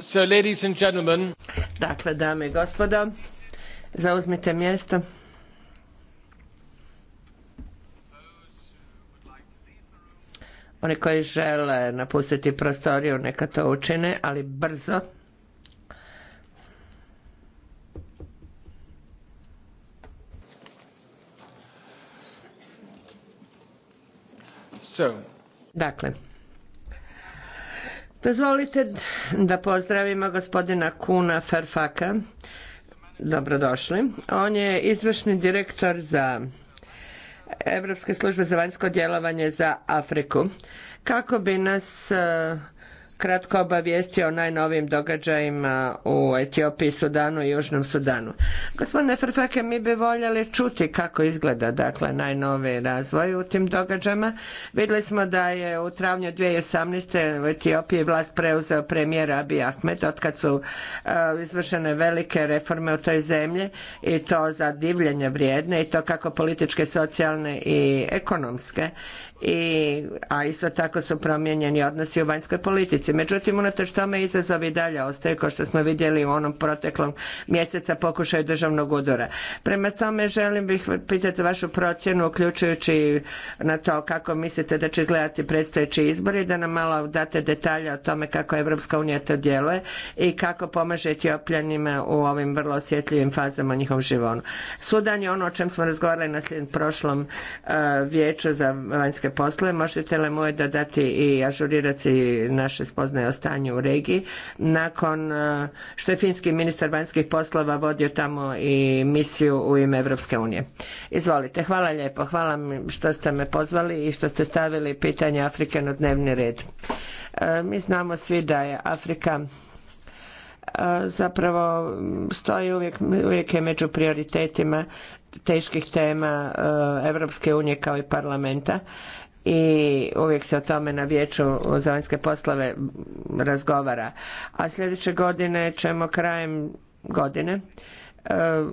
So, ladies Dakle, dame i gospodo, zauzmite mjesto. Oni koji žele napustiti prostoriju, neka to učine, ali brzo. Dakle, Dozvolite da pozdravimo gospodina Kuna Farfaka. Dobrodošli. On je izvršni direktor za Europske službe za vanjsko djelovanje za Afriku kako bi nas kratko obavijestio o najnovijim događajima u Etiopiji, Sudanu i Južnom Sudanu. Gospodine Frfake, mi bi voljeli čuti kako izgleda dakle, najnoviji razvoj u tim događajima. Vidjeli smo da je u travnju 2018. u Etiopiji vlast preuzeo premijer Abiy Ahmed otkad su eh, izvršene velike reforme u toj zemlji i to za divljenje vrijedne i to kako političke, socijalne i ekonomske i, a isto tako su promijenjeni odnosi u vanjskoj politici. Međutim, unatoč tome izazovi dalje ostaju, kao što smo vidjeli u onom proteklom mjeseca pokušaju državnog udora. Prema tome, želim bih pitati za vašu procjenu, uključujući na to kako mislite da će izgledati predstojeći izbori, da nam malo date detalje o tome kako Evropska unija to djeluje i kako pomaže Etiopljanima u ovim vrlo osjetljivim fazama njihovom životu. Sudan je ono o čem smo razgovarali na prošlom eh, vijeću za vanjske posle. poslove. Možete li moje dodati i ažurirati naše spoznaje o stanju u regiji nakon e, što je finski ministar vanjskih poslova vodio tamo i misiju u ime Europske unije. Izvolite. Hvala lijepo. Hvala što ste me pozvali i što ste stavili pitanje Afrike na dnevni red. E, mi znamo svi da je Afrika e, zapravo stoji uvijek, uvijek je među prioritetima teških tema Europske unije kao i parlamenta i uvijek se o tome na vijeću za vanjske poslove razgovara. A sljedeće godine ćemo krajem godine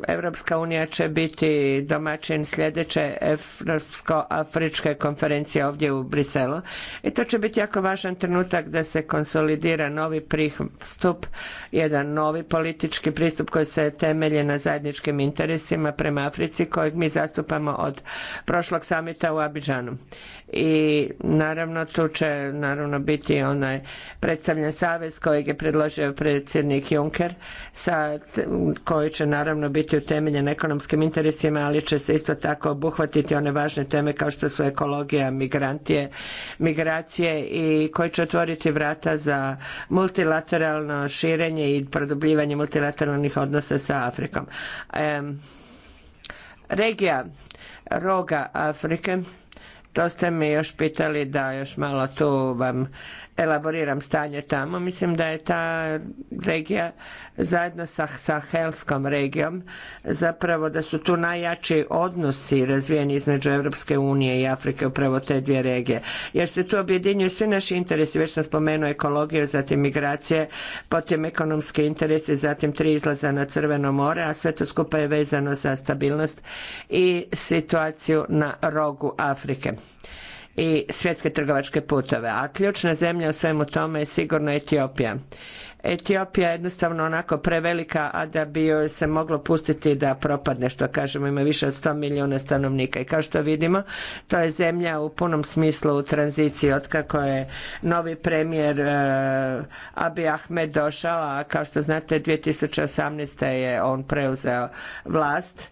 Europska unija će biti domaćin sljedeće Evropsko-Afričke konferencije ovdje u Briselu i to će biti jako važan trenutak da se konsolidira novi pristup, jedan novi politički pristup koji se temelje na zajedničkim interesima prema Africi kojeg mi zastupamo od prošlog samita u Abidžanu i naravno tu će naravno biti onaj predstavljen savez kojeg je predložio predsjednik Juncker sa, koji će naravno biti utemeljen ekonomskim interesima ali će se isto tako obuhvatiti one važne teme kao što su ekologija, migrantije, migracije i koji će otvoriti vrata za multilateralno širenje i produbljivanje multilateralnih odnosa sa Afrikom. regija roga Afrike to ste me još pitali da još malo tu vam elaboriram stanje tamo. Mislim da je ta regija zajedno sa Sahelskom regijom zapravo da su tu najjači odnosi razvijeni između Europske unije i Afrike upravo te dvije regije jer se tu objedinjuju svi naši interesi već sam spomenuo ekologiju, zatim migracije potom ekonomske interese zatim tri izlaza na Crveno more a sve to skupa je vezano za stabilnost i situaciju na rogu Afrike i svjetske trgovačke putove. A ključna zemlja u svemu tome je sigurno Etiopija. Etiopija jednostavno onako prevelika, a da bi joj se moglo pustiti da propadne, što kažemo, ima više od 100 milijuna stanovnika. I kao što vidimo, to je zemlja u punom smislu u tranziciji, otkako je novi premijer e, Abiy Abi Ahmed došao, a kao što znate, 2018. je on preuzeo vlast.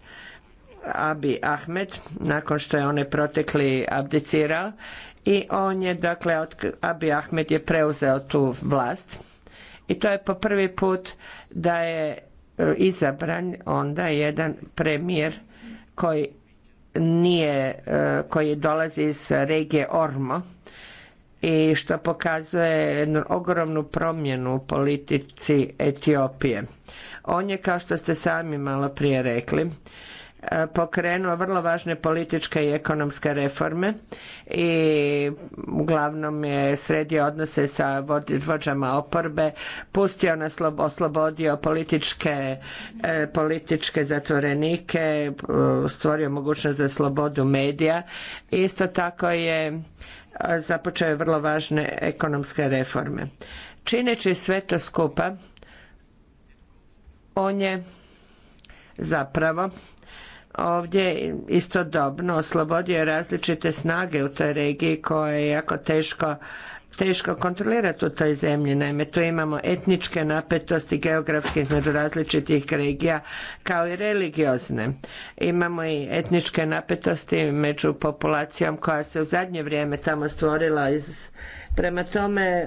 Abi Ahmed, nakon što je on protekli abdicirao i on je, dakle, Abi Ahmed je preuzeo tu vlast i to je po prvi put da je e, izabran onda jedan premijer koji nije, e, koji dolazi iz regije Ormo i što pokazuje jednu ogromnu promjenu u politici Etiopije. On je, kao što ste sami malo prije rekli, pokrenuo vrlo važne političke i ekonomske reforme i uglavnom je sredio odnose sa vođama oporbe, pustio nas, oslobodio političke, e, političke zatvorenike, e, stvorio mogućnost za slobodu medija. Isto tako je e, započeo je vrlo važne ekonomske reforme. Čineći sve to skupa, on je zapravo ovdje istodobno oslobodio različite snage u toj regiji koje je jako teško teško kontrolirati u toj zemlji. Naime, tu imamo etničke napetosti geografske između različitih regija kao i religiozne. Imamo i etničke napetosti među populacijom koja se u zadnje vrijeme tamo stvorila iz prema tome e,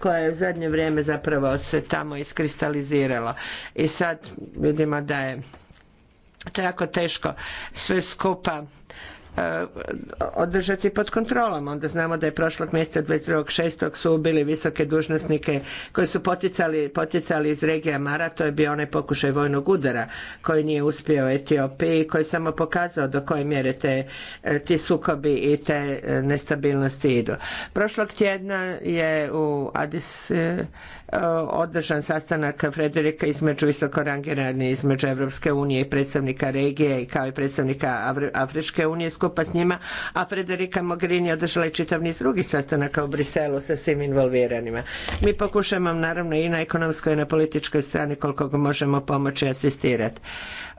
koja je u zadnje vrijeme zapravo se tamo iskristalizirala. I sad vidimo da je to je jako teško sve skupa e, održati pod kontrolom. Onda znamo da je prošlog mjeseca 22.6. su ubili visoke dužnosnike koji su poticali, poticali iz regija Mara, to je bio onaj pokušaj vojnog udara koji nije uspio u Etiopiji, koji samo pokazao do koje mjere te, e, ti sukobi i te e, nestabilnosti idu. Prošlog tjedna je u Adis održan sastanak Frederika između rangirani između Evropske unije i predstavnika regije kao i predstavnika Afričke unije skupa s njima, a Frederika Mogherini održala je čitav niz drugih sastanaka u Briselu sa svim involviranima. Mi pokušavamo naravno i na ekonomskoj i na političkoj strani koliko možemo pomoći asistirati.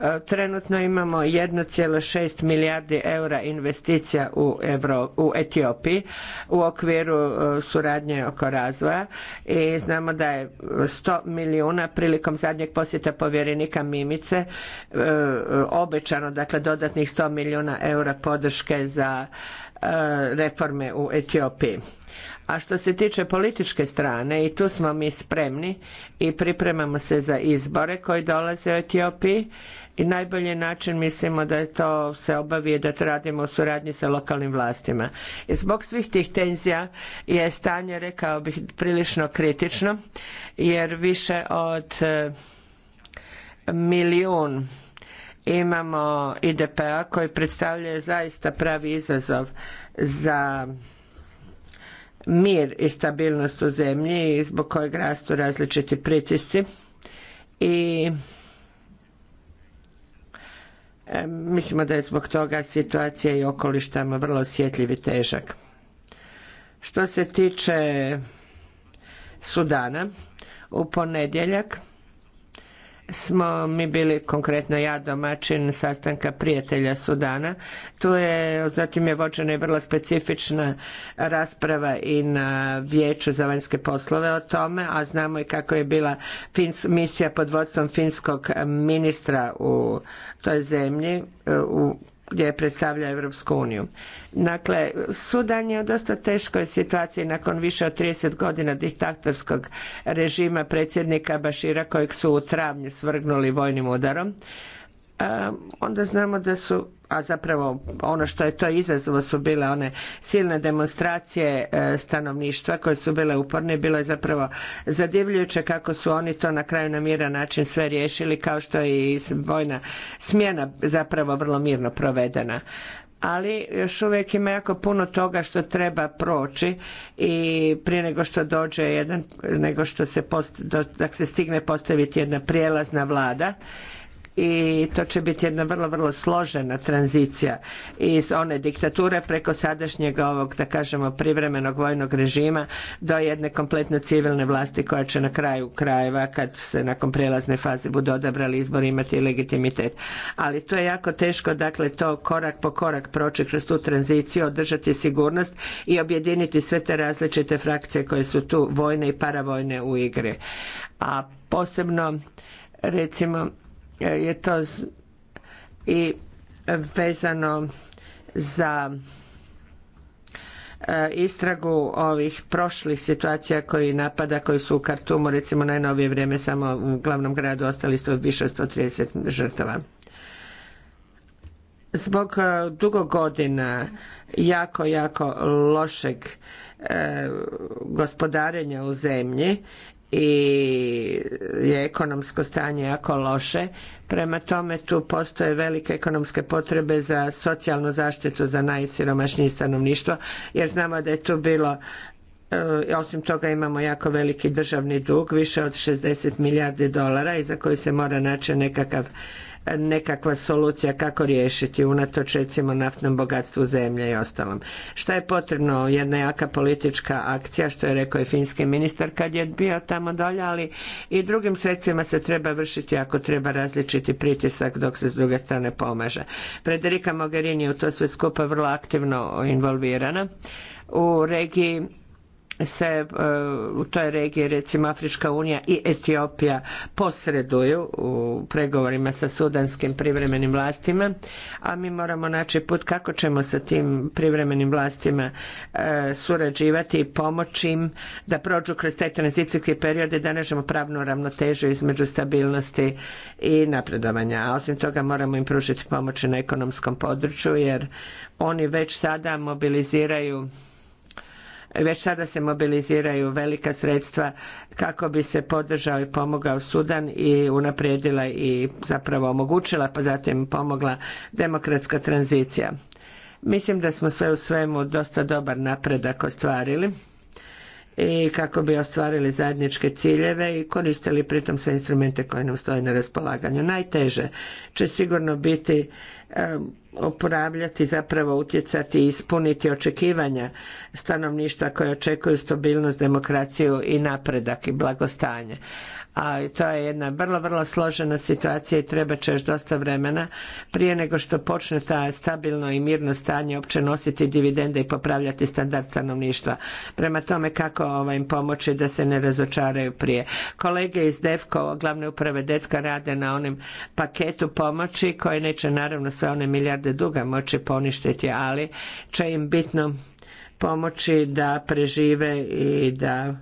E, trenutno imamo 1,6 milijardi eura investicija u, u Etiopiji u okviru e, suradnje oko razvoja i znamo da je 100 milijuna prilikom zadnjeg posjeta povjerenika Mimice e, obećano, dakle dodatnih 100 milijuna eura podrške za reforme u Etiopiji. A što se tiče političke strane, i tu smo mi spremni i pripremamo se za izbore koji dolaze u Etiopiji i najbolji način mislimo da je to se obavije da to radimo u suradnji sa lokalnim vlastima. I zbog svih tih tenzija je stanje, rekao bih, prilično kritično jer više od e, milijun imamo idp p-a koji predstavlja zaista pravi izazov za mir i stabilnost u zemlji i zbog kojeg rastu različiti pritisci i E, mislimo da je zbog toga situacija i okoliš tamo vrlo osjetljiv i težak. Što se tiče Sudana, u ponedjeljak smo mi bili konkretno ja domaćin sastanka prijatelja Sudana. Tu je, zatim je vođena i vrlo specifična rasprava i na vijeću za vanjske poslove o tome, a znamo i kako je bila misija pod vodstvom finskog ministra u toj zemlji u gdje predstavlja Europsku uniju. Dakle, Sudan je u dosta teškoj situaciji nakon više od 30 godina diktatorskog režima predsjednika Bašira kojeg su u travnju svrgnuli vojnim udarom onda znamo da su a zapravo ono što je to izazvalo su bile one silne demonstracije e, stanovništva koje su bile uporne i bilo je zapravo zadivljujuće kako su oni to na kraju na miran način sve riješili kao što je i vojna smjena zapravo vrlo mirno provedena ali još uvijek ima jako puno toga što treba proći i prije nego što dođe jedan, nego što se, se stigne postaviti jedna prijelazna vlada i to će biti jedna vrlo, vrlo složena tranzicija iz one diktature preko sadašnjeg ovog, da kažemo, privremenog vojnog režima do jedne kompletno civilne vlasti koja će na kraju krajeva, kad se nakon prijelazne faze budu odabrali izbor, imati legitimitet. Ali to je jako teško, dakle, to korak po korak proći kroz tu tranziciju, održati sigurnost i objediniti sve te različite frakcije koje su tu vojne i paravojne u igre. A posebno recimo E, je to i vezano za e, istragu ovih prošlih situacija koji napada koji su u Kartumu recimo najnovije vrijeme samo u glavnom gradu ostali su više 130 žrtava. Zbog e, dugo godina jako, jako lošeg gospodarenja u zemlji i je ekonomsko stanje jako loše. Prema tome tu postoje velike ekonomske potrebe za socijalnu zaštitu za najsiromašnije stanovništvo jer znamo da je tu bilo e, osim toga imamo jako veliki državni dug, više od 60 milijardi dolara i za koji se mora naći nekakav nekakva solucija kako riješiti unatoč recimo naftnom bogatstvu zemlje i ostalom. Šta je potrebno? Jedna jaka politička akcija, što je rekao i finski ministar kad je bio tamo dolje, ali i drugim sredstvima se treba vršiti ako treba različiti pritisak dok se s druge strane pomaže. Frederika Mogherini je u to sve skupa vrlo aktivno involvirana u regiji se e, u toj regiji recimo Afrička unija i Etiopija posreduju u pregovorima sa sudanskim privremenim vlastima, a mi moramo naći put kako ćemo sa tim privremenim vlastima e, surađivati i pomoći im da prođu kroz taj tranzicijski period i da nađemo pravnu ravnotežu između stabilnosti i napredovanja. A osim toga moramo im pružiti pomoć na ekonomskom području jer oni već sada mobiliziraju već sada se mobiliziraju velika sredstva kako bi se podržao i pomogao Sudan i unaprijedila i zapravo omogućila pa zatim pomogla demokratska tranzicija. Mislim da smo sve u svemu dosta dobar napredak ostvarili i kako bi ostvarili zajedničke ciljeve i koristili pritom sve instrumente koje nam stoje na raspolaganju. Najteže će sigurno biti oporavljati zapravo utjecati i ispuniti očekivanja stanovništva koje očekuju stabilnost, demokraciju i napredak i blagostanje a to je jedna vrlo, vrlo složena situacija i treba će još dosta vremena prije nego što počne ta stabilno i mirno stanje opće nositi dividende i popravljati standard stanovništva. Prema tome kako ovaj, im pomoći da se ne razočaraju prije. Kolege iz DEFKO, glavne uprave DETKA rade na onim paketu pomoći koji neće naravno sve one milijarde duga moći poništiti, ali će im bitno pomoći da prežive i da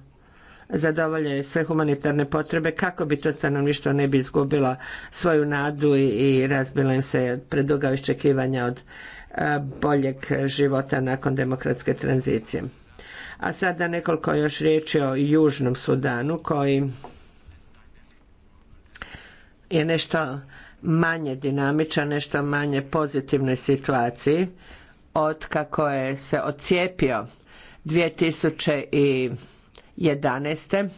zadovolje sve humanitarne potrebe kako bi to stanovništvo ne bi izgubilo svoju nadu i razbilo im se preduga iščekivanja od e, boljeg života nakon demokratske tranzicije. A sada nekoliko još riječi o Južnom Sudanu koji je nešto manje dinamičan, nešto manje pozitivnoj situaciji od kako je se odcijepio 2000 i 2011.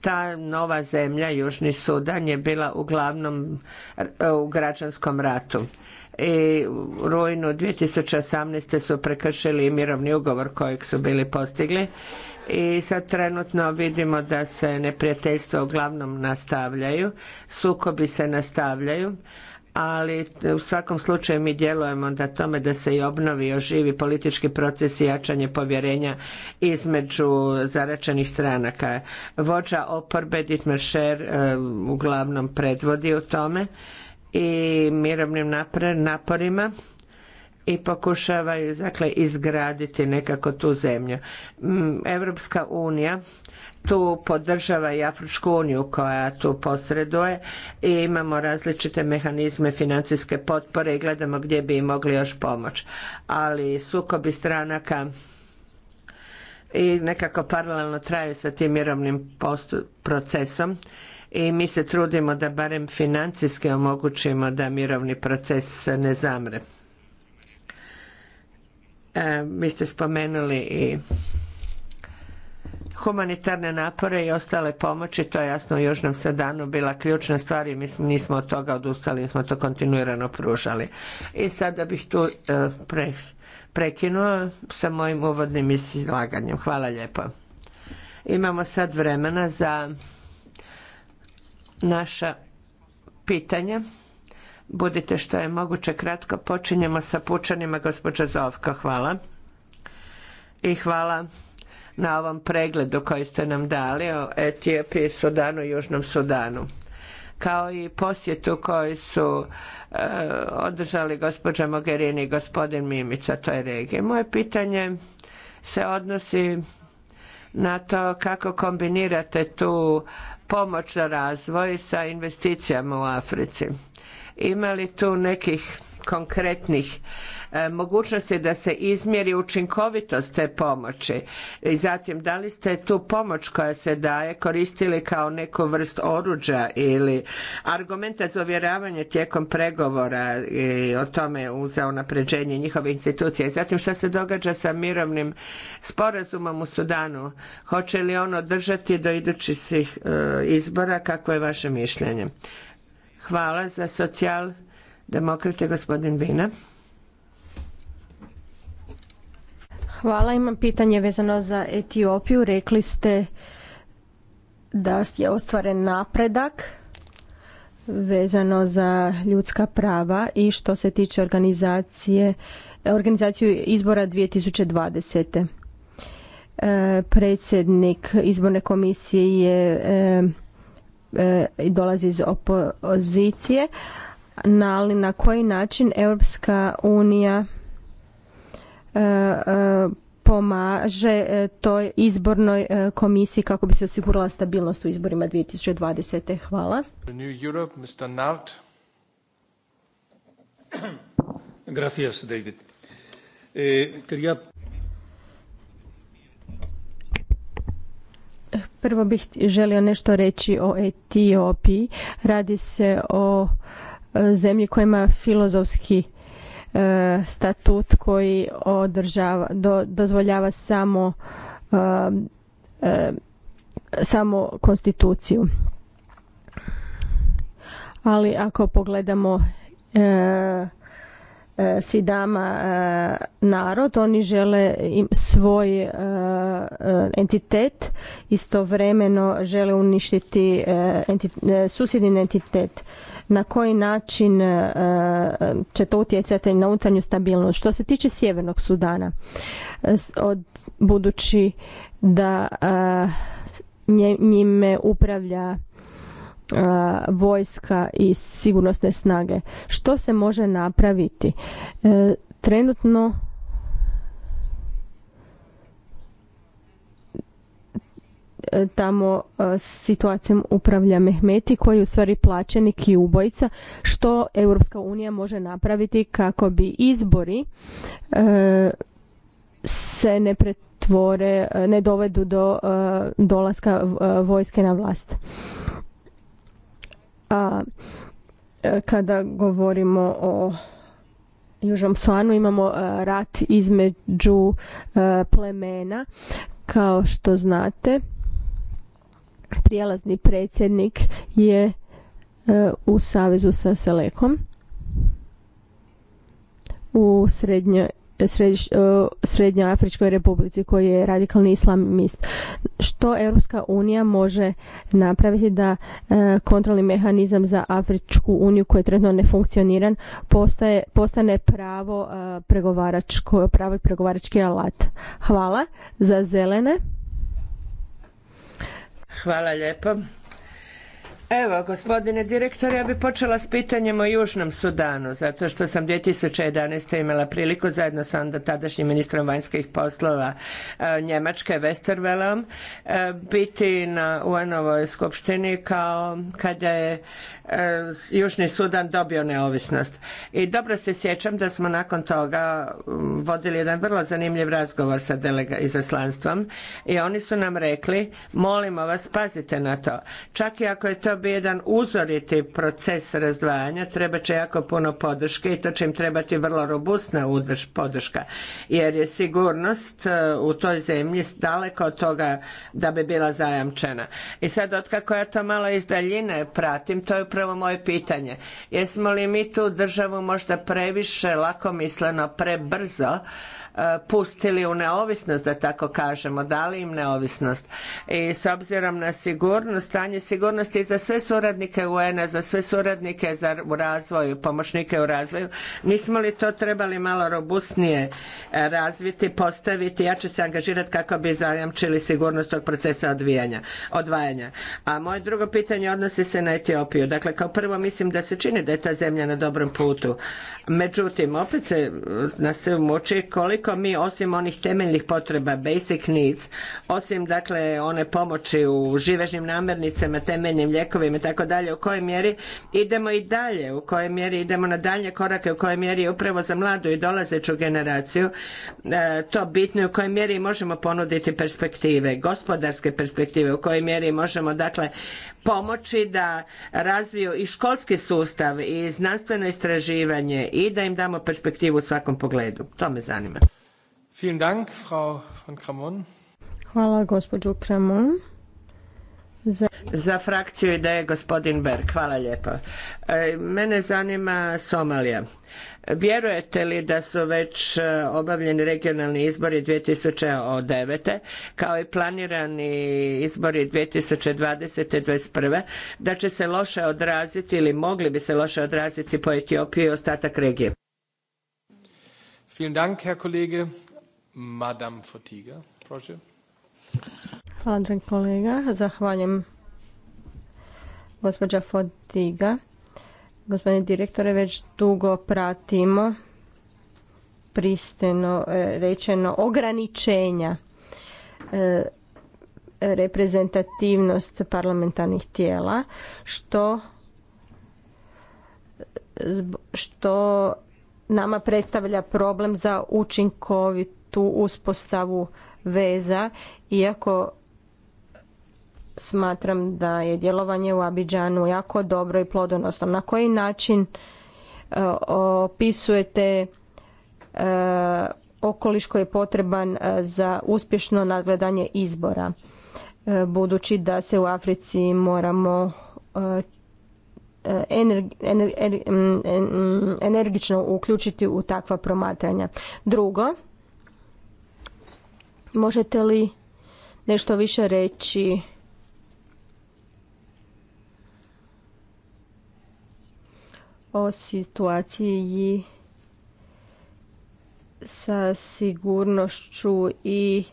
Ta nova zemlja, Južni Sudan, je bila uglavnom e, u građanskom ratu. I u rujnu 2018. su prekršili mirovni ugovor kojeg su bili postigli i sad trenutno vidimo da se neprijateljstva uglavnom nastavljaju, sukobi se nastavljaju ali u svakom slučaju mi djelujemo da tome da se i obnovi i oživi politički proces i jačanje povjerenja između zaračenih stranaka. Vođa oporbe Dietmar Scher e, uglavnom predvodi u tome i mirovnim naporima i pokušavaju dakle izgraditi nekako tu zemlju. Mm, Europska unija tu podržava i Afričku uniju koja tu posreduje i imamo različite mehanizme financijske potpore i gledamo gdje bi im mogli još pomoć. Ali sukobi stranaka i nekako paralelno traje sa tim mirovnim procesom i mi se trudimo da barem financijski omogućimo da mirovni proces ne zamre. E, vi ste spomenuli i humanitarne napore i ostale pomoći, to je jasno u Južnom Sudanu bila ključna stvar i mi nismo od toga odustali, smo to kontinuirano pružali. I sada bih tu e, pre, prekinuo sa mojim uvodnim izlaganjem. Hvala lijepo. Imamo sad vremena za naša pitanja. Budite što je moguće kratko. Počinjemo sa pučanima gospođa Zovko. Hvala. I hvala na ovom pregledu koji ste nam dali o Etijepiji, Sudanu i Južnom Sudanu kao i posjetu koju su e, održali gospođa Mogherini i gospodin Mimica toj regiji. Moje pitanje se odnosi na to kako kombinirate tu pomoć za razvoj sa investicijama u Africi. Ima li tu nekih konkretnih E, mogućnosti da se izmjeri učinkovitost te pomoći. I zatim, da li ste tu pomoć koja se daje koristili kao neku vrst oruđa ili argumenta za ovjeravanje tijekom pregovora i o tome za unapređenje njihove institucija. I zatim, što se događa sa mirovnim sporazumom u Sudanu? Hoće li ono držati do idućih e, izbora? Kako je vaše mišljenje? Hvala za socijal demokrate gospodin Vina. Hvala, imam pitanje vezano za Etiopiju. Rekli ste da je ostvaren napredak vezano za ljudska prava i što se tiče organizacije organizaciju izbora 2020. E, predsjednik izborne komisije je e, e dolazi iz opozicije, ali na koji način Europska unija E, e, pomaže e, toj izbornoj komisiji kako bi se osigurala stabilnost u izborima 2020. Hvala. Gracias, David. Eh, Prvo bih želio nešto reći o Etiopiji. Radi se o zemlji koja ima filozofski E, statut koji održava, dozvoljava samo e, e, samo konstituciju. Ali ako pogledamo Sidama narod, oni žele svoj entitet, istovremeno žele uništiti susjedin entitet na koji način e, će to utjecati na unutarnju stabilnost. Što se tiče Sjevernog Sudana, od, budući da e, njime upravlja e, vojska i sigurnosne snage. Što se može napraviti? Trenutno E, tamo e, situacijom upravlja Mehmeti koji je u stvari plaćenik i ubojica što Europska unija može napraviti kako bi izbori e, se ne pretvore, ne dovedu do dolaska vojske na vlast. A kada govorimo o Južnom Svanu imamo rat između plemena kao što znate prijelazni predsjednik je e, u savezu sa Selekom u srednjoj Afričkoj e, Srednjoafričkoj republici koji je radikalni islamist. Što Europska unija može napraviti da e, kontrolni mehanizam za Afričku uniju koji je trenutno nefunkcioniran postane pravo pregovaračko, pregovarački alat. Hvala za zelene. Hvala lijepo. Evo, gospodine direktore, ja bih počela s pitanjem o Južnom Sudanu, zato što sam 2011. imala priliku zajedno sa onda tadašnjim ministrom vanjskih poslova e, Njemačke, Westervelom, e, biti na UN-ovoj skupštini kao kada je e, Južni Sudan dobio neovisnost. I dobro se sjećam da smo nakon toga vodili jedan vrlo zanimljiv razgovor sa izaslanstvom i oni su nam rekli, molimo vas, pazite na to. Čak i ako je to bi jedan uzoriti proces razdvajanja, treba će jako puno podrške i to će im trebati vrlo robustna podrška, jer je sigurnost e, u toj zemlji daleko od toga da bi bila zajamčena. I sad, otkako ja to malo iz daljine pratim, to je upravo moje pitanje. Jesmo li mi tu državu možda previše lakomisleno, prebrzo E, pustili u neovisnost, da tako kažemo, dali im neovisnost. I s obzirom na sigurnost, stanje sigurnosti za sve suradnike UN-a, za sve suradnike u razvoju, pomoćnike u razvoju, nismo li to trebali malo robustnije e, razviti, postaviti, ja ću se angažirati kako bi zajamčili sigurnost tog procesa odvijanja, odvajanja. A moje drugo pitanje odnosi se na Etiopiju. Dakle, kao prvo mislim da se čini da je ta zemlja na dobrom putu. Međutim, opet se e, nas se muči koliko mi osim onih temeljnih potreba basic needs, osim dakle one pomoći u živežnim namirnicama, temeljnim lijekovima i tako dalje, u kojoj mjeri idemo i dalje, u kojoj mjeri idemo na dalje korake, u kojoj mjeri je upravo za mladu i dolazeću generaciju e, to bitno i u kojoj mjeri možemo ponuditi perspektive, gospodarske perspektive, u kojoj mjeri možemo dakle pomoći da razviju i školski sustav i znanstveno istraživanje i da im damo perspektivu u svakom pogledu. To me zanima. Vielen Dank, Frau von Kramon. Hvala gospođu Kramon. Za... frakciju ideje gospodin Berg. Hvala lijepo. E, mene zanima Somalija. Vjerujete li da su već e, obavljeni regionalni izbori 2009. kao i planirani izbori 2020. 2021. da će se loše odraziti ili mogli bi se loše odraziti po Etiopiji i ostatak regije? Vielen Dank, Herr Kollege. Madame Fotiga, Hvala, kolega. Zahvaljujem gospođa Fotiga. Gospodine direktore, već dugo pratimo pristeno e, rečeno ograničenja e, reprezentativnost parlamentarnih tijela što e, što nama predstavlja problem za učinkovit tu uspostavu veza, iako smatram da je djelovanje u Abidžanu jako dobro i plodonosno. Na koji način e, opisujete e, okoliš koji je potreban e, za uspješno nadgledanje izbora, budući da se u Africi moramo energično uključiti u takva promatranja. Drugo, Možete li nešto više reći o situaciji sa sigurnošću i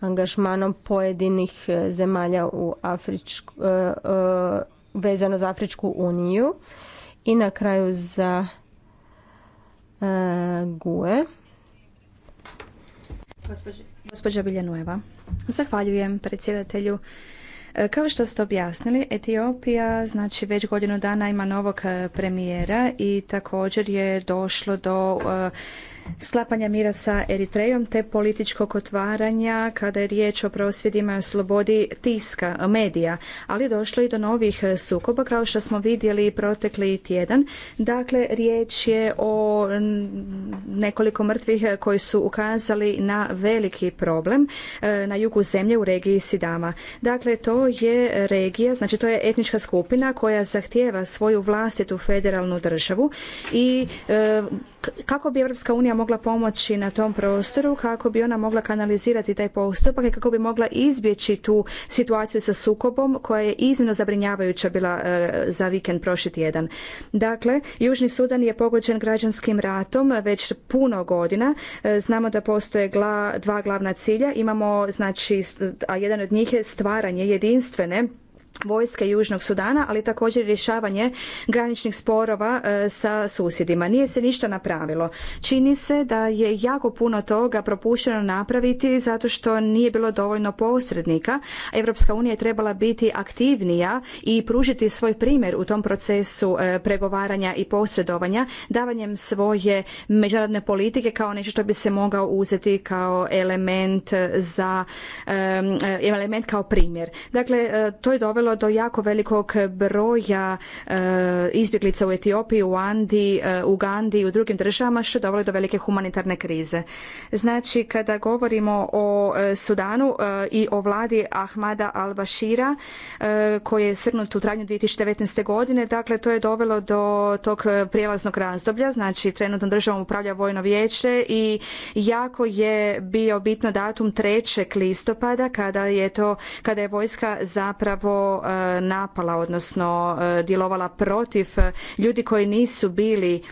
angažmanom pojedinih zemalja u Afričku, e, e, vezano za Afričku uniju i na kraju za e, GUE. Gospođa Biljanueva. Zahvaljujem predsjedatelju. E, kao što ste objasnili, Etiopija znači već godinu dana ima novog e, premijera i također je došlo do e, sklapanja mira sa Eritrejom te političkog otvaranja kada je riječ o prosvjedima i slobodi tiska, medija, ali došlo i do novih sukoba kao što smo vidjeli protekli tjedan. Dakle, riječ je o nekoliko mrtvih koji su ukazali na veliki problem e, na jugu zemlje u regiji Sidama. Dakle, to je regija, znači to je etnička skupina koja zahtijeva svoju vlastitu federalnu državu i e, kako bi Europska unija mogla pomoći na tom prostoru, kako bi ona mogla kanalizirati taj postupak i kako bi mogla izbjeći tu situaciju sa sukobom koja je iznimno zabrinjavajuća bila e, za vikend prošli tjedan. Dakle, Južni Sudan je pogođen građanskim ratom već puno godina. E, znamo da postoje dva glavna cilja. Imamo, znači, a jedan od njih je stvaranje jedinstvene vojske Južnog Sudana, ali također rješavanje graničnih sporova e, sa susjedima. Nije se ništa napravilo. Čini se da je jako puno toga propušteno napraviti zato što nije bilo dovoljno posrednika. Europska unija je trebala biti aktivnija i pružiti svoj primjer u tom procesu e, pregovaranja i posredovanja davanjem svoje međunarodne politike kao nešto što bi se mogao uzeti kao element za e, element kao primjer. Dakle, to je dovelo do jako velikog broja e, izbjeglica u Etiopiji, u Andiji, e, u Gandiji i u drugim državama što je dovelo do velike humanitarne krize. Znači, kada govorimo o e, Sudanu i o vladi Ahmada al-Bashira koji je srnut u travnju 2019. godine, dakle to je dovelo do tog prijelaznog razdoblja, znači trenutno državom upravlja vojno vijeće i jako je bio bitno datum 3. listopada kada je to kada je vojska zapravo E, napala odnosno e, djelovala protiv e, ljudi koji nisu bili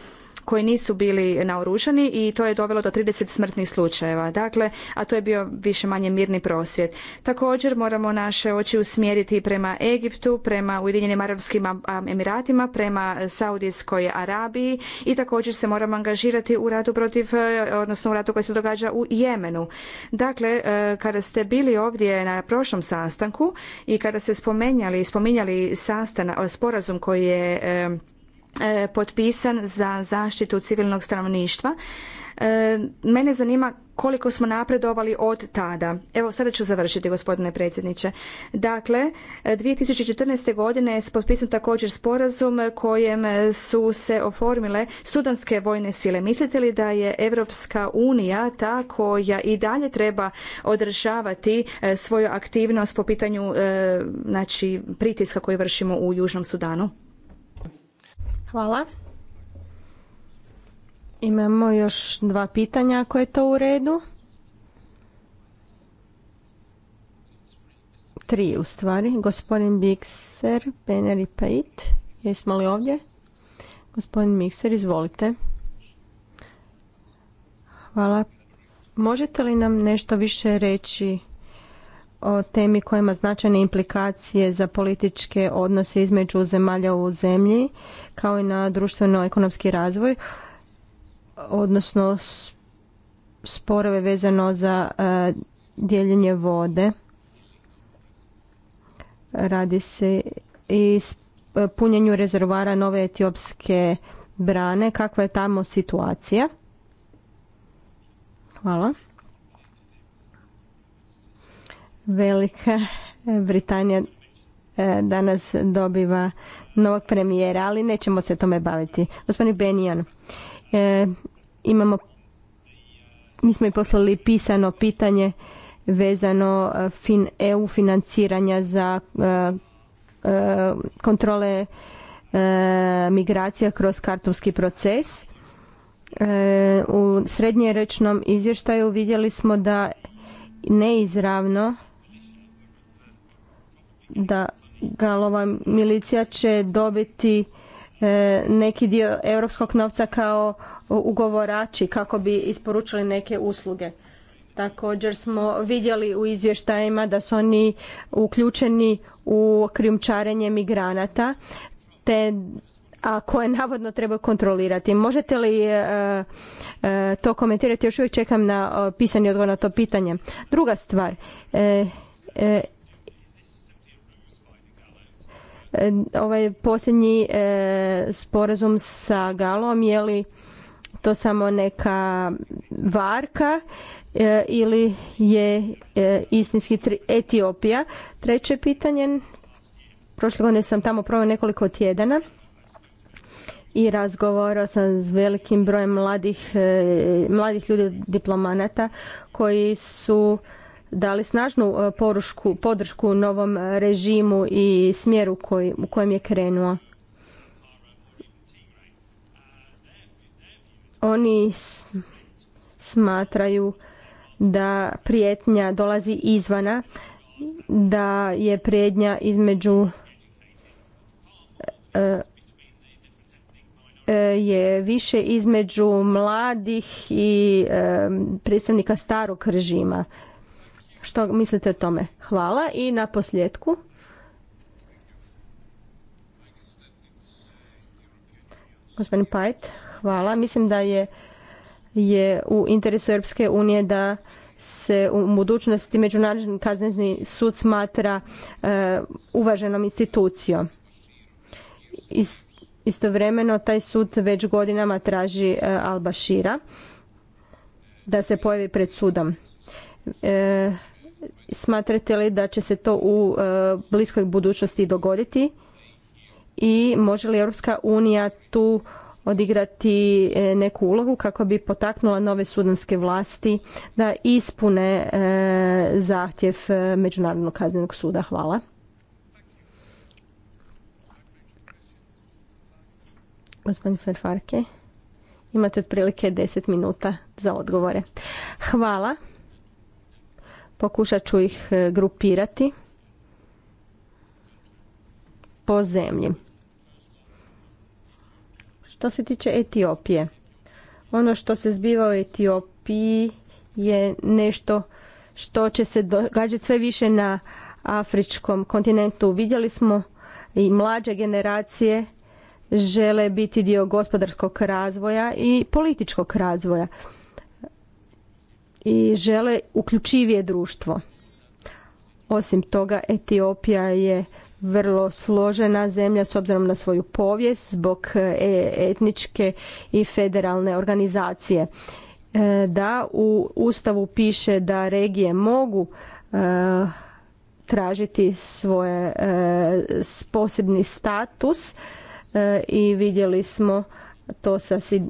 koji nisu bili naoružani i to je dovelo do 30 smrtnih slučajeva. Dakle, a to je bio više-manje mirni prosvjet. Također moramo naše oči usmjeriti prema Egiptu, prema Ujedinjenim Arabskim Emiratima, prema Saudijskoj Arabiji i također se moramo angažirati u ratu protiv, e, odnosno u ratu koji se događa u Jemenu. Dakle, e, kada ste bili ovdje na prošlom sastanku i kada ste spomenjali, spominjali sastana, sporazum koji je e, E, potpisan za zaštitu civilnog stanovništva. E, mene zanima koliko smo napredovali od tada. Evo, sada ću završiti, gospodine predsjedniče. Dakle, 2014. E, godine je potpisan također sporazum kojem su se oformile sudanske vojne sile. Mislite li da je Evropska unija ta koja i dalje treba održavati svoju aktivnost po pitanju znači, pritiska koji vršimo u Južnom Sudanu? Hvala. Imamo još dva pitanja ako je to u redu. Tri u stvari. Gospodin Bikser, Pener i Pait. Jesmo li ovdje? Gospodin Mikser, izvolite. Hvala. Možete li nam nešto više reći o temi koja ima značajne implikacije za političke odnose između zemalja u zemlji, kao i na društveno-ekonomski razvoj, odnosno sporove vezano za e, dijeljenje vode. Radi se i e, punjenju rezervara nove etiopske brane. Kakva je tamo situacija? Hvala. Velika Britanija e, danas dobiva novog premijera, ali nećemo se tome baviti. Gospodin Benijan, e, imamo, mi smo i poslali pisano pitanje vezano e, EU financiranja za kontrole migracija kroz kartovski proces. U srednjerečnom izvještaju vidjeli smo da neizravno da Galova milicija će dobiti e, neki dio europskog novca kao ugovorači kako bi isporučili neke usluge. Također smo vidjeli u izvještajima da su oni uključeni u krijumčarenje migranata, te a koje navodno treba kontrolirati. Možete li e, e, to komentirati? Još uvijek čekam na pisani odgovor na to pitanje. Druga stvar, e, E, ovaj posljednji e, sporazum sa Galom je li to samo neka varka e, ili je istinski Etiopija? Treće pitanje, prošle godine sam tamo proveo nekoliko tjedana i razgovarao sam s velikim brojem mladih, mladih ljudi diplomanata koji su dali snažnu e, porušku, podršku novom režimu i smjeru u kojem je krenuo. Oni smatraju da prijetnja dolazi izvana, da je prijetnja između e, e, je više između mladih i predstavnika starog režima što mislite o tome. Hvala i na posljedku. Gospodin Pajt, hvala. Mislim da je, je u interesu Europske unije da se u budućnosti Međunarodni kazneni sud smatra e, uvaženom institucijom. istovremeno taj sud već godinama traži al e, Albašira da se pojavi pred sudom. E, Smatrate li da će se to u e, bliskoj budućnosti dogoditi? I može li Europska unija tu odigrati e, neku ulogu kako bi potaknula nove sudanske vlasti da ispune e, zahtjev Međunarodnog kaznenog suda? Hvala. Gospodin Ferfarke, imate otprilike 10 minuta za odgovore. Hvala. Pokušat ću ih e, grupirati po zemlji. Što se tiče Etiopije, ono što se zbiva u Etiopiji je nešto što će se događati sve više na afričkom kontinentu. Vidjeli smo i mlađe generacije žele biti dio gospodarskog razvoja i političkog razvoja i žele uključivije društvo. Osim toga, Etiopija je vrlo složena zemlja s obzirom na svoju povijest zbog e, etničke i federalne organizacije. E, da, u Ustavu piše da regije mogu e, tražiti svoje posebni status i vidjeli smo to sa e,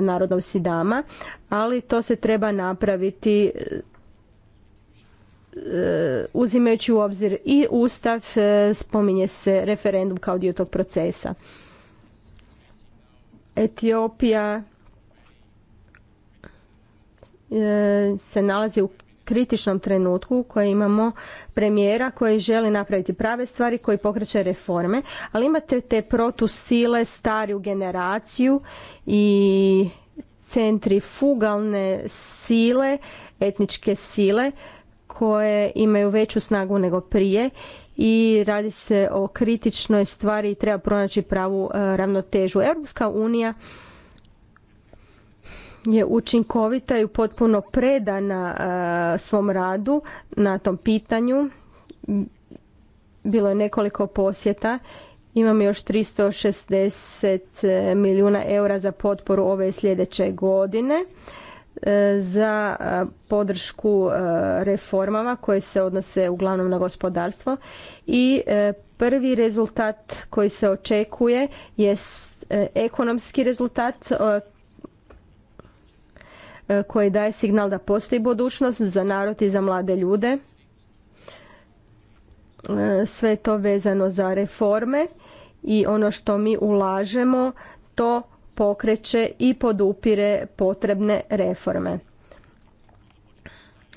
narodom Sidama, ali to se treba napraviti e, uzimajući u obzir i ustav, e, spominje se referendum kao dio tog procesa. Etiopija se nalazi u kritičnom trenutku u kojem imamo premijera koji želi napraviti prave stvari, koji pokreće reforme, ali imate te protusile, stariju generaciju i centrifugalne sile, etničke sile koje imaju veću snagu nego prije i radi se o kritičnoj stvari i treba pronaći pravu e, ravnotežu. Europska unija je učinkovita i potpuno predana e, svom radu na tom pitanju. Bilo je nekoliko posjeta. Imamo još 360 milijuna eura za potporu ove sljedeće godine e, za e, podršku reformama koje se odnose uglavnom na gospodarstvo i prvi rezultat koji se očekuje je ekonomski rezultat E, koji daje signal da postoji budućnost za narod i za mlade ljude. E, sve je to vezano za reforme i ono što mi ulažemo to pokreće i podupire potrebne reforme.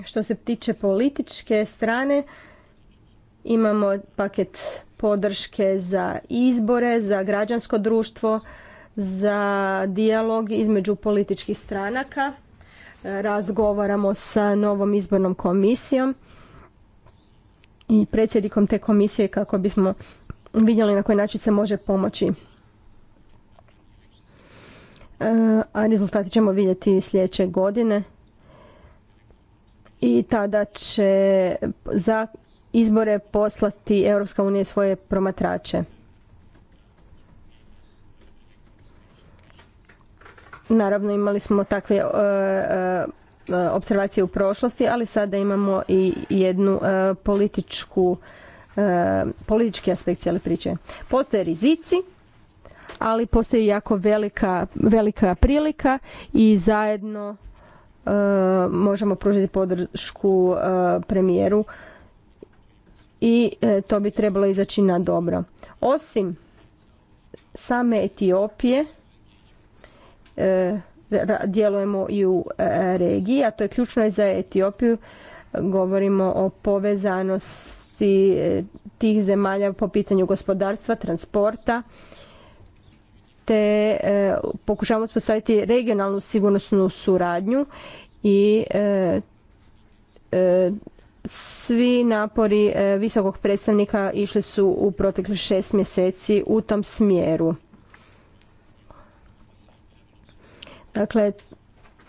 Što se tiče političke strane, imamo paket podrške za izbore, za građansko društvo, za dijalog između političkih stranaka razgovaramo sa novom izbornom komisijom i predsjednikom te komisije kako bismo vidjeli na koji način se može pomoći. E, a rezultati ćemo vidjeti sljedeće godine. I tada će za izbore poslati Europska svoje promatrače. Naravno imali smo takve e, e, e, observacije u prošlosti, ali sada imamo i jednu političku, politički aspekt cijele priče. Postoje rizici, ali postoji jako velika, velika prilika i zajedno možemo pružiti podršku premijeru i to bi trebalo izaći na dobro. Osim same Etiopije E, djelujemo i u e, regiji, a to je ključno i za Etiopiju. Govorimo o povezanosti e, tih zemalja po pitanju gospodarstva, transporta, te pokušavamo uspostaviti regionalnu sigurnosnu suradnju i svi napori visokog predstavnika išli su u proteklih šest mjeseci u tom smjeru. Dakle,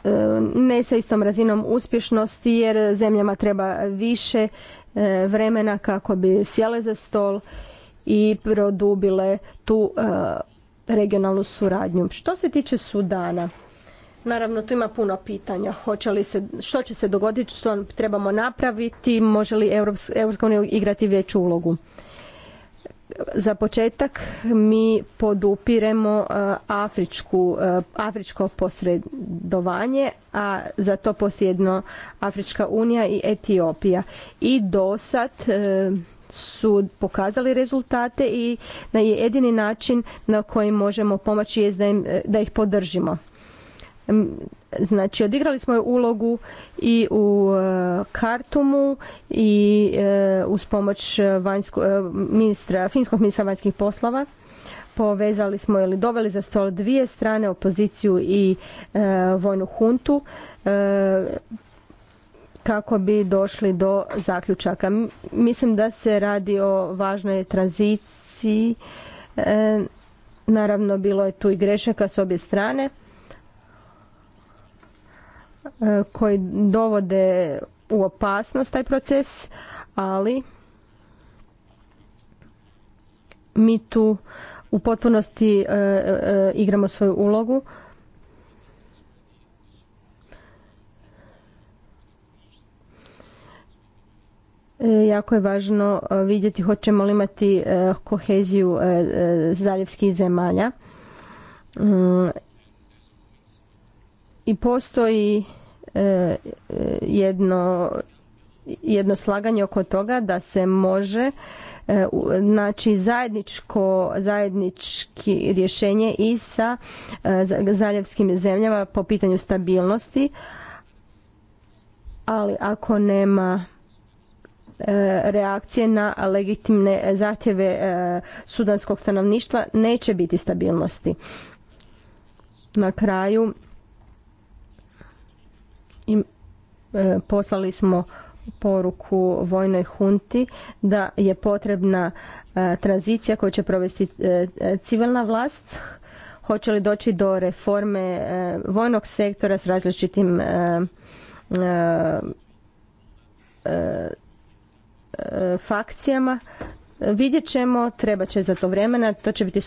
e, ne sa istom razinom uspješnosti jer zemljama treba više e, vremena kako bi sjele za stol i produbile tu e, regionalnu suradnju. Što se tiče Sudana, Naravno, tu ima puno pitanja. Hoće li se, što će se dogoditi, što trebamo napraviti, može li EU igrati veću ulogu za početak mi podupiremo e, afričku, e, afričko posredovanje, a za to posjedno Afrička unija i Etiopija. I do sad e, su pokazali rezultate i na jedini način na koji možemo pomoći je da, da ih podržimo. Znači, odigrali smo ulogu i u e, Kartumu i e, uz pomoć vanjsko, e, ministra, finskog ministra vanjskih poslova povezali smo ili doveli za stol dvije strane, opoziciju i vojnu huntu kako bi došli do zaključaka. Mislim da se radi o važnoj tranziciji. Naravno, bilo je tu i grešaka s obje strane. E, koji dovode u opasnost taj proces, ali mi tu u potpunosti e, e, igramo svoju ulogu. jako je važno vidjeti hoćemo li imati koheziju zaljevskih zemalja mm, i postoji e, jedno jedno slaganje oko toga da se može znači zajedničko zajednički rješenje i sa e, zaljevskim zemljama po pitanju stabilnosti ali ako nema reakcije na legitimne zahtjeve sudanskog stanovništva neće biti stabilnosti na kraju im, e, poslali smo poruku vojnoj hunti da je potrebna e, tranzicija koju će provesti e, civilna vlast. Hoće li doći do reforme vojnog sektora s različitim fakcijama? Vidjet ćemo, treba će za to vremena, to će biti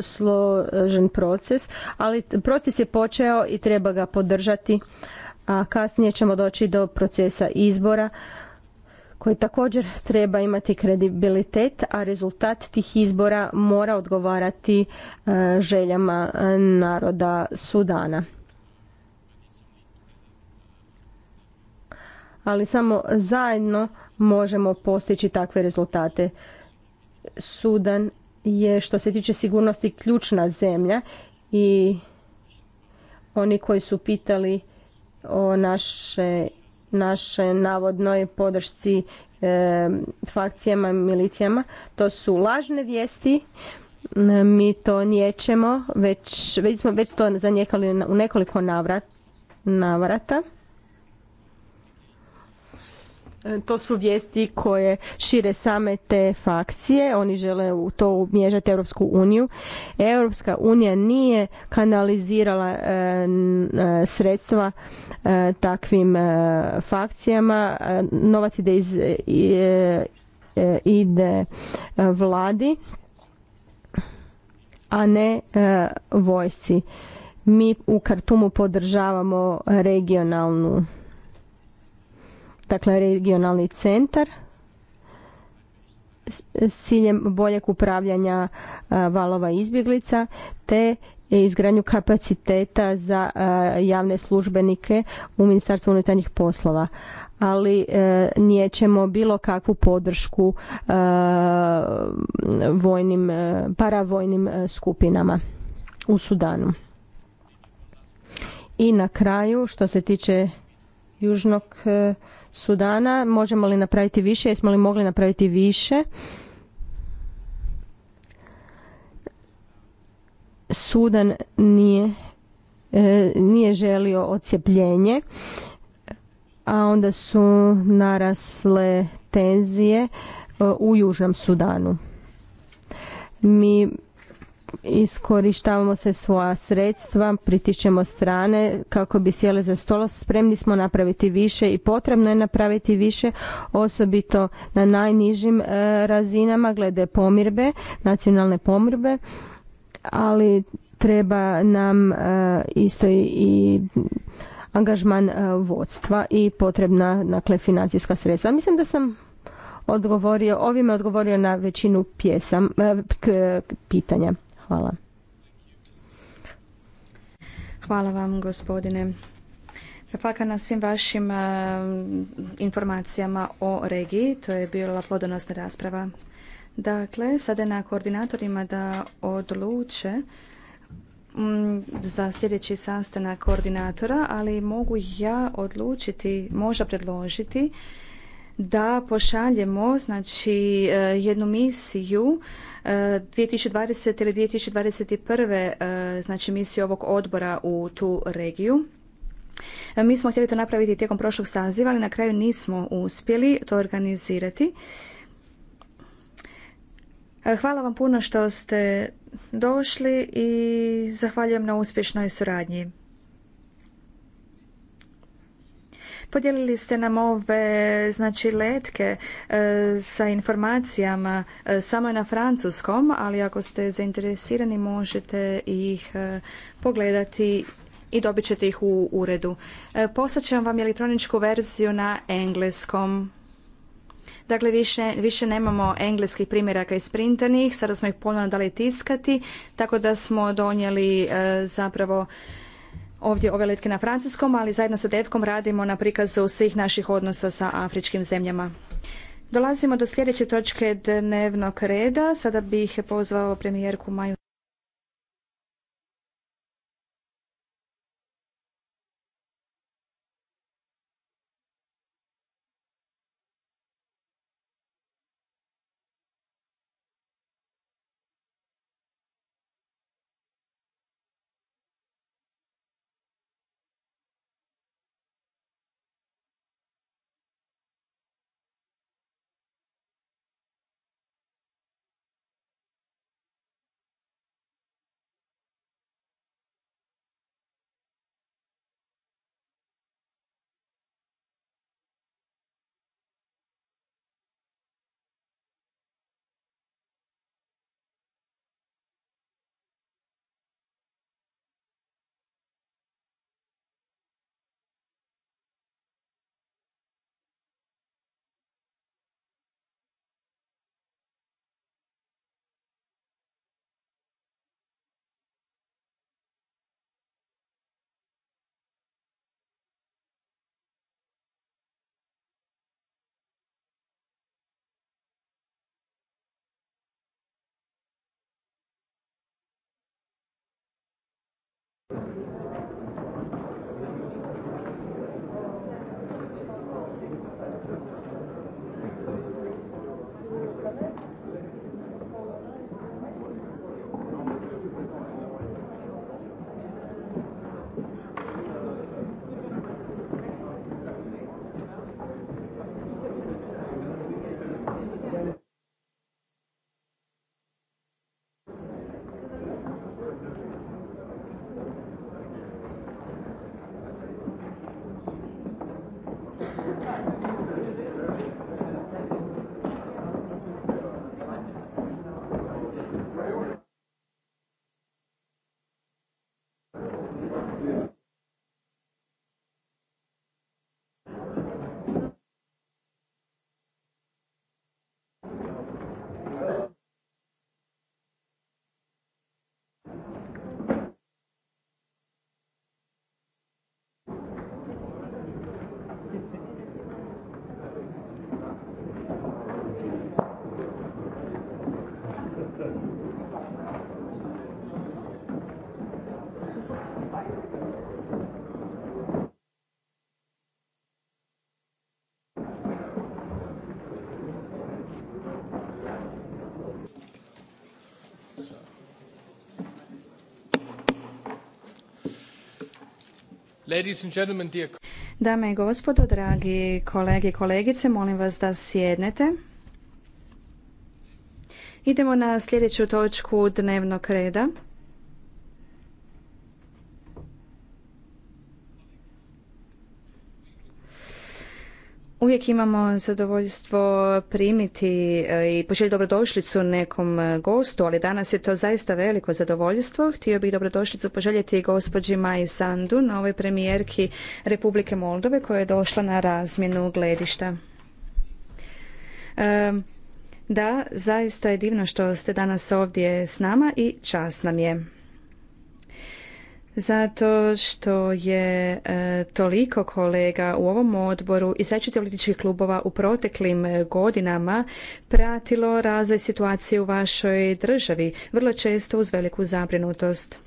složen proces, ali proces je počeo i treba ga podržati a kasnije ćemo doći do procesa izbora koji također treba imati kredibilitet, a rezultat tih izbora mora odgovarati e, željama e, naroda Sudana. Ali samo zajedno možemo postići takve rezultate. Sudan je što se tiče sigurnosti ključna zemlja i oni koji su pitali o naše, naše navodnoj podršci e, fakcijama i milicijama. To su lažne vijesti, mi to nijećemo. već, već smo već to zanijekali u nekoliko navrata. E, to su vijesti koje šire same te fakcije. Oni žele u to umježati Europsku uniju. Europska unija nije kanalizirala e, e, sredstva takvim fakcijama. Novac ide iz ide vladi, a ne vojsci. Mi u Kartumu podržavamo regionalnu dakle regionalni centar s ciljem boljeg upravljanja valova izbjeglica te izgradnju kapaciteta za javne službenike u Ministarstvu unutarnjih poslova. Ali e, nije ćemo bilo kakvu podršku vojnim, e, paravojnim e, skupinama u Sudanu. I na kraju, što se tiče Južnog Sudana. Možemo li napraviti više? Jesmo li mogli napraviti više? Sudan nije, e, nije želio ocijepljenje. a onda su narasle tenzije e, u Južnom Sudanu. Mi iskorištavamo se svoja sredstva, pritišćemo strane kako bi sjele za stolo, spremni smo napraviti više i potrebno je napraviti više, osobito na najnižim e, razinama glede pomirbe, nacionalne pomirbe, ali treba nam e, isto i angažman e, vodstva i potrebna dakle, financijska sredstva. Mislim da sam odgovorio, ovime odgovorio na većinu pjesam, pitanja. Hvala. Hvala vam gospodine Faka na svim vašim eh, informacijama o regiji. To je bila plodonosna rasprava. Dakle, sada je na koordinatorima da odluče mm, za sljedeći sastanak koordinatora, ali mogu ja odlučiti, možda predložiti da pošaljemo znači eh, jednu misiju 2020. ili 2021. E, znači misiju ovog odbora u tu regiju. E, mi smo htjeli to napraviti tijekom prošlog saziva, ali na kraju nismo uspjeli to organizirati. E, hvala vam puno što ste došli i zahvaljujem na uspješnoj suradnji. Podijelili ste nam ove znači letke e, sa informacijama e, samo na francuskom, ali ako ste zainteresirani možete ih e, pogledati i dobit ćete ih u uredu. ću vam elektroničku verziju na engleskom. Dakle, više, više nemamo engleskih primjeraka isprintanih, sada smo ih ponovno dali tiskati, tako da smo donijeli zapravo ovdje ove letke na francuskom, ali zajedno sa Devkom radimo na prikazu svih naših odnosa sa afričkim zemljama. Dolazimo do sljedeće točke dnevnog reda. Sada bih pozvao premijerku Maju Dame i gospodo, dragi kolege i kolegice, molim vas da sjednete. Idemo na sljedeću točku dnevnog reda. Uvijek imamo zadovoljstvo primiti e, i poželjeti dobrodošlicu nekom e, gostu, ali danas je to zaista veliko zadovoljstvo. Htio bih dobrodošlicu poželjeti gospođi Maji Sandu na ovoj premijerki Republike Moldove koja je došla na razmjenu gledišta. E, da, zaista je divno što ste danas ovdje s nama i čast nam je zato što je e, toliko kolega u ovom odboru i različitih političkih klubova u proteklim e, godinama pratilo razvoj situacije u vašoj državi, vrlo često uz veliku zabrinutost.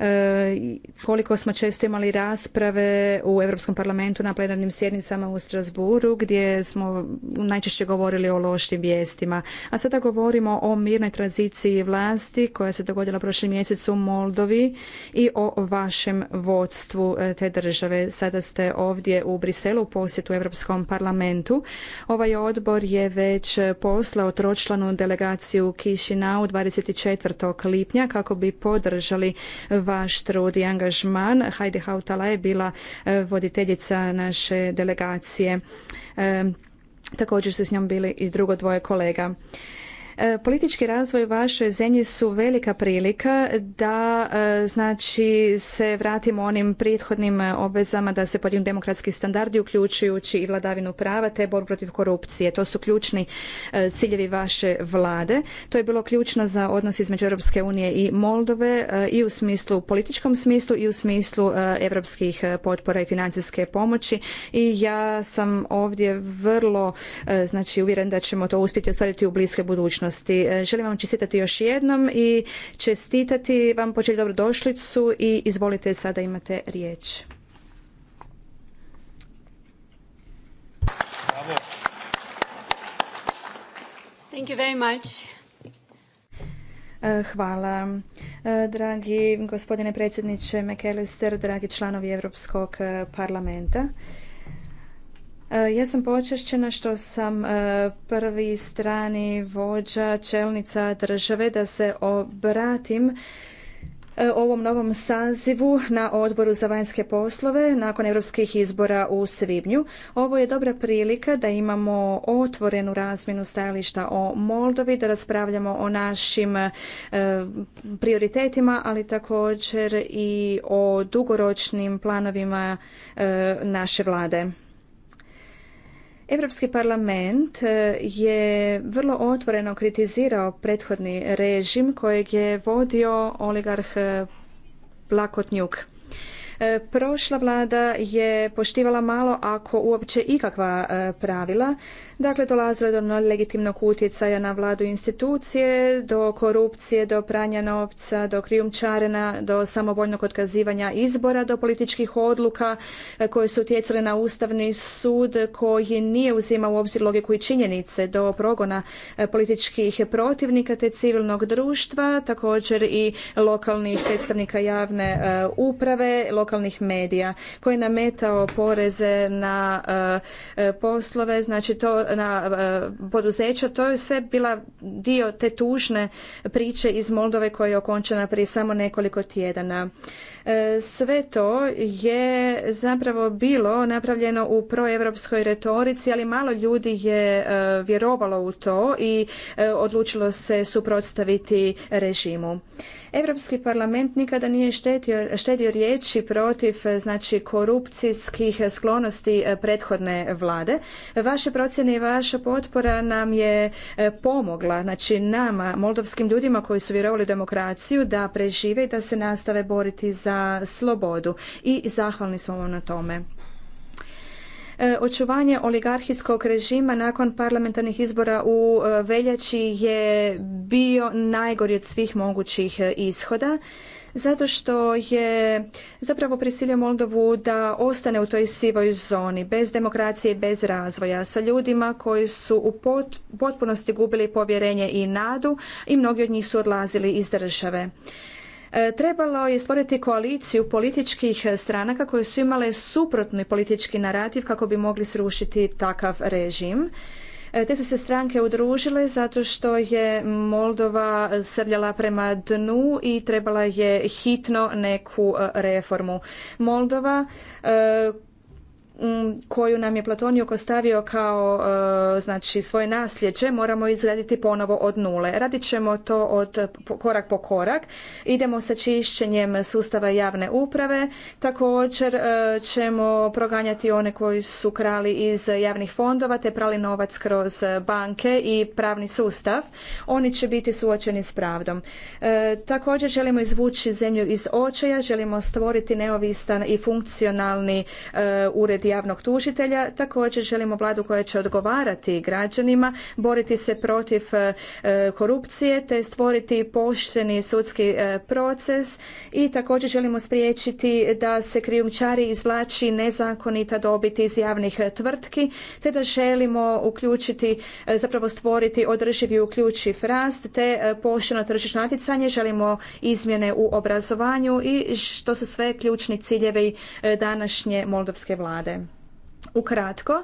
E, koliko smo često imali rasprave u Europskom parlamentu na plenarnim sjednicama u Strasburu gdje smo najčešće govorili o lošim vijestima. A sada govorimo o mirnoj tranziciji vlasti koja se dogodila prošli mjesec u Moldovi i o vašem vodstvu e, te države. Sada ste ovdje u Briselu u posjetu Europskom parlamentu. Ovaj odbor je već poslao tročlanu delegaciju u Kišinau 24. lipnja kako bi podržali vaš trud i angažman. Heidi Hautala je bila e, voditeljica naše delegacije. E, također su s njom bili i drugo dvoje kolega. E, politički razvoj vašoj zemlji su velika prilika da e, znači se vratimo onim prethodnim e, obvezama da se podijem demokratski standardi uključujući i vladavinu prava te borbu protiv korupcije. To su ključni ciljevi vaše vlade. To je bilo ključno za odnos između Europske unije i Moldove i u smislu političkom smislu i u smislu europskih potpora i financijske pomoći i ja sam ovdje vrlo znači uvjeren da ćemo to uspjeti ostvariti u bliskoj budućnosti E, želim vam čestitati još jednom i čestitati vam počeli dobrodošlicu i izvolite sada imate riječ. Thank e, Hvala. E, dragi gospodine predsjedniče McAllister, dragi članovi Europskog parlamenta. E, ja sam počešćena što sam e, prvi strani vođa čelnica države da se obratim e, ovom novom sazivu na odboru za vanjske poslove nakon europskih izbora u svibnju. Ovo je dobra prilika da imamo otvorenu razmjenu stajališta o Moldovi, da raspravljamo o našim prioritetima, ali također i o dugoročnim planovima naše vlade. Europski parlament e, je vrlo otvoreno kritizirao prethodni režim kojeg je vodio oligarh Plakotnjuk. E, E, prošla vlada je poštivala malo, ako uopće ikakva e, pravila. Dakle, dolazilo je do nelegitimnog utjecaja na vladu institucije, do korupcije, do pranja novca, do krijumčarena, do samovoljnog otkazivanja izbora, do političkih odluka e, koje su utjecale na Ustavni sud koji nije uzimao u obzir logiku i činjenice do progona političkih protivnika te civilnog društva, također i lokalnih predstavnika javne uprave, lokalnih medija koji je nametao poreze na e, e, poslove, znači to na e, poduzeća. To je sve bila dio te tužne priče iz Moldove koja je okončena prije samo nekoliko tjedana. Sve to je zapravo bilo napravljeno u proevropskoj retorici, ali malo ljudi je vjerovalo u to i odlučilo se suprotstaviti režimu. Europski parlament nikada nije štetio, štedio riječi protiv e, znači korupcijskih sklonosti e, prethodne vlade. Vaše procjene i vaša potpora nam je e, pomogla, znači nama, moldovskim ljudima koji su vjerovali demokraciju, da prežive i da se nastave boriti za slobodu. I zahvalni smo vam na tome. E, očuvanje oligarhijskog režima nakon parlamentarnih izbora u e, veljači je bio najgori od svih mogućih e, ishoda zato što je zapravo prisilio Moldovu da ostane u toj sivoj zoni, bez demokracije i bez razvoja, sa ljudima koji su u potpunosti gubili povjerenje i nadu i mnogi od njih su odlazili iz države. E, trebalo je stvoriti koaliciju političkih stranaka koje su imale suprotni politički narativ kako bi mogli srušiti takav režim. E, te su se stranke udružile zato što je Moldova srljala prema dnu i trebala je hitno neku e, reformu. Moldova koju nam je Platonijuk ostavio kao e, znači svoje nasljeđe moramo izgraditi ponovo od nule. Radit ćemo to od korak po korak. Idemo sa čišćenjem sustava javne uprave. Također e, ćemo proganjati one koji su krali iz javnih fondova te prali novac kroz banke i pravni sustav. Oni će biti suočeni s pravdom. E, također želimo izvući zemlju iz očaja, želimo stvoriti neovistan i funkcionalni ured javnog tužitelja, također želimo vladu koja će odgovarati građanima, boriti se protiv e, korupcije te stvoriti pošteni sudski e, proces i također želimo spriječiti da se krijumčari izvlači nezakonita dobiti iz javnih e, tvrtki te da želimo uključiti, zapravo stvoriti održiv i uključiv rast te pošteno tržišno natjecanje, želimo izmjene u obrazovanju i što su sve ključni ciljevi današnje moldovske vlade. Ukratko,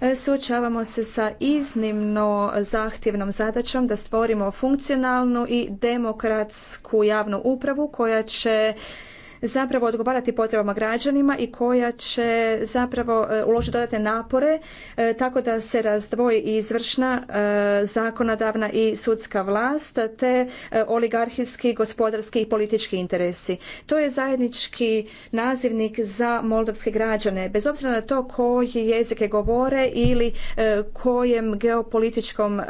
e, suočavamo se sa iznimno zahtjevnom zadaćom da stvorimo funkcionalnu i demokratsku javnu upravu koja će zapravo odgovarati potrebama građanima i koja će zapravo e, uložiti dodatne napore e, tako da se razdvoji izvršna, e, zakonodavna i sudska vlast te oligarhijski, gospodarski i politički interesi. To je zajednički nazivnik za moldovske građane, bez obzira na to koji jezike govore ili kojem geopolitičkom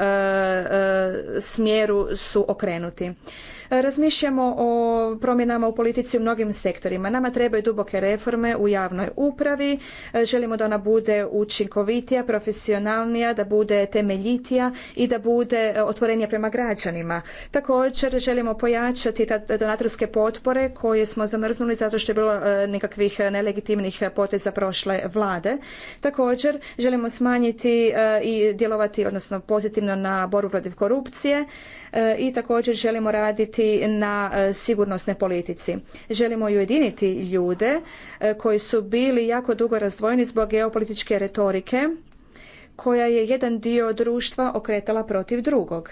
smjeru su okrenuti. Razmišljamo o promjenama u politici u mnogim sektorima. Nama trebaju duboke reforme u javnoj upravi. Želimo da ona bude učinkovitija, profesionalnija, da bude temeljitija i da bude otvorenija prema građanima. Također želimo pojačati donatorske potpore koje smo zamrznuli zato što je bilo e, nekakvih nelegitimnih poteza prošle vlade. Također želimo smanjiti e, i djelovati odnosno pozitivno na borbu protiv korupcije E, i također želimo raditi na e, sigurnosnoj politici. Želimo ujediniti ljude e, koji su bili jako dugo razdvojeni zbog geopolitičke retorike koja je jedan dio društva okretala protiv drugog.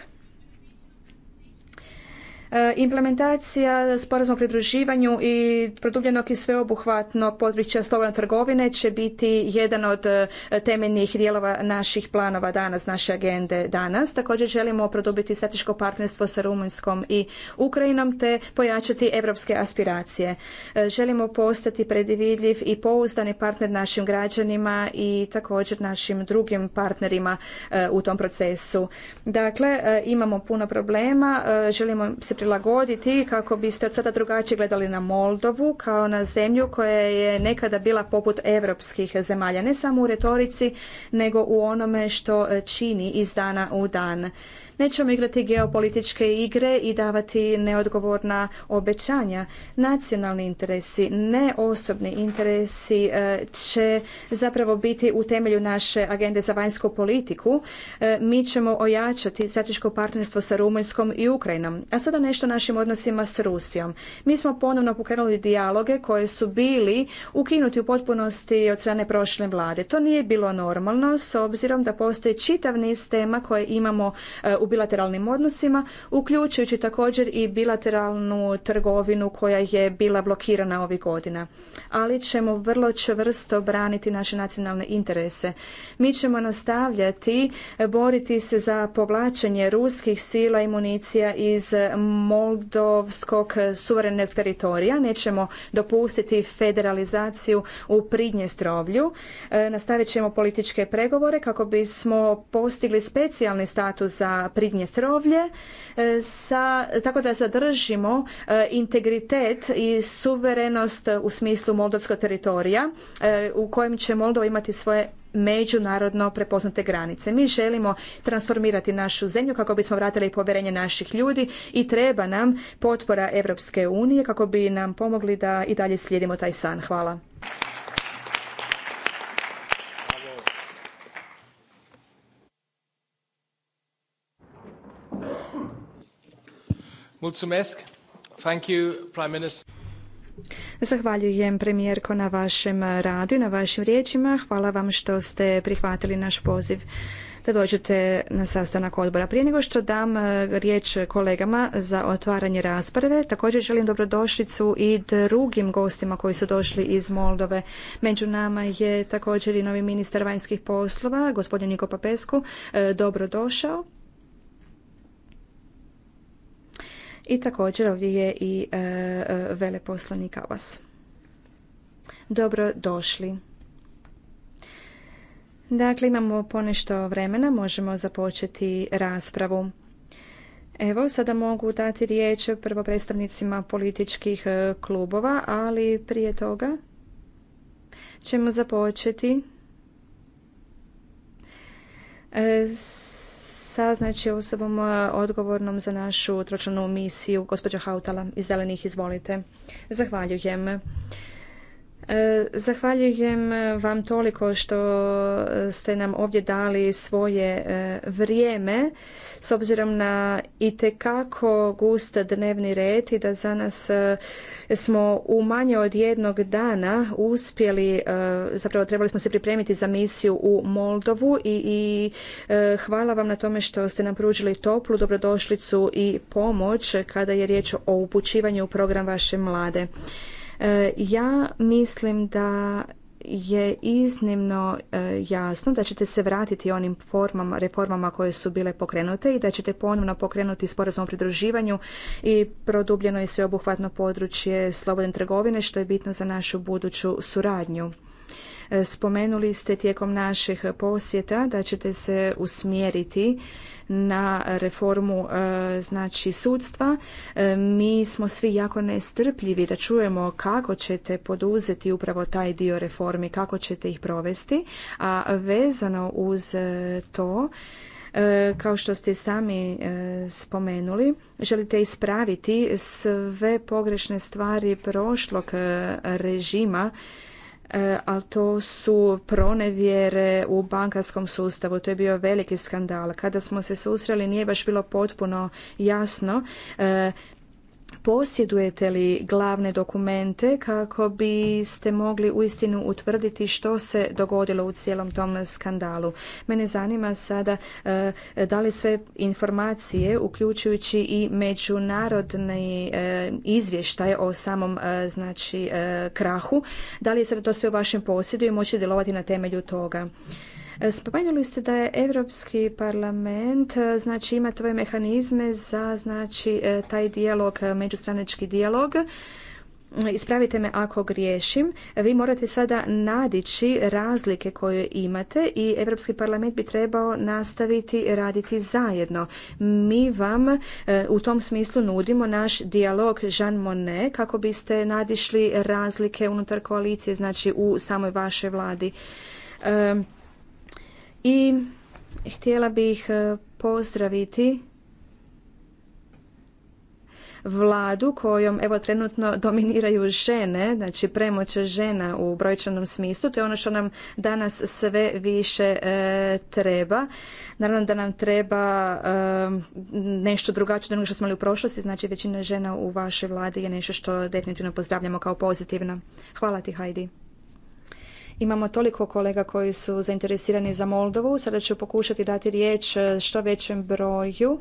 E, implementacija sporazuma o pridruživanju i produbljenog i sveobuhvatnog područja slobodne trgovine će biti jedan od e, temeljnih dijelova naših planova danas, naše agende danas. Također želimo produbiti strateško partnerstvo sa Rumunjskom i Ukrajinom te pojačati europske aspiracije. E, želimo postati predvidljiv i pouzdani partner našim građanima i također našim drugim partnerima u tom procesu. Dakle, imamo puno problema, želimo se prilagoditi kako biste od sada drugačije gledali na Moldovu kao na zemlju koja je nekada bila poput europskih zemalja, ne samo u retorici nego u onome što čini iz dana u dan. Nećemo igrati geopolitičke igre i davati neodgovorna obećanja. Nacionalni interesi, ne osobni interesi e, će zapravo biti u temelju naše agende za vanjsku politiku. E, mi ćemo ojačati strateško partnerstvo sa Rumunjskom i Ukrajinom. A sada nešto o našim odnosima s Rusijom. Mi smo ponovno pokrenuli dijaloge koje su bili ukinuti u potpunosti od strane prošle vlade. To nije bilo normalno s obzirom da postoji čitav niz tema koje imamo e, u bilateralnim odnosima, uključujući također i bilateralnu trgovinu koja je bila blokirana ovih godina. Ali ćemo vrlo čvrsto braniti naše nacionalne interese. Mi ćemo nastavljati boriti se za povlačenje ruskih sila i municija iz moldovskog suverenog teritorija. Nećemo dopustiti federalizaciju u pridnje strovlju. E, nastavit ćemo političke pregovore kako bismo postigli specijalni status za Pridnjestrovlje, e, sa, tako da zadržimo e, integritet i suverenost u smislu moldovskog teritorija e, u kojem će Moldova imati svoje međunarodno prepoznate granice. Mi želimo transformirati našu zemlju kako bismo vratili povjerenje naših ljudi i treba nam potpora Europske unije kako bi nam pomogli da i dalje slijedimo taj san. Hvala. Mulțumesc. Thank you, Prime Minister. Zahvaljujem premijerko na vašem radu i na vašim riječima. Hvala vam što ste prihvatili naš poziv da dođete na sastanak odbora. Prije nego što dam e, riječ kolegama za otvaranje rasprave, također želim dobrodošlicu i drugim gostima koji su došli iz Moldove. Među nama je također i novi ministar vanjskih poslova, gospodin Niko Papesku. E, dobrodošao. I također ovdje je i e, e, veleposlanik Abbas. Dobro došli. Dakle, imamo ponešto vremena, možemo započeti raspravu. Evo, sada mogu dati riječ prvo predstavnicima političkih e, klubova, ali prije toga ćemo započeti s sa znači, osobom e, odgovornom za našu tročlanu misiju, gospođa Hautala iz Zelenih, izvolite. Zahvaljujem. Zahvaljujem vam toliko što ste nam ovdje dali svoje e, vrijeme s obzirom na itekako gust dnevni red i da za nas e, smo u manje od jednog dana uspjeli, e, zapravo trebali smo se pripremiti za misiju u Moldovu i, i hvala vam na tome što ste nam pružili toplu dobrodošlicu i pomoć kada je riječ o upućivanju u program vaše mlade. E, ja mislim da je iznimno e, jasno da ćete se vratiti onim formama, reformama koje su bile pokrenute i da ćete ponovno pokrenuti sporazum o pridruživanju i produbljeno i sveobuhvatno područje slobodne trgovine što je bitno za našu buduću suradnju. E, spomenuli ste tijekom naših posjeta da ćete se usmjeriti na reformu e, znači sudstva. E, mi smo svi jako nestrpljivi da čujemo kako ćete poduzeti upravo taj dio reformi, kako ćete ih provesti, a vezano uz e, to kao što ste sami spomenuli, želite ispraviti sve pogrešne stvari prošlog režima E, ali to su pronevjere u bankarskom sustavu. To je bio veliki skandal. Kada smo se susreli nije baš bilo potpuno jasno e, posjedujete li glavne dokumente kako biste mogli uistinu utvrditi što se dogodilo u cijelom tom skandalu. Mene zanima sada e, da li sve informacije, uključujući i međunarodni e, izvještaj o samom e, znači krahu, da li je to sve u vašem posjedu i moći djelovati na temelju toga. Spomenuli ste da je Europski parlament e, znači ima tvoje mehanizme za znači e, taj dijalog, e, međustranički dijalog ispravite me ako griješim, vi morate sada nadići razlike koje imate i Europski parlament bi trebao nastaviti raditi zajedno. Mi vam u tom smislu nudimo naš dijalog Jean Monnet kako biste nadišli razlike unutar koalicije, znači u samoj vašoj vladi i htjela bih e, pozdraviti vladu kojom evo trenutno dominiraju žene, znači premoće žena u brojčanom smislu. To je ono što nam danas sve više e, treba. Naravno da nam treba e, nešto drugačije od onoga što smo imali u prošlosti, znači većina žena u vašoj vladi je nešto što definitivno pozdravljamo kao pozitivno. Hvala ti Hajdi. Imamo toliko kolega koji su zainteresirani za Moldovu. Sada ću pokušati dati riječ e, što većem broju.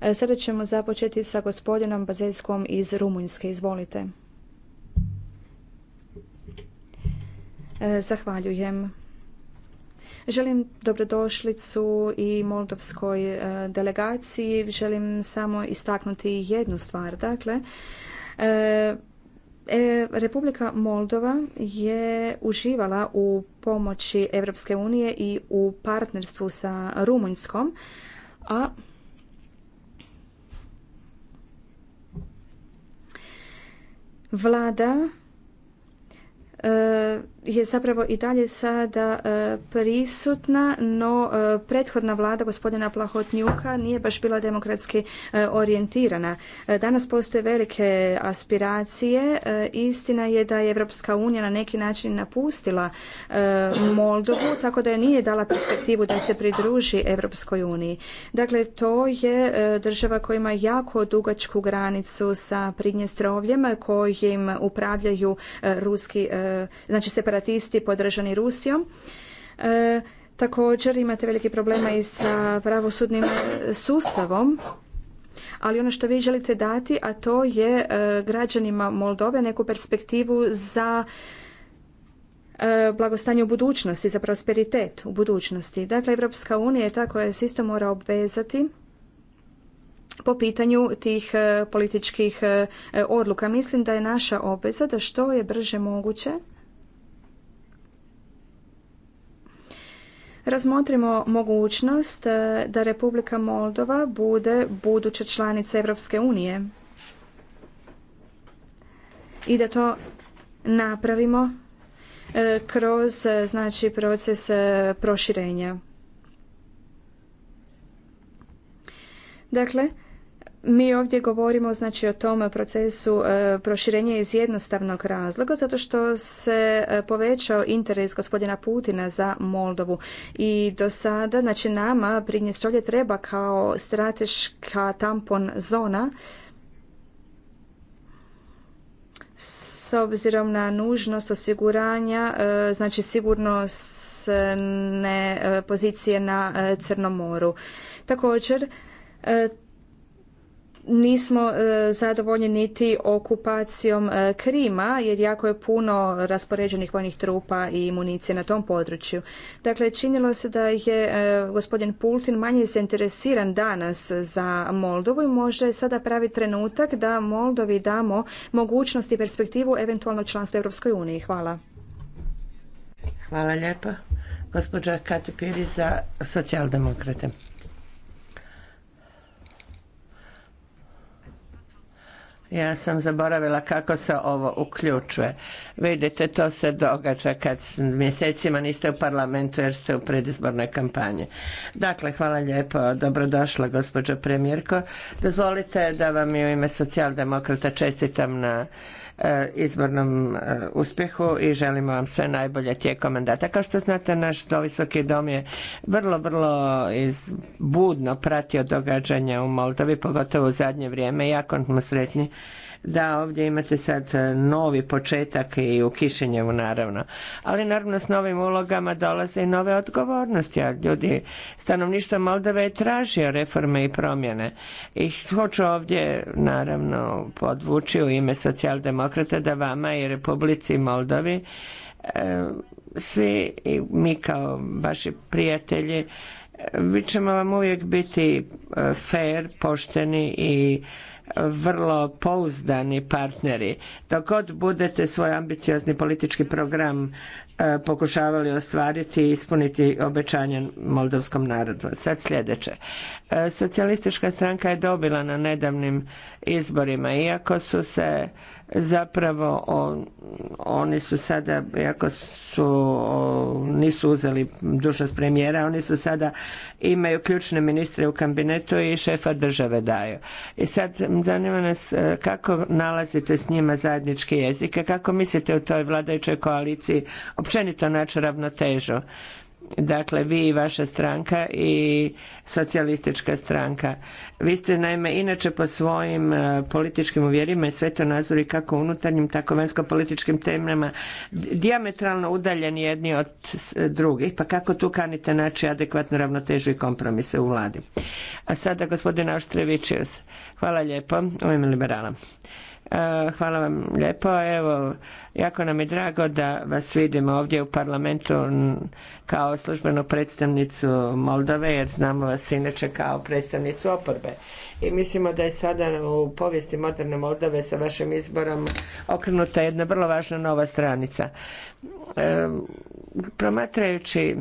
E, sada ćemo započeti sa gospodinom Bazelskom iz Rumunjske. Izvolite. E, zahvaljujem. Želim dobrodošlicu i moldovskoj delegaciji. Želim samo istaknuti jednu stvar. Dakle, E, Republika Moldova je uživala u pomoći Europske unije i u partnerstvu sa Rumunjskom, a vlada e, je zapravo i dalje sada e, prisutna, no e, prethodna vlada gospodina Plahotnjuka nije baš bila demokratski e, orijentirana. Danas postoje velike aspiracije. Istina je da je Evropska unija na neki način napustila Moldovu, tako da je nije dala perspektivu da se pridruži Evropskoj uniji. Dakle, to je država koja ima jako dugačku granicu sa Pridnjestrovljem kojim upravljaju ruski, znači se separatisti podržani Rusijom. E, također imate velike problema i sa pravosudnim e, sustavom ali ono što vi želite dati, a to je e, građanima Moldove neku perspektivu za e, blagostanje u budućnosti, za prosperitet u budućnosti. Dakle, Evropska unija je ta koja se isto mora obvezati po pitanju tih političkih odluka. Mislim da je naša obveza da što je brže moguće razmotrimo mogućnost e, da Republika Moldova bude buduća članica Europske unije i da to napravimo e, kroz e, znači proces proširenja. Dakle, mi ovdje govorimo znači o tom procesu e, proširenja iz jednostavnog razloga zato što se e, povećao interes gospodina Putina za Moldovu i do sada znači nama Pridnjestrovlje treba kao strateška tampon zona s obzirom na nužnost osiguranja e, znači sigurnosne pozicije na Crnom moru. Također Nismo e, zadovoljni niti okupacijom e, Krima jer jako je puno raspoređenih vojnih trupa i municije na tom području. Dakle, činilo se da je e, gospodin Putin manje zainteresiran danas za Moldovu i može sada pravi trenutak da Moldovi damo mogućnost i perspektivu eventualno članstva Europskoj uniji. Hvala. Hvala lijepa. Gospođa Piri za socijaldemokrate. Ja sam zaboravila kako se ovo uključuje. Vidite, to se događa kad mjesecima niste u parlamentu jer ste u predizbornoj kampanji. Dakle, hvala lijepo. Dobrodošla, gospođo premijerko. Dozvolite da vam i u ime socijaldemokrata čestitam na E, izbornom e, uspjehu i želimo vam sve najbolje tijekom mandata. Kao što znate, naš Dovisoki dom je vrlo, vrlo budno pratio događanja u Moldovi, pogotovo u zadnje vrijeme. Jako smo sretni da, ovdje imate sad e, novi početak i u Kišinjevu naravno. Ali naravno s novim ulogama dolaze i nove odgovornosti. A ljudi, stanovništvo Moldave je tražio reforme i promjene. I hoću ovdje naravno podvući u ime socijaldemokrata da vama i Republici Moldovi e, svi i mi kao vaši prijatelji e, vi ćemo vam uvijek biti fair, pošteni i vrlo pouzdani partneri. Dok god budete svoj ambiciozni politički program e, pokušavali ostvariti i ispuniti obećanje moldovskom narodu. Sad sljedeće. E, socijalistička stranka je dobila na nedavnim izborima, iako su se zapravo oni su sada iako su nisu uzeli dužnost premijera oni su sada imaju ključne ministre u kabinetu i šefa države daju i sad zanima nas e, kako nalazite s njima zajednički jezik kako mislite u toj vladajućoj koaliciji općenito naći ravnotežu dakle vi i vaša stranka i socijalistička stranka. Vi ste naime inače po svojim e, političkim uvjerima i nazori kako unutarnjim tako vanjsko-političkim temama diametralno udaljeni jedni od drugih, pa kako tu kanite naći adekvatnu ravnotežu i kompromise u vladi. A sada gospodin Austrevičius. Hvala lijepo. U ime liberala. E, hvala vam lijepo. Evo, jako nam je drago da vas vidimo ovdje u parlamentu kao službenu predstavnicu Moldave, jer znamo vas inače kao predstavnicu oporbe. I mislimo da je sada u povijesti moderne Moldave sa vašim izborom okrenuta jedna vrlo važna nova stranica. E, promatrajući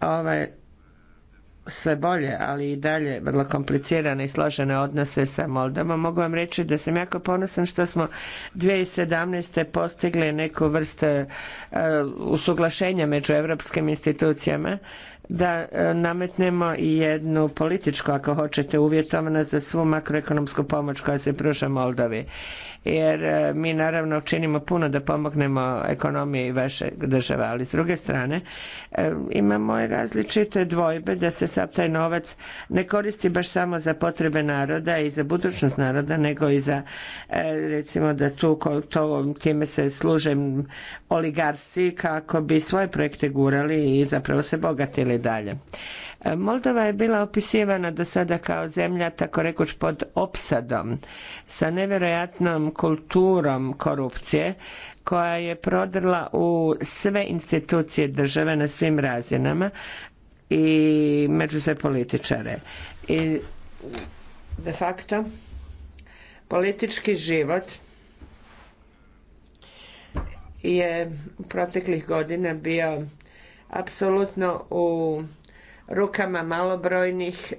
ovaj sve bolje, ali i dalje vrlo komplicirane i složene odnose sa Moldavom. Mogu vam reći da sam jako ponosan što smo 2017. postigli neku vrstu e, usuglašenja među europskim institucijama da e, nametnemo i jednu političku, ako hoćete, uvjetovana za svu makroekonomsku pomoć koja se pruža Moldavi jer e, mi naravno činimo puno da pomognemo ekonomiji vaše države, ali s druge strane e, imamo različite dvojbe da se sad taj novac ne koristi baš samo za potrebe naroda i za budućnost naroda, nego i za e, recimo da tu to, time se služe oligarsi kako bi svoje projekte gurali i zapravo se bogatili dalje. Moldova je bila opisivana do sada kao zemlja tako rekuć pod opsadom sa nevjerojatnom kulturom korupcije koja je prodrla u sve institucije države na svim razinama i među sve političare. I de facto politički život je u proteklih godina bio apsolutno u rukama malobrojnih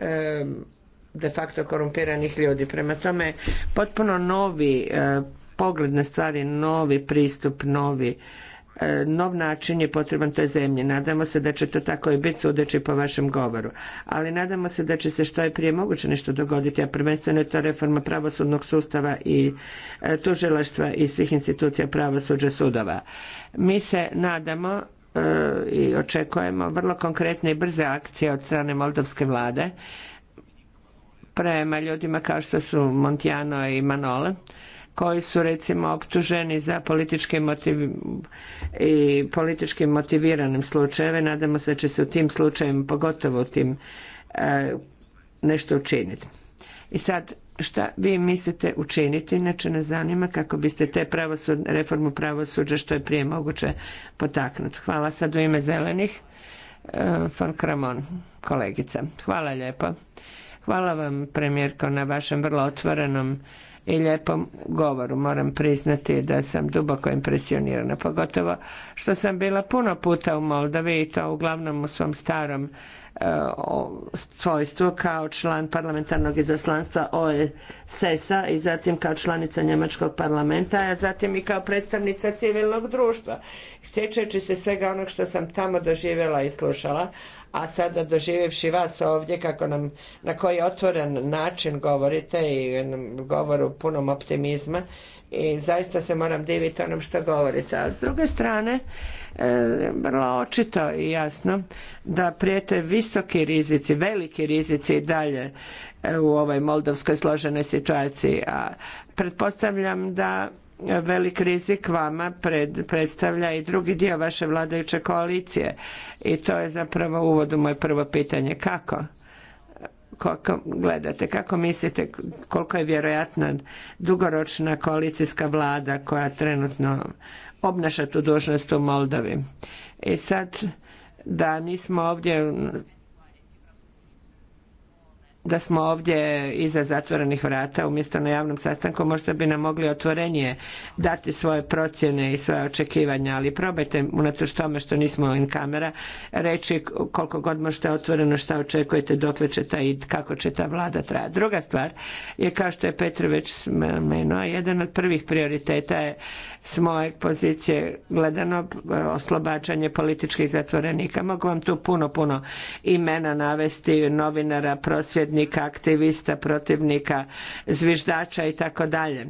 de facto korumpiranih ljudi. Prema tome, potpuno novi e, pogled na stvari, novi pristup, novi e, nov način je potreban toj zemlji. Nadamo se da će to tako i biti sudeći po vašem govoru. Ali nadamo se da će se što je prije moguće nešto dogoditi, a prvenstveno je to reforma pravosudnog sustava i e, tužilaštva i svih institucija pravosuđa sudova. Mi se nadamo i očekujemo vrlo konkretne i brze akcije od strane moldovske vlade prema ljudima kao što su Montjano i Manole koji su recimo optuženi za politički motivi i politički motiviranim slučajeve. Nadamo se da će se u tim slučajevima, pogotovo u tim, e, nešto učiniti. I sad šta vi mislite učiniti, inače nas zanima kako biste te reformu pravosuđa što je prije moguće potaknuti. Hvala sad u ime zelenih. Von e, Kramon, kolegica. Hvala lijepo. Hvala vam, premijerko, na vašem vrlo otvorenom i lijepom govoru. Moram priznati da sam duboko impresionirana, pogotovo što sam bila puno puta u Moldavi i to uglavnom u svom starom E, svojstvu kao član parlamentarnog izaslanstva OSS-a i zatim kao članica Njemačkog parlamenta, a zatim i kao predstavnica civilnog društva. Stječeći se svega onog što sam tamo doživjela i slušala, a sada doživjevši vas ovdje kako nam na koji otvoren način govorite i govoru punom optimizma i zaista se moram diviti onom što govorite. A s druge strane, E, vrlo očito i jasno da prijete visoki rizici, veliki rizici i dalje e, u ovoj moldovskoj složenoj situaciji. A pretpostavljam da velik rizik vama predstavlja i drugi dio vaše vladajuće koalicije. I to je zapravo uvod u moje prvo pitanje. Kako? Kako gledate, kako mislite koliko je vjerojatna dugoročna koalicijska vlada koja trenutno obnaša tu dužnost u Moldavi. I e sad da nismo ovdje da smo ovdje iza zatvorenih vrata umjesto na javnom sastanku možda bi nam mogli otvorenije dati svoje procjene i svoje očekivanja ali probajte unatoč tome što nismo in kamera reći koliko god možete otvoreno šta očekujete dokle će ta i kako će ta vlada trajati. Druga stvar je kao što je Petrović već jedan od prvih prioriteta je s moje pozicije gledano e, oslobađanje političkih zatvorenika. Mogu vam tu puno, puno imena navesti, novinara, prosvjednika, aktivista, protivnika, zviždača i tako dalje.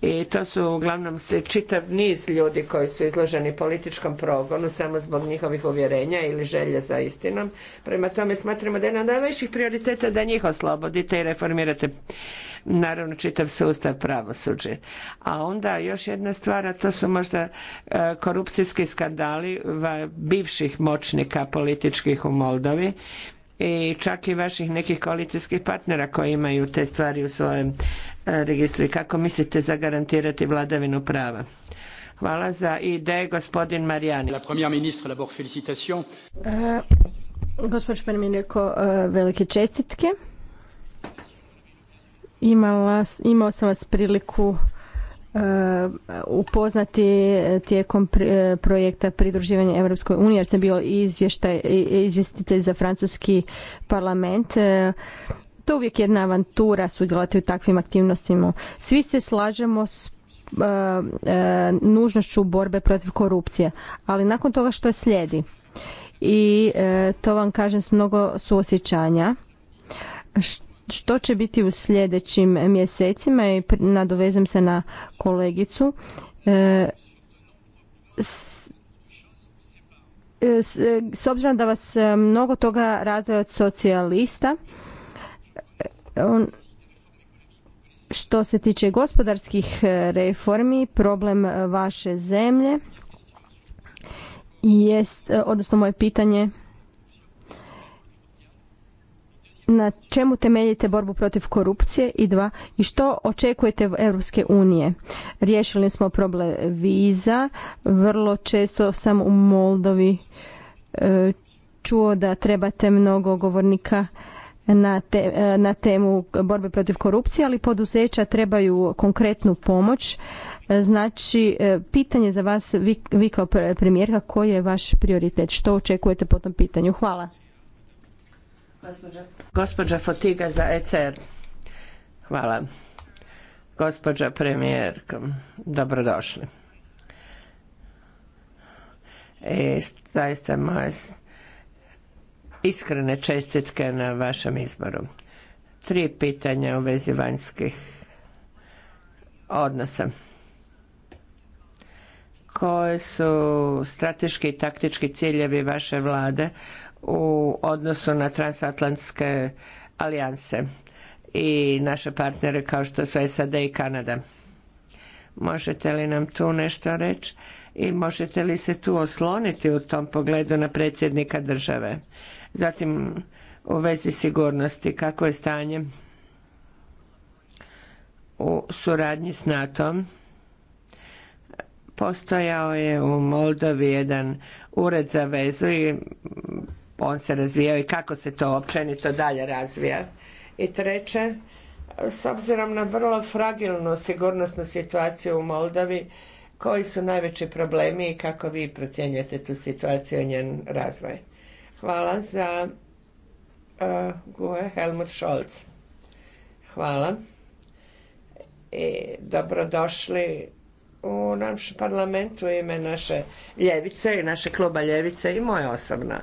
I to su uglavnom se čitav niz ljudi koji su izloženi političkom progonu samo zbog njihovih uvjerenja ili želje za istinom. Prema tome smatramo da je jedan od najvećih prioriteta da njih oslobodite i reformirate naravno čitav sustav pravosuđe. A onda još jedna stvar, to su možda e, korupcijski skandali bivših moćnika političkih u Moldovi i čak i vaših nekih koalicijskih partnera koji imaju te stvari u svojem e, registru i kako mislite zagarantirati vladavinu prava? Hvala za ideje, gospodin Marijani. La première ministre, d'abord e, Gospodin velike čestitke imala, imao sam vas priliku e, upoznati tijekom e, projekta pridruživanja Europskoj uniji jer sam bio izvještaj, izvjestitelj za francuski parlament. E, to to uvijek jedna avantura sudjelovati u takvim aktivnostima. Svi se slažemo s nužnošću borbe protiv korupcije, ali nakon toga što je slijedi i to vam kažem s mnogo suosjećanja što što će biti u sljedećim mjesecima i nadovezam se na kolegicu. E, s, e, e, s, obzirom da vas e, mnogo toga razvoja od socijalista, što se tiče gospodarskih reformi, problem vaše zemlje jest, odnosno moje pitanje na čemu temeljite borbu protiv korupcije i dva, i što očekujete Europske unije? Riješili smo problem viza, vrlo često sam u Moldovi e, čuo da trebate mnogo govornika na, e, na temu borbe protiv korupcije, ali poduzeća trebaju konkretnu pomoć. Znači, e, pitanje za vas, vi, vi kao premijerka, koji je vaš prioritet? Što očekujete po tom pitanju? Hvala. Gospođa, Fotiga za ECR. Hvala. Gospođa premijerka, dobrodošli. I e, zaista moje iskrene čestitke na vašem izboru. Tri pitanja u vezi vanjskih odnosa koje su strateški i taktički ciljevi vaše vlade u odnosu na transatlantske alijanse i naše partnere kao što su SAD i Kanada. Možete li nam tu nešto reći i možete li se tu osloniti u tom pogledu na predsjednika države? Zatim u vezi sigurnosti, kako je stanje u suradnji s NATO-om? Postojao je u Moldovi jedan ured za vezu i on se razvijao i kako se to općenito dalje razvija. I treće, s obzirom na vrlo fragilnu sigurnosnu situaciju u Moldavi, koji su najveći problemi i kako vi procjenjujete tu situaciju i njen razvoj? Hvala za uh, Helmut Scholz. Hvala. I dobrodošli u naš parlament u ime naše ljevice i naše kluba ljevice i moje osobno.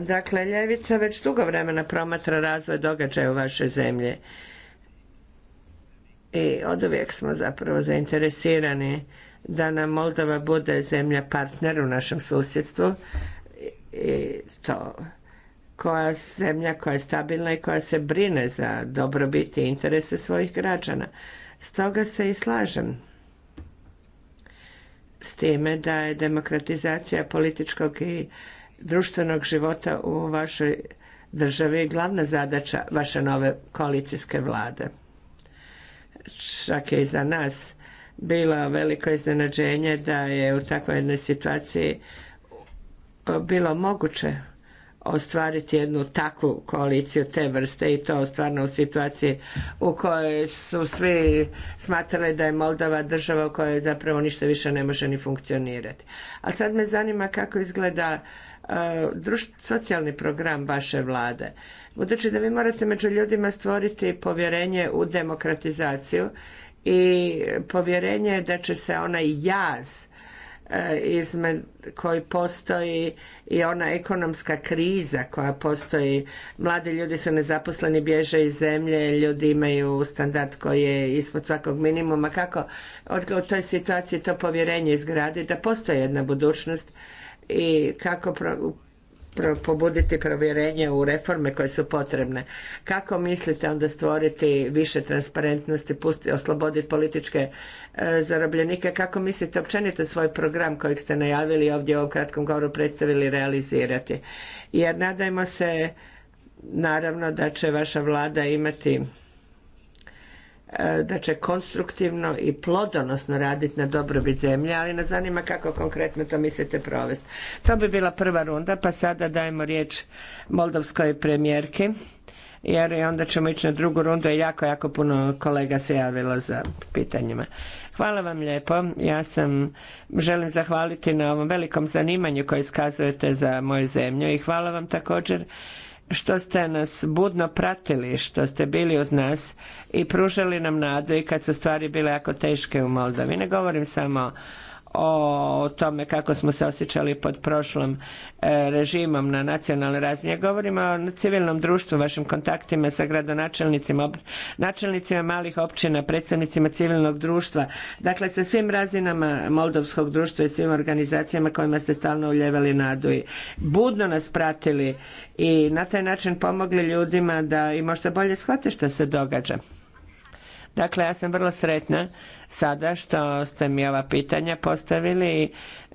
Dakle, ljevica već dugo vremena promatra razvoj događaja u vašoj zemlji. I od uvijek smo zapravo zainteresirani da nam Moldova bude zemlja partner u našem susjedstvu. I to koja zemlja koja je stabilna i koja se brine za dobrobit i interese svojih građana. Stoga se i slažem s time da je demokratizacija političkog i društvenog života u vašoj državi glavna zadaća vaše nove koalicijske vlade. Čak je i za nas bilo veliko iznenađenje da je u takvoj jednoj situaciji bilo moguće ostvariti jednu takvu koaliciju te vrste i to stvarno u situaciji u kojoj su svi smatrali da je Moldova država u kojoj zapravo ništa više ne može ni funkcionirati. Ali sad me zanima kako izgleda socijalni program vaše vlade. Budući da vi morate među ljudima stvoriti povjerenje u demokratizaciju i povjerenje da će se onaj jaz e, izmed koji postoji i ona ekonomska kriza koja postoji. Mladi ljudi su nezaposleni, bježe iz zemlje, ljudi imaju standard koji je ispod svakog minimuma. Kako u toj situaciji to povjerenje izgradi da postoji jedna budućnost i kako pobuditi provjerenje u reforme koje su potrebne. Kako mislite onda stvoriti više transparentnosti, pusti, osloboditi političke e, zarobljenike? Kako mislite općenito svoj program kojeg ste najavili ovdje u ovom kratkom govoru predstavili realizirati? Jer nadajmo se naravno da će vaša vlada imati E, da će konstruktivno i plodonosno raditi na dobrobit zemlje, ali nas zanima kako konkretno to mislite provesti. To bi bila prva runda, pa sada dajemo riječ moldovskoj premijerki, jer onda ćemo ići na drugu rundu, i jako, jako puno kolega se javilo za pitanjima. Hvala vam lijepo. Ja sam, želim zahvaliti na ovom velikom zanimanju koje iskazujete za moju zemlju i hvala vam također što ste nas budno pratili, što ste bili uz nas i pružali nam nadu i kad su stvari bile jako teške u Moldovi. Ne govorim samo o tome kako smo se osjećali pod prošlom e, režimom na nacionalnoj razini. Ja o civilnom društvu, vašim kontaktima sa gradonačelnicima, načelnicima malih općina, predstavnicima civilnog društva, dakle sa svim razinama moldovskog društva i svim organizacijama kojima ste stalno uljevali nadu i budno nas pratili i na taj način pomogli ljudima da i možda bolje shvate što se događa. Dakle, ja sam vrlo sretna sada što ste mi ova pitanja postavili i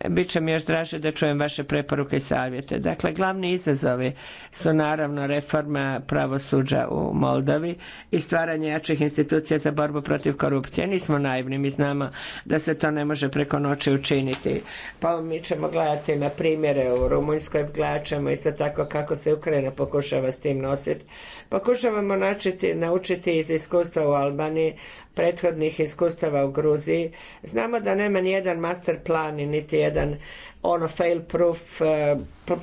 bit će mi još draže da čujem vaše preporuke i savjete. Dakle, glavni izazovi su naravno reforma pravosuđa u Moldavi i stvaranje jačih institucija za borbu protiv korupcije. Nismo naivni, mi znamo da se to ne može preko noći učiniti. Pa mi ćemo gledati na primjere u Rumunjskoj, gledat ćemo isto tako kako se Ukrajina pokušava s tim nositi. Pokušavamo naučiti iz iskustva u Albaniji prethodnih iskustava u Gruziji, znamo da nema nijedan jedan master plan i niti jedan ono fail proof eh,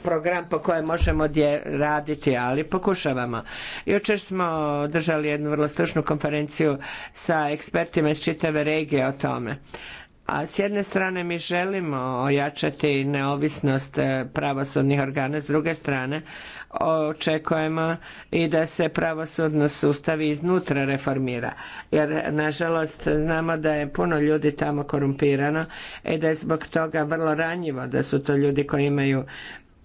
program po kojem možemo raditi, ali pokušavamo. Jučer smo držali jednu vrlo stručnu konferenciju sa ekspertima iz čitave regije o tome. A s jedne strane mi želimo ojačati neovisnost eh, pravosudnih organa, s druge strane očekujemo i da se pravosudno sustav iznutra reformira. Jer, nažalost, znamo da je puno ljudi tamo korumpirano i da je zbog toga vrlo ranjivo da su to ljudi koji imaju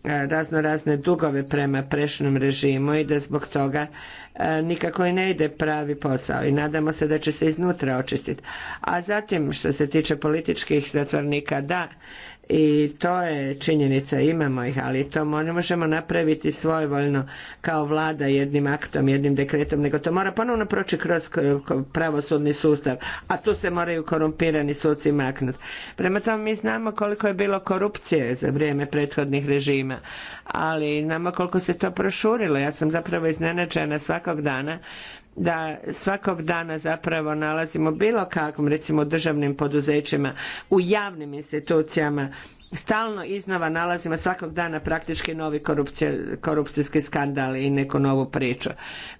e, razno razne dugove prema prešnom režimu i da zbog toga e, nikako i ne ide pravi posao i nadamo se da će se iznutra očistiti. A zatim što se tiče političkih zatvornika, da, i to je činjenica, imamo ih, ali to ne možemo napraviti svojevoljno kao vlada jednim aktom, jednim dekretom, nego to mora ponovno proći kroz pravosudni sustav, a tu se moraju korumpirani suci maknuti. Prema tome mi znamo koliko je bilo korupcije za vrijeme prethodnih režima, ali znamo koliko se to prošurilo. Ja sam zapravo iznenađena svakog dana da svakog dana zapravo nalazimo bilo kakvom recimo državnim poduzećima u javnim institucijama stalno iznova nalazimo svakog dana praktički novi korupcijski skandal i neku novu priču.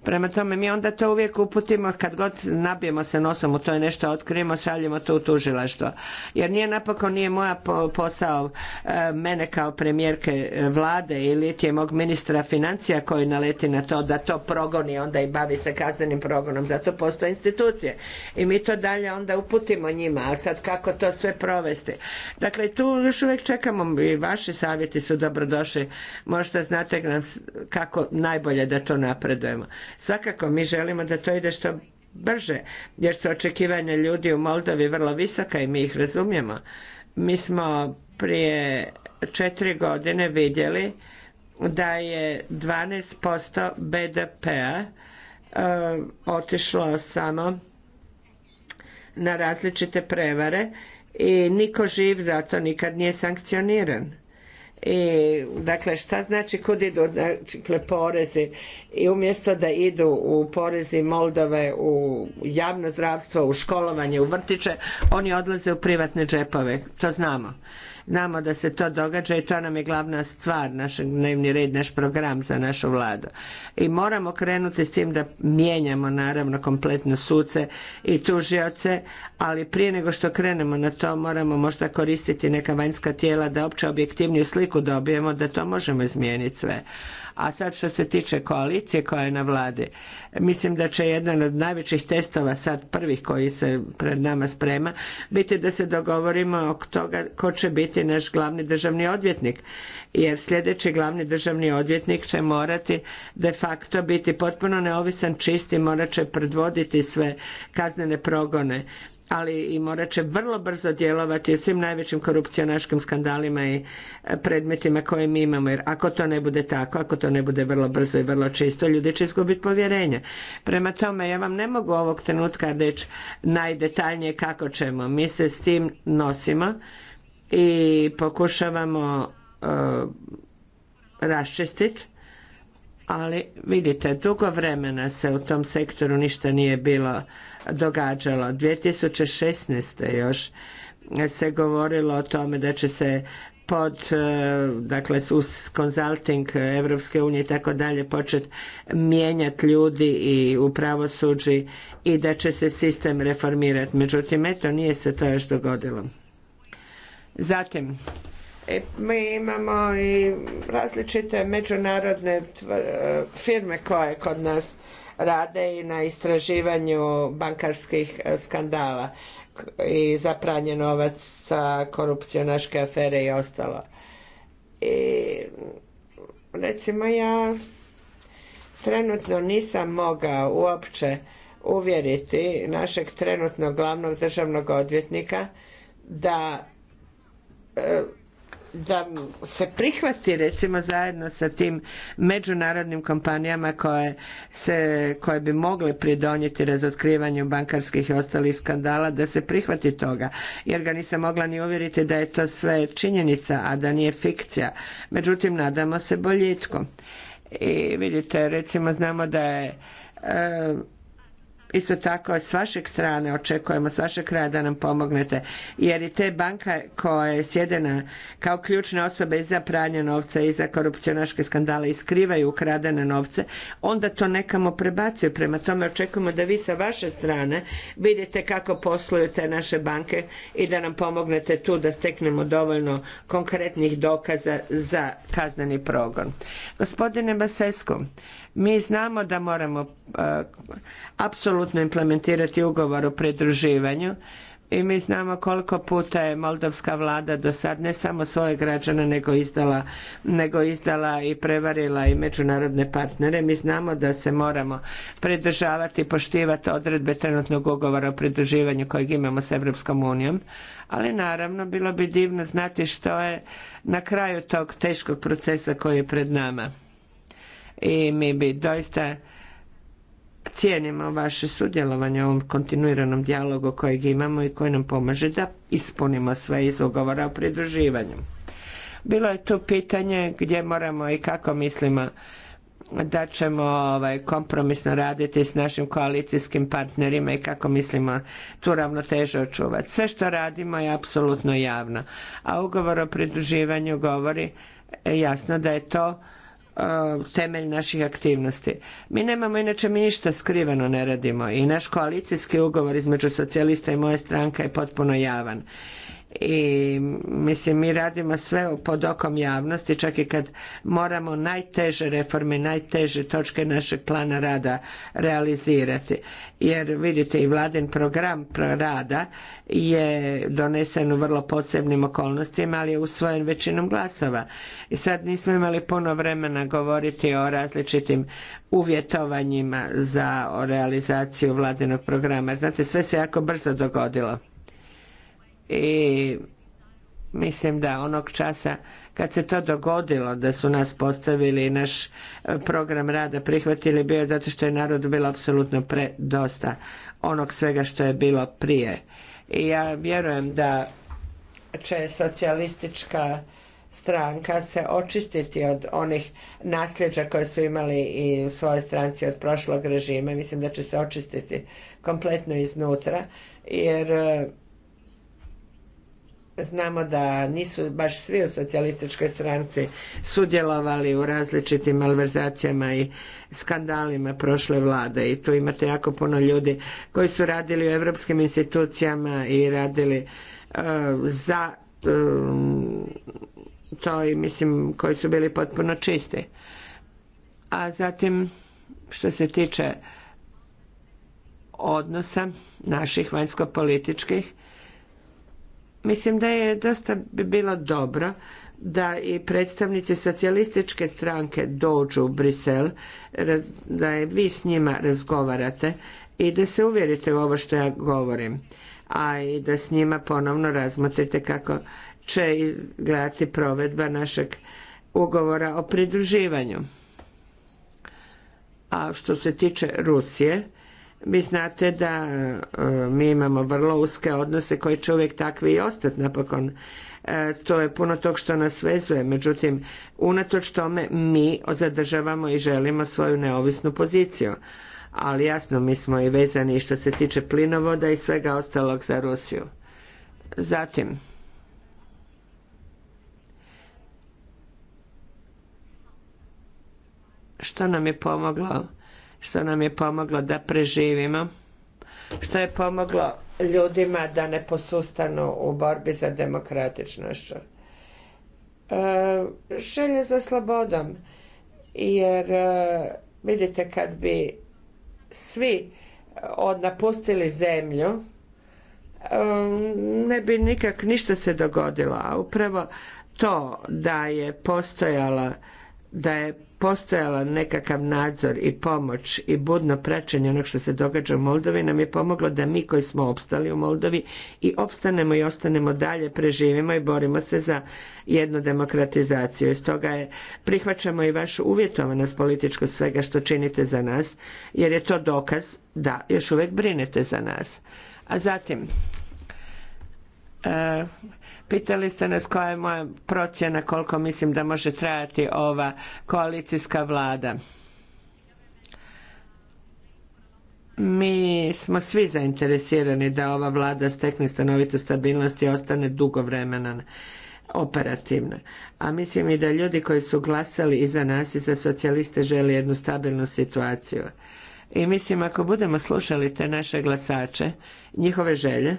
Prema tome mi onda to uvijek uputimo kad god nabijemo se nosom u to je nešto otkrijemo, šaljemo to u tužilaštvo. Jer nije napokon nije moja posao e, mene kao premijerke e, vlade ili je mog ministra financija koji naleti na to da to progoni onda i bavi se kaznenim progonom. Zato postoje institucije. I mi to dalje onda uputimo njima. Ali sad kako to sve provesti? Dakle, tu još uvijek čekamo i vaši savjeti su dobrodošli. Možda znate nam kako najbolje da to napredujemo. Svakako mi želimo da to ide što brže, jer su očekivanja ljudi u Moldovi vrlo visoka i mi ih razumijemo. Mi smo prije četiri godine vidjeli da je 12% BDP-a e, otišlo samo na različite prevare i niko živ za to nikad nije sankcioniran. I, dakle, šta znači kud idu dakle, porezi i umjesto da idu u porezi Moldove u javno zdravstvo, u školovanje, u vrtiće, oni odlaze u privatne džepove, to znamo. Znamo da se to događa i to nam je glavna stvar, naš dnevni red, naš program za našu vladu. I moramo krenuti s tim da mijenjamo naravno kompletno suce i tužioce, ali prije nego što krenemo na to moramo možda koristiti neka vanjska tijela da opće objektivniju sliku dobijemo da to možemo izmijeniti sve. A sad što se tiče koalicije koja je na vladi, mislim da će jedan od najvećih testova sad prvih koji se pred nama sprema biti da se dogovorimo o toga ko će biti naš glavni državni odvjetnik. Jer sljedeći glavni državni odvjetnik će morati de facto biti potpuno neovisan, čisti, morat će predvoditi sve kaznene progone ali i morat će vrlo brzo djelovati u svim najvećim korupcionaškim skandalima i e, predmetima koje mi imamo. Jer ako to ne bude tako, ako to ne bude vrlo brzo i vrlo čisto, ljudi će izgubiti povjerenje. Prema tome, ja vam ne mogu ovog trenutka reći najdetaljnije kako ćemo. Mi se s tim nosimo i pokušavamo uh, e, raščistiti ali vidite, dugo vremena se u tom sektoru ništa nije bilo događalo. 2016. još se govorilo o tome da će se pod, e, dakle, uz konzulting Evropske unije i tako dalje počet mijenjati ljudi i u pravosuđi i da će se sistem reformirati. Međutim, eto, nije se to još dogodilo. Zatim, e, mi imamo i različite međunarodne e, firme koje kod nas rade i na istraživanju bankarskih e, skandala i za pranje novaca, korupcionaške afere i ostalo. I recimo ja trenutno nisam mogao uopće uvjeriti našeg trenutnog glavnog državnog odvjetnika da e, da se prihvati recimo zajedno sa tim međunarodnim kompanijama koje, se, koje bi mogle pridonijeti razotkrivanju bankarskih i ostalih skandala, da se prihvati toga. Jer ga nisam mogla ni uvjeriti da je to sve činjenica, a da nije fikcija. Međutim, nadamo se boljitku. I vidite, recimo znamo da je e, Isto tako s vašeg strane očekujemo, s vašeg kraja da nam pomognete jer i te banke koje sjede na, kao ključne osobe i za pranje novca i za korupcionaške skandale i skrivaju ukradene novce, onda to nekamo prebacuju. Prema tome očekujemo da vi sa vaše strane vidite kako posluju te naše banke i da nam pomognete tu da steknemo dovoljno konkretnih dokaza za kazneni progon. Gospodine Basesku, mi znamo da moramo e, apsolutno implementirati ugovor o pridruživanju i mi znamo koliko puta je Moldovska vlada do sad ne samo svoje građane nego izdala, nego izdala i prevarila i međunarodne partnere. Mi znamo da se moramo pridržavati i poštivati odredbe trenutnog ugovora o pridruživanju kojeg imamo s Europskom unijom, ali naravno bilo bi divno znati što je na kraju tog teškog procesa koji je pred nama i mi bi doista cijenimo vaše sudjelovanje u ovom kontinuiranom dijalogu kojeg imamo i koji nam pomaže da ispunimo sve iz ugovora o pridruživanju. Bilo je tu pitanje gdje moramo i kako mislimo da ćemo ovaj, kompromisno raditi s našim koalicijskim partnerima i kako mislimo tu ravnotežu očuvati. Sve što radimo je apsolutno javno, a ugovor o pridruživanju govori jasno da je to E, temelj naših aktivnosti. Mi nemamo inače mi ništa skriveno ne radimo i naš koalicijski ugovor između socijalista i moje stranke je potpuno javan i mislim mi radimo sve pod okom javnosti čak i kad moramo najteže reforme, najteže točke našeg plana rada realizirati. Jer vidite i vladin program rada je donesen u vrlo posebnim okolnostima, ali je usvojen većinom glasova. I sad nismo imali puno vremena govoriti o različitim uvjetovanjima za realizaciju vladinog programa. Znate, sve se jako brzo dogodilo i mislim da onog časa kad se to dogodilo da su nas postavili i naš e, program rada prihvatili bio je zato što je narod bilo apsolutno predosta onog svega što je bilo prije. I ja vjerujem da će socijalistička stranka se očistiti od onih nasljeđa koje su imali i u svojoj stranci od prošlog režima. Mislim da će se očistiti kompletno iznutra jer e, Znamo da nisu baš svi u socijalističkoj stranci sudjelovali u različitim malverzacijama i skandalima prošle vlade i tu imate jako puno ljudi koji su radili u europskim institucijama i radili e, za e, to i mislim koji su bili potpuno čisti. A zatim što se tiče odnosa naših vanjskopolitičkih Mislim da je dosta bi bilo dobro da i predstavnici socijalističke stranke dođu u Brisel, da je vi s njima razgovarate i da se uvjerite u ovo što ja govorim, a i da s njima ponovno razmotrite kako će izgledati provedba našeg ugovora o pridruživanju. A što se tiče Rusije, vi znate da e, mi imamo vrlo uske odnose koji će uvijek takvi i ostati napokon. E, to je puno tog što nas vezuje, međutim, unatoč tome mi zadržavamo i želimo svoju neovisnu poziciju. Ali jasno, mi smo i vezani što se tiče plinovoda i svega ostalog za Rusiju. Zatim, što nam je pomoglo što nam je pomoglo da preživimo, što je pomoglo ljudima da ne posustanu u borbi za demokratičnošću. E, želje za slobodom, jer e, vidite kad bi svi odnapustili napustili zemlju, e, ne bi nikak ništa se dogodilo, a upravo to da je postojala da je postojala nekakav nadzor i pomoć i budno praćenje onog što se događa u Moldovi nam je pomoglo da mi koji smo opstali u Moldovi i opstanemo i ostanemo dalje, preživimo i borimo se za jednu demokratizaciju. I stoga je, prihvaćamo i vašu uvjetovanost političko svega što činite za nas, jer je to dokaz da još uvijek brinete za nas. A zatim, e, Pitali ste nas koja je moja procjena koliko mislim da može trajati ova koalicijska vlada. Mi smo svi zainteresirani da ova vlada stekne stanovitu stabilnost i ostane dugo vremena operativna. A mislim i da ljudi koji su glasali iza nas i za socijaliste žele jednu stabilnu situaciju. I mislim ako budemo slušali te naše glasače, njihove želje,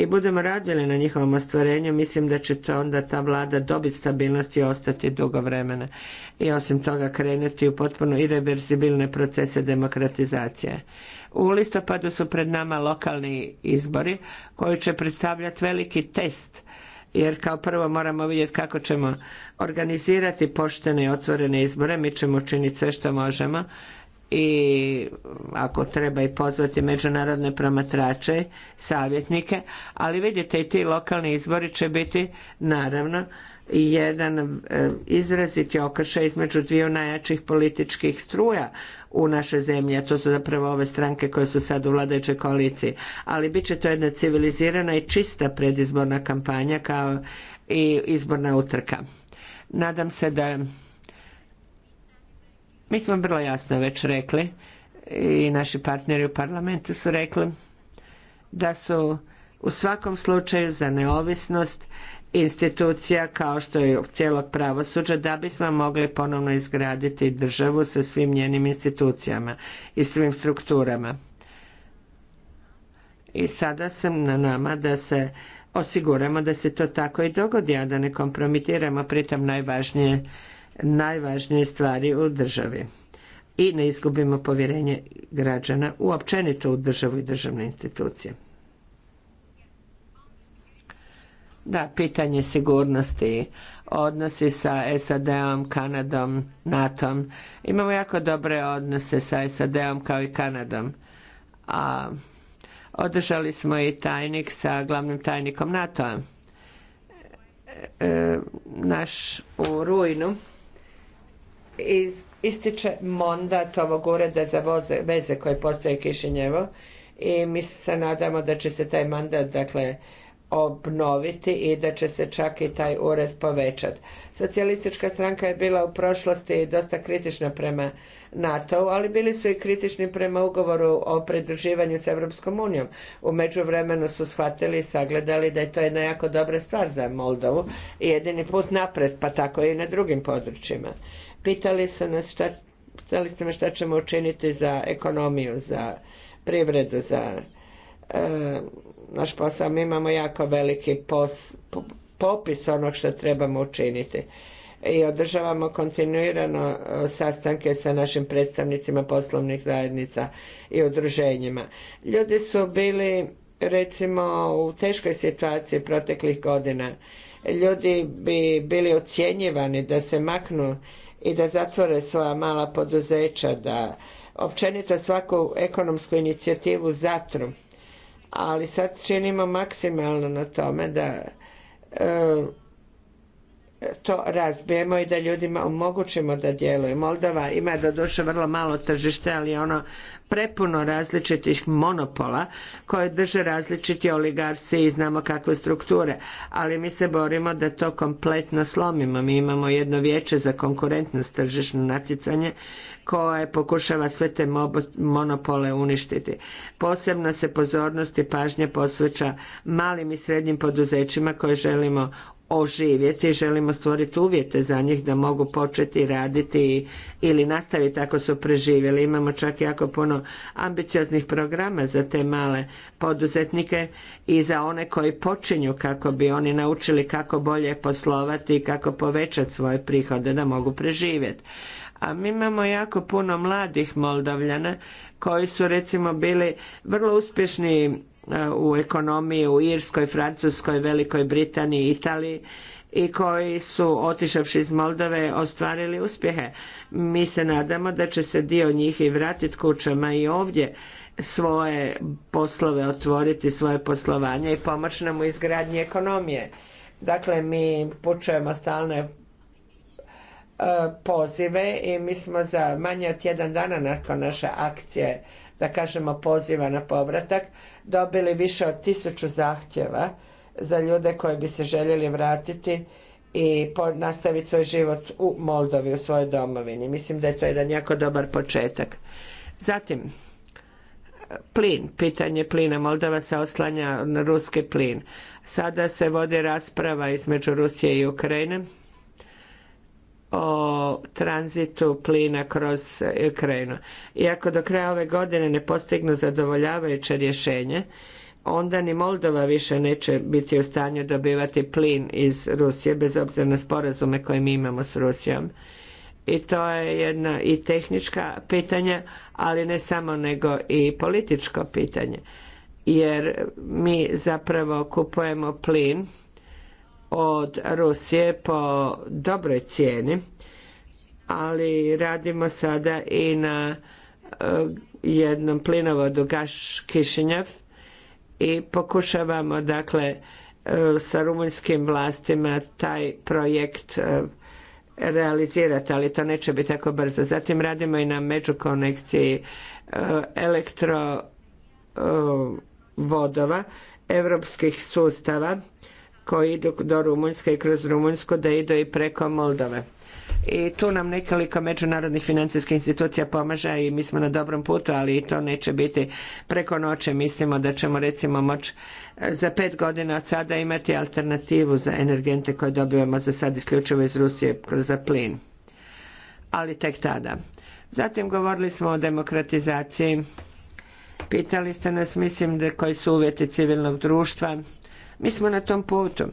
i budemo radili na njihovom ostvarenju, mislim da će to onda ta vlada dobiti stabilnost i ostati dugo vremena. I osim toga krenuti u potpuno irreversibilne procese demokratizacije. U listopadu su pred nama lokalni izbori koji će predstavljati veliki test jer kao prvo moramo vidjeti kako ćemo organizirati poštene i otvorene izbore. Mi ćemo učiniti sve što možemo i ako treba i pozvati međunarodne promatrače, savjetnike, ali vidite i ti lokalni izbori će biti naravno jedan e, izraziti okršaj između dviju najjačih političkih struja u našoj zemlji, a to su zapravo ove stranke koje su sad u vladajućoj koaliciji. Ali bit će to jedna civilizirana i čista predizborna kampanja kao i izborna utrka. Nadam se da mi smo vrlo jasno već rekli i naši partneri u parlamentu su rekli da su u svakom slučaju za neovisnost institucija kao što je cijelog pravosuđa da bismo mogli ponovno izgraditi državu sa svim njenim institucijama i svim strukturama. I sada sam na nama da se osiguramo da se to tako i dogodi, a da ne kompromitiramo pritom najvažnije najvažnije stvari u državi i ne izgubimo povjerenje građana u u državu i državne institucije. Da, pitanje sigurnosti, odnosi sa SAD-om, Kanadom, NATO-om. Imamo jako dobre odnose sa SAD-om kao i Kanadom. A održali smo i tajnik sa glavnim tajnikom NATO-a. E, e, naš u rujnu ističe mandat ovog ureda za voze, veze koje postaje Kišinjevo i mi se nadamo da će se taj mandat dakle obnoviti i da će se čak i taj ured povećati. Socijalistička stranka je bila u prošlosti dosta kritična prema NATO-u, ali bili su i kritični prema ugovoru o pridruživanju s Europskom unijom. U međuvremenu su shvatili i sagledali da je to jedna jako dobra stvar za Moldovu i jedini put napred, pa tako i na drugim područjima. Pitali su nas šta, ste me šta ćemo učiniti za ekonomiju, za privredu, za e, naš posao. Mi imamo jako veliki pos, popis onog što trebamo učiniti i održavamo kontinuirano e, sastanke sa našim predstavnicima poslovnih zajednica i udruženjima. Ljudi su bili recimo u teškoj situaciji proteklih godina. Ljudi bi bili ocjenjivani da se maknu i da zatvore svoja mala poduzeća, da općenito svaku ekonomsku inicijativu zatru. Ali sad činimo maksimalno na tome da e, to razbijemo i da ljudima omogućimo da djeluje. Moldova ima doduše vrlo malo tržište, ali ono prepuno različitih monopola koje drže različiti oligarsi i znamo kakve strukture, ali mi se borimo da to kompletno slomimo. Mi imamo jedno vijeće za konkurentnost tržišno natjecanje koje pokušava sve te monopole uništiti. Posebna se pozornost i pažnja posveća malim i srednjim poduzećima koje želimo oživjeti, želimo stvoriti uvjete za njih da mogu početi raditi ili nastaviti ako su preživjeli. Imamo čak jako puno ambicioznih programa za te male poduzetnike i za one koji počinju kako bi oni naučili kako bolje poslovati i kako povećati svoje prihode da mogu preživjeti. A mi imamo jako puno mladih Moldavljana koji su recimo bili vrlo uspješni u ekonomiji u Irskoj, Francuskoj, Velikoj Britaniji, Italiji i koji su otišavši iz Moldove ostvarili uspjehe. Mi se nadamo da će se dio njih i vratiti kućama i ovdje svoje poslove otvoriti, svoje poslovanje i pomoći nam u izgradnji ekonomije. Dakle, mi pučujemo stalne e, pozive i mi smo za manje od jedan dana nakon naše akcije, da kažemo poziva na povratak, dobili više od tisuću zahtjeva za ljude koji bi se željeli vratiti i nastaviti svoj život u Moldovi, u svojoj domovini. Mislim da je to jedan jako dobar početak. Zatim, plin, pitanje plina. Moldova se oslanja na ruski plin. Sada se vodi rasprava između Rusije i Ukrajine o tranzitu plina kroz Ukrajinu. I ako do kraja ove godine ne postignu zadovoljavajuće rješenje, onda ni Moldova više neće biti u stanju dobivati plin iz Rusije, bez obzira na sporazume koje mi imamo s Rusijom. I to je jedna i tehnička pitanja, ali ne samo nego i političko pitanje. Jer mi zapravo kupujemo plin od Rusije po dobroj cijeni, ali radimo sada i na e, jednom plinovodu Gaš Kišinjev i pokušavamo dakle e, sa rumunjskim vlastima taj projekt e, realizirati, ali to neće biti tako brzo. Zatim radimo i na međukonekciji elektro vodova, europskih sustava koji idu do Rumunjske i kroz Rumunjsku da idu i preko Moldove. I tu nam nekoliko međunarodnih financijskih institucija pomaže i mi smo na dobrom putu, ali i to neće biti preko noće. Mislimo da ćemo recimo moći e, za pet godina od sada imati alternativu za energente koje dobivamo za sad isključivo iz Rusije za plin. Ali tek tada. Zatim govorili smo o demokratizaciji. Pitali ste nas, mislim, da koji su uvjeti civilnog društva mi smo na tom putu.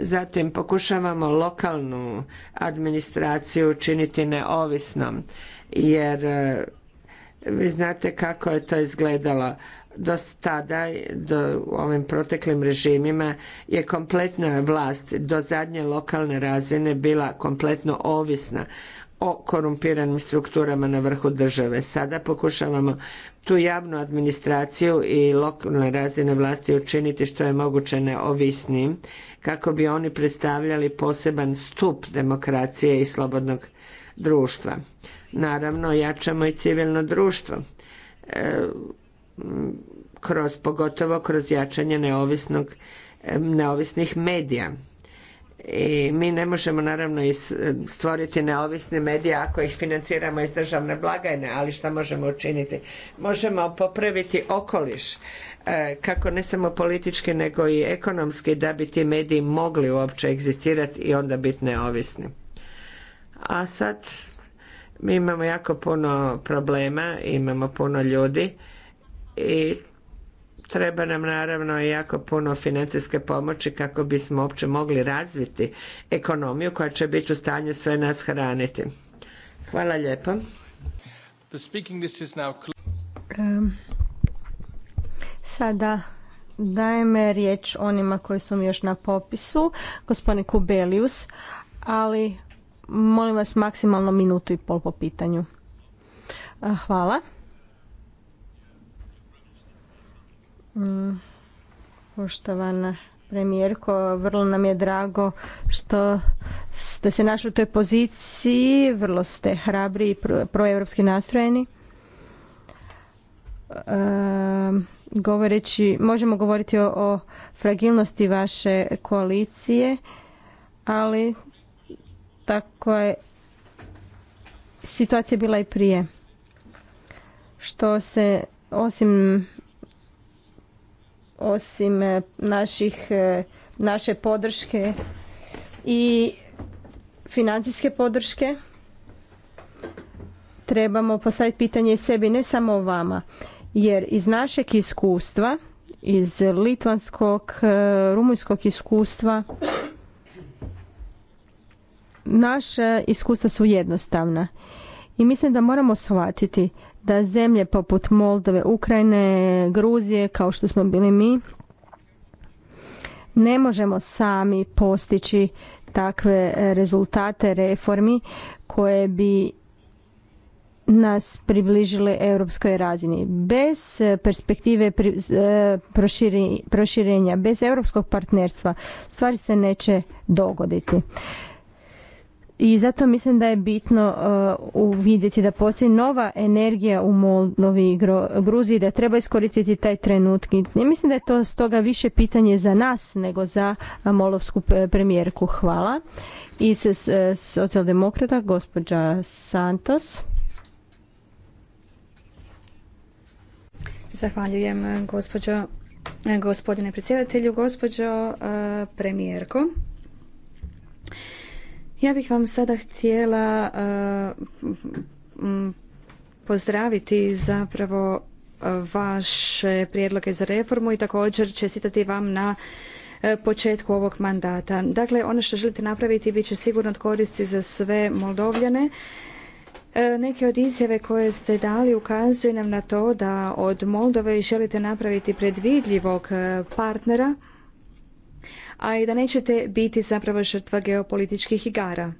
Zatim pokušavamo lokalnu administraciju učiniti neovisnom, jer e, vi znate kako je to izgledalo do tada, do ovim proteklim režimima, je kompletna vlast do zadnje lokalne razine bila kompletno ovisna o korumpiranim strukturama na vrhu države. Sada pokušavamo tu javnu administraciju i lokalne razine vlasti učiniti što je moguće neovisnim kako bi oni predstavljali poseban stup demokracije i slobodnog društva. Naravno, jačamo i civilno društvo e, kroz, pogotovo kroz jačanje neovisnog, e, neovisnih medija i mi ne možemo naravno stvoriti neovisne medije ako ih financiramo iz državne blagajne, ali šta možemo učiniti? Možemo popraviti okoliš e, kako ne samo politički nego i ekonomski da bi ti mediji mogli uopće egzistirati i onda biti neovisni. A sad mi imamo jako puno problema, imamo puno ljudi i treba nam naravno jako puno financijske pomoći kako bismo uopće mogli razviti ekonomiju koja će biti u stanju sve nas hraniti. Hvala lijepo. Sada dajem riječ onima koji su mi još na popisu, gospodin Kubelius, ali molim vas maksimalno minutu i pol po pitanju. Eh, hvala. Mm, poštovana premijerko, vrlo nam je drago što ste se našli u toj poziciji, vrlo ste hrabri i proeuropski nastrojeni. E, govoreći, možemo govoriti o, o fragilnosti vaše koalicije, ali tako je situacija bila i prije. Što se osim osim e, naših, e, naše podrške i financijske podrške trebamo postaviti pitanje sebi ne samo vama jer iz našeg iskustva iz litvanskog e, rumunjskog iskustva naša iskustva su jednostavna i mislim da moramo shvatiti da zemlje poput Moldove, Ukrajine, Gruzije, kao što smo bili mi, ne možemo sami postići takve rezultate reformi koje bi nas približile europskoj razini. Bez eh, perspektive eh, proširenja, bez europskog partnerstva stvari se neće dogoditi i zato mislim da je bitno uh, uvidjeti da postoji nova energija u Moldovi i Gruziji, da treba iskoristiti taj trenutak. I mislim da je to stoga više pitanje za nas nego za uh, molovsku uh, premijerku. Hvala. I se socijaldemokrata gospođa Santos. Zahvaljujem gospođo, gospodine predsjedatelju, gospođo premijerko. Ja bih vam sada htjela eh, pozdraviti zapravo eh, vaše prijedloge za reformu i također čestitati vam na eh, početku ovog mandata. Dakle, ono što želite napraviti bit će sigurno od koristi za sve Moldovljane. Neke od izjave koje ste dali ukazuju nam na to da od Moldove želite napraviti predvidljivog partnera a i da nećete biti zapravo žrtva geopolitičkih igara.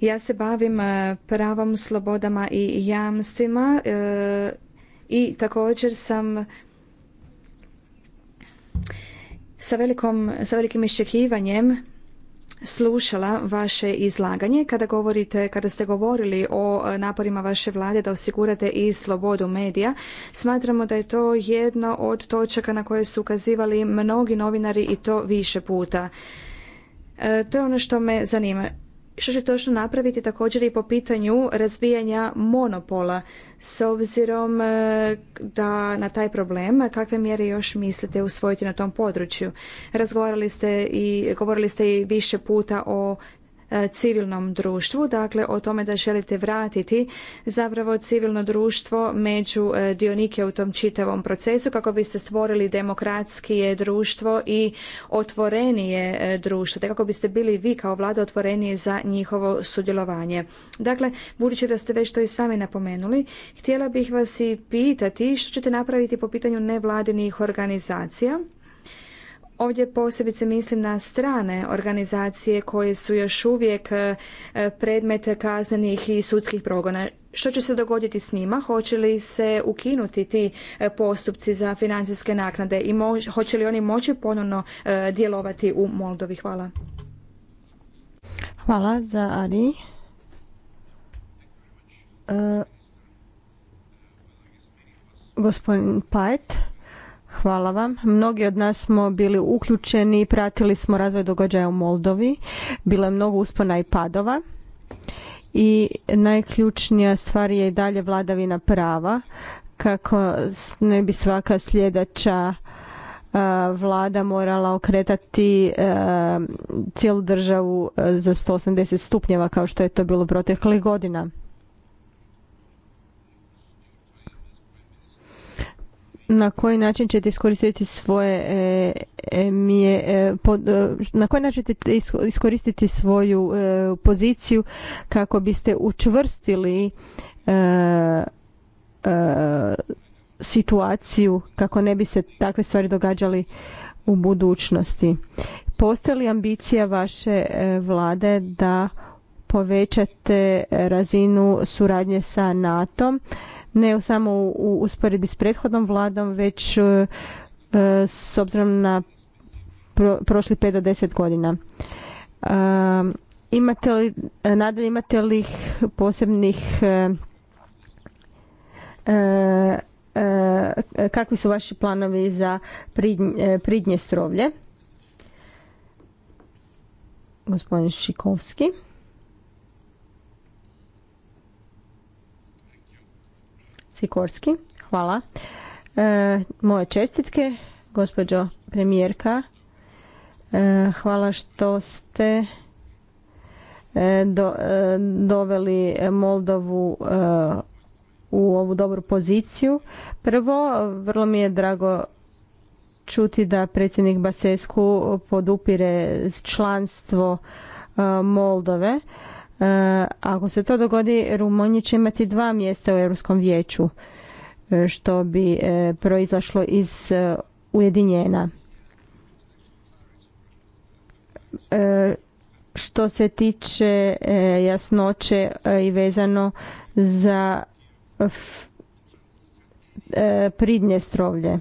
Ja se bavim e, pravom, slobodama i jamstvima e, i također sam sa, sa velikim iščekivanjem slušala vaše izlaganje kada govorite, kada ste govorili o e, naporima vaše vlade da osigurate i slobodu medija. Smatramo da je to jedna od točaka na koje su ukazivali mnogi novinari i to više puta. E, to je ono što me zanima što će točno napraviti također i po pitanju razbijanja monopola s obzirom e, da na taj problem kakve mjere još mislite usvojiti na tom području. Razgovarali ste i govorili ste i više puta o E, civilnom društvu, dakle o tome da želite vratiti zapravo civilno društvo među e, dionike u tom čitavom procesu kako biste stvorili demokratskije društvo i otvorenije e, društvo, te kako biste bili vi kao vlada otvorenije za njihovo sudjelovanje. Dakle, budući da ste već to i sami napomenuli, htjela bih vas i pitati što ćete napraviti po pitanju nevladinih organizacija Ovdje posebice mislim na strane organizacije koje su još uvijek e, predmet kaznenih i sudskih progona. Što će se dogoditi s njima? Hoće li se ukinuti ti e, postupci za financijske naknade i hoće li oni moći ponovno e, djelovati u Moldovi? Hvala. Hvala za gospodin Pajet. Hvala vam. Mnogi od nas smo bili uključeni i pratili smo razvoj događaja u Moldovi. Bilo je mnogo uspona i padova. I najključnija stvar je i dalje vladavina prava kako ne bi svaka sljedeća vlada morala okretati cijelu državu za 180 stupnjeva kao što je to bilo proteklih godina. na koji način ćete iskoristiti svoje e, e mije, e, e, na koji način ćete iskoristiti svoju poziciju kako biste učvrstili situaciju kako ne bi se takve stvari događali u budućnosti. Postoji li ambicija vaše vlade da povećate razinu suradnje sa NATO-om? ne samo u usporedbi s prethodnom vladom, već e, e, s obzirom na prošli 5 do 10 godina. E, imate li, nadalje imate li posebnih kakvi su vaši planovi za pridnje strovlje? Gospodin Šikovski. Sikorski. Hvala. E, moje čestitke, gospođo premijerka. E, hvala što ste e, e, doveli Moldovu u ovu dobru poziciju. Prvo, vrlo mi je drago čuti da predsjednik Basesku podupire članstvo Moldove. Eh, ako se to dogodi, Rumunji će imati dva mjesta u Europskom vijeću, eh, što bi eh, proizašlo iz Ujedinjena. Što se tiče jasnoće i vezano za pridnje strovlje.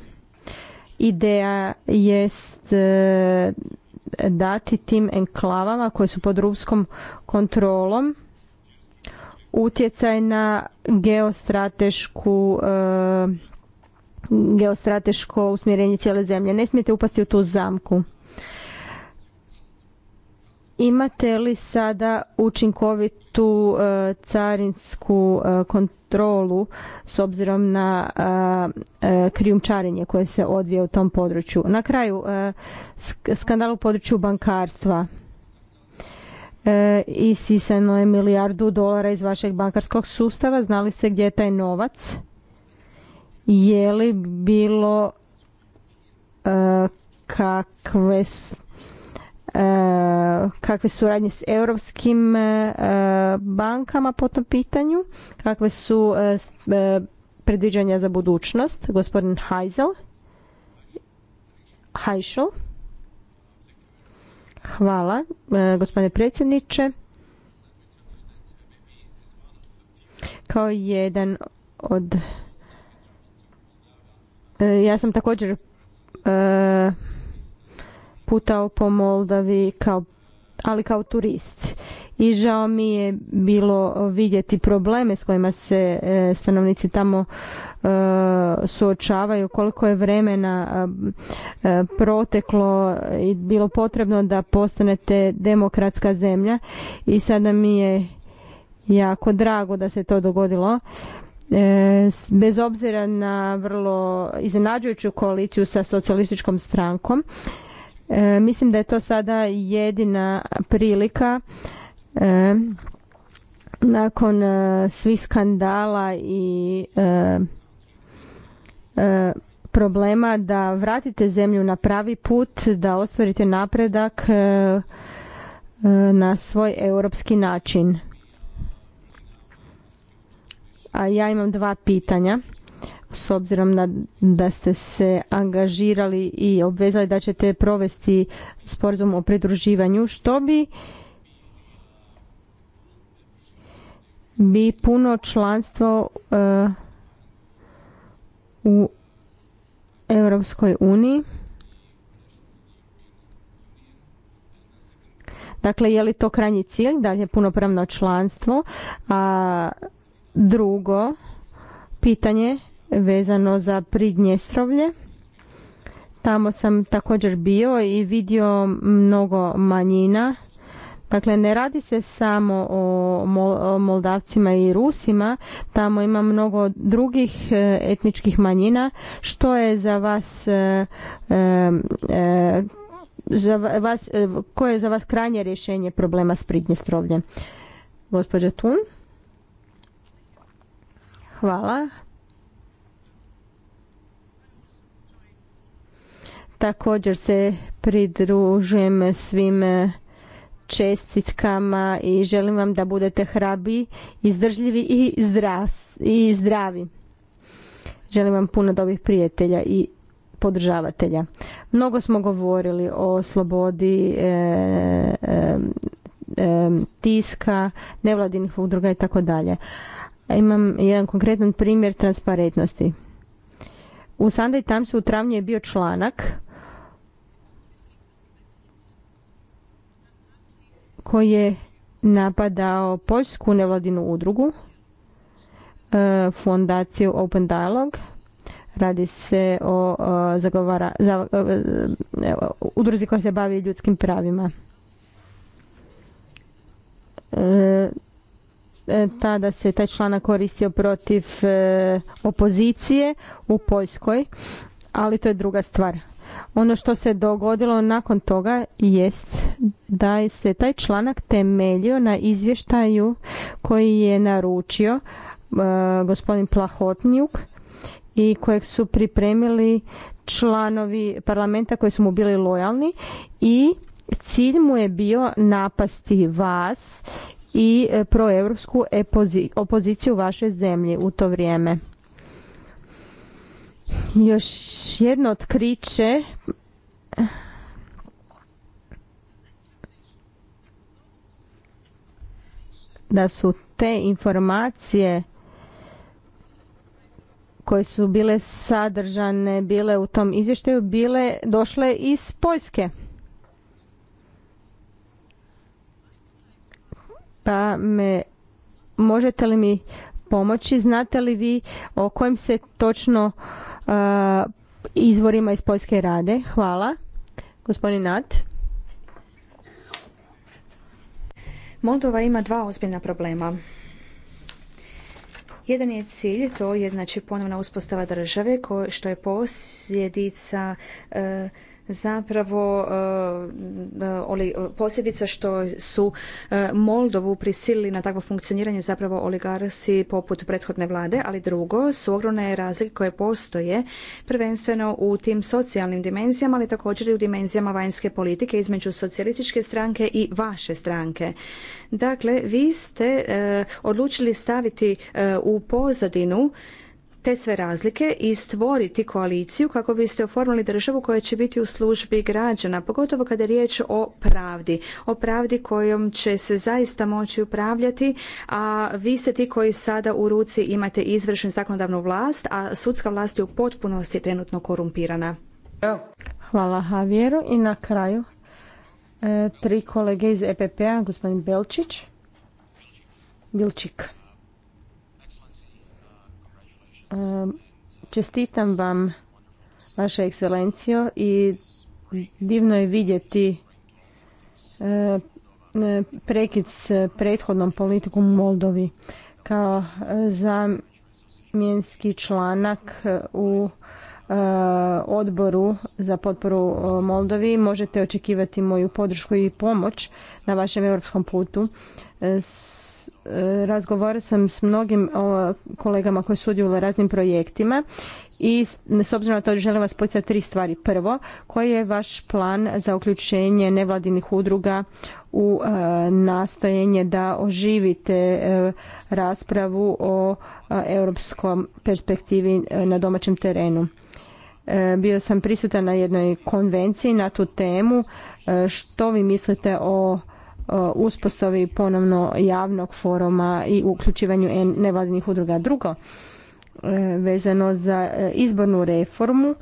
Ideja jest dati tim enklavama koje su pod ruskom kontrolom utjecaj na geostratešku e, geostrateško usmjerenje cijele zemlje. Ne smijete upasti u tu zamku. Imate li sada učinkovitu e, carinsku e, kontrolu s obzirom na e, krijumčarenje koje se odvija u tom području? Na kraju, skandal u području bankarstva isisano je milijardu dolara iz vašeg bankarskog sustava. Znali se gdje je taj novac? Je li bilo kakve E, kakve suradnje s europskim e, bankama po tom pitanju, kakve su e, predviđanja za budućnost, gospodin Heisel. Hajšel. Hvala, gospodine predsjedniče. Kao jedan od... Ja sam također putao po Moldavi kao ali kao turist. I žao mi je bilo vidjeti probleme s kojima se e, stanovnici tamo e, suočavaju, koliko je vremena e, proteklo i bilo potrebno da postanete demokratska zemlja i sada mi je jako drago da se to dogodilo bez obzira na vrlo iznenađujuću koaliciju sa socijalističkom strankom E, mislim da je to sada jedina prilika e, nakon e, svih skandala i problema da vratite zemlju na pravi put, da ostvarite napredak na svoj europski način. A ja imam dva pitanja s obzirom na da ste se angažirali i obvezali da ćete provesti sporazum o pridruživanju što bi bi puno članstvo eh, u Europskoj uniji Dakle, je li to krajnji cilj, je punopravno članstvo? A drugo pitanje, vezano za Pridnjestrovlje. Tamo sam također bio i vidio mnogo manjina. Dakle, ne radi se samo o Moldavcima i Rusima, tamo ima mnogo drugih e, etničkih manjina. Što je za vas e, e, za vas, koje je za vas krajnje rješenje problema s Pridnjestrovljem? Gospođa Tun. Hvala. Također se pridružujem svim e, čestitkama i želim vam da budete hrabi, izdržljivi i, i zdravi. Želim vam puno dobrih prijatelja i podržavatelja. Mnogo smo govorili o slobodi e, e, tiska, nevladinih udruga i tako dalje. Imam jedan konkretan primjer transparentnosti. U Sunday Timesu u travnju je bio članak kako je napadao poljsku nevladinu udrugu e, fondaciju Open Dialog. Radi se o zagovara, za, e, udruzi koja se bavi ljudskim pravima. E, tada se taj članak koristio protiv opozicije u Poljskoj ali to je druga stvar. Ono što se dogodilo nakon toga jest da se taj članak temeljio na izvještaju koji je naručio e, gospodin Plahotnjuk i kojeg su pripremili članovi parlamenta koji su mu bili lojalni i cilj mu je bio napasti vas i proeuropsku opoziciju vaše zemlje u to vrijeme još jedno otkriće da su te informacije koje su bile sadržane bile u tom izvještaju bile došle iz Poljske. Pa me možete li mi pomoći znate li vi o kojem se točno E, izvorima iz Poljske rade. Hvala. Gospodin Nat. Moldova ima dva ozbiljna problema. Jedan je cilj, to je znači ponovna uspostava države, što je posljedica e, zapravo e, e, posljedica što su e, Moldovu prisilili na takvo funkcioniranje zapravo oligarsi poput prethodne vlade, ali drugo su ogromne razlike koje postoje prvenstveno u tim socijalnim dimenzijama, ali također i u dimenzijama vanjske politike između socijalističke stranke i vaše stranke. Dakle, vi ste odlučili staviti u pozadinu sve razlike i stvoriti koaliciju kako biste oformili državu koja će biti u službi građana, pogotovo kada je riječ o pravdi, o pravdi kojom će se zaista moći upravljati, a vi ste ti koji sada u ruci imate izvršnu zakonodavnu vlast, a sudska vlast je u potpunosti trenutno korumpirana. Hvala Javieru i na kraju e, tri kolege iz EPP-a, gospodin Belčić. Bilčik. Čestitam vam, vaša ekscelencijo, i divno je vidjeti prekid s prethodnom politikom Moldovi kao zamjenski članak u eh, odboru za potporu eh, Moldovi možete očekivati moju podršku i pomoć na vašem europskom putu. Eh, Razgovora sam s mnogim kolegama koji su u raznim projektima i s obzirom na to želim vas postaviti tri stvari. Prvo, koji je vaš plan za uključenje nevladinih udruga u e, nastojenje da oživite e, raspravu o e, europskom perspektivi na domaćem terenu? Bio sam prisutan na jednoj konvenciji na tu temu. Što vi mislite o Uh, uspostavi ponovno javnog foruma i uključivanju nevladinih udruga. Drugo, uh, vezano za uh, izbornu reformu,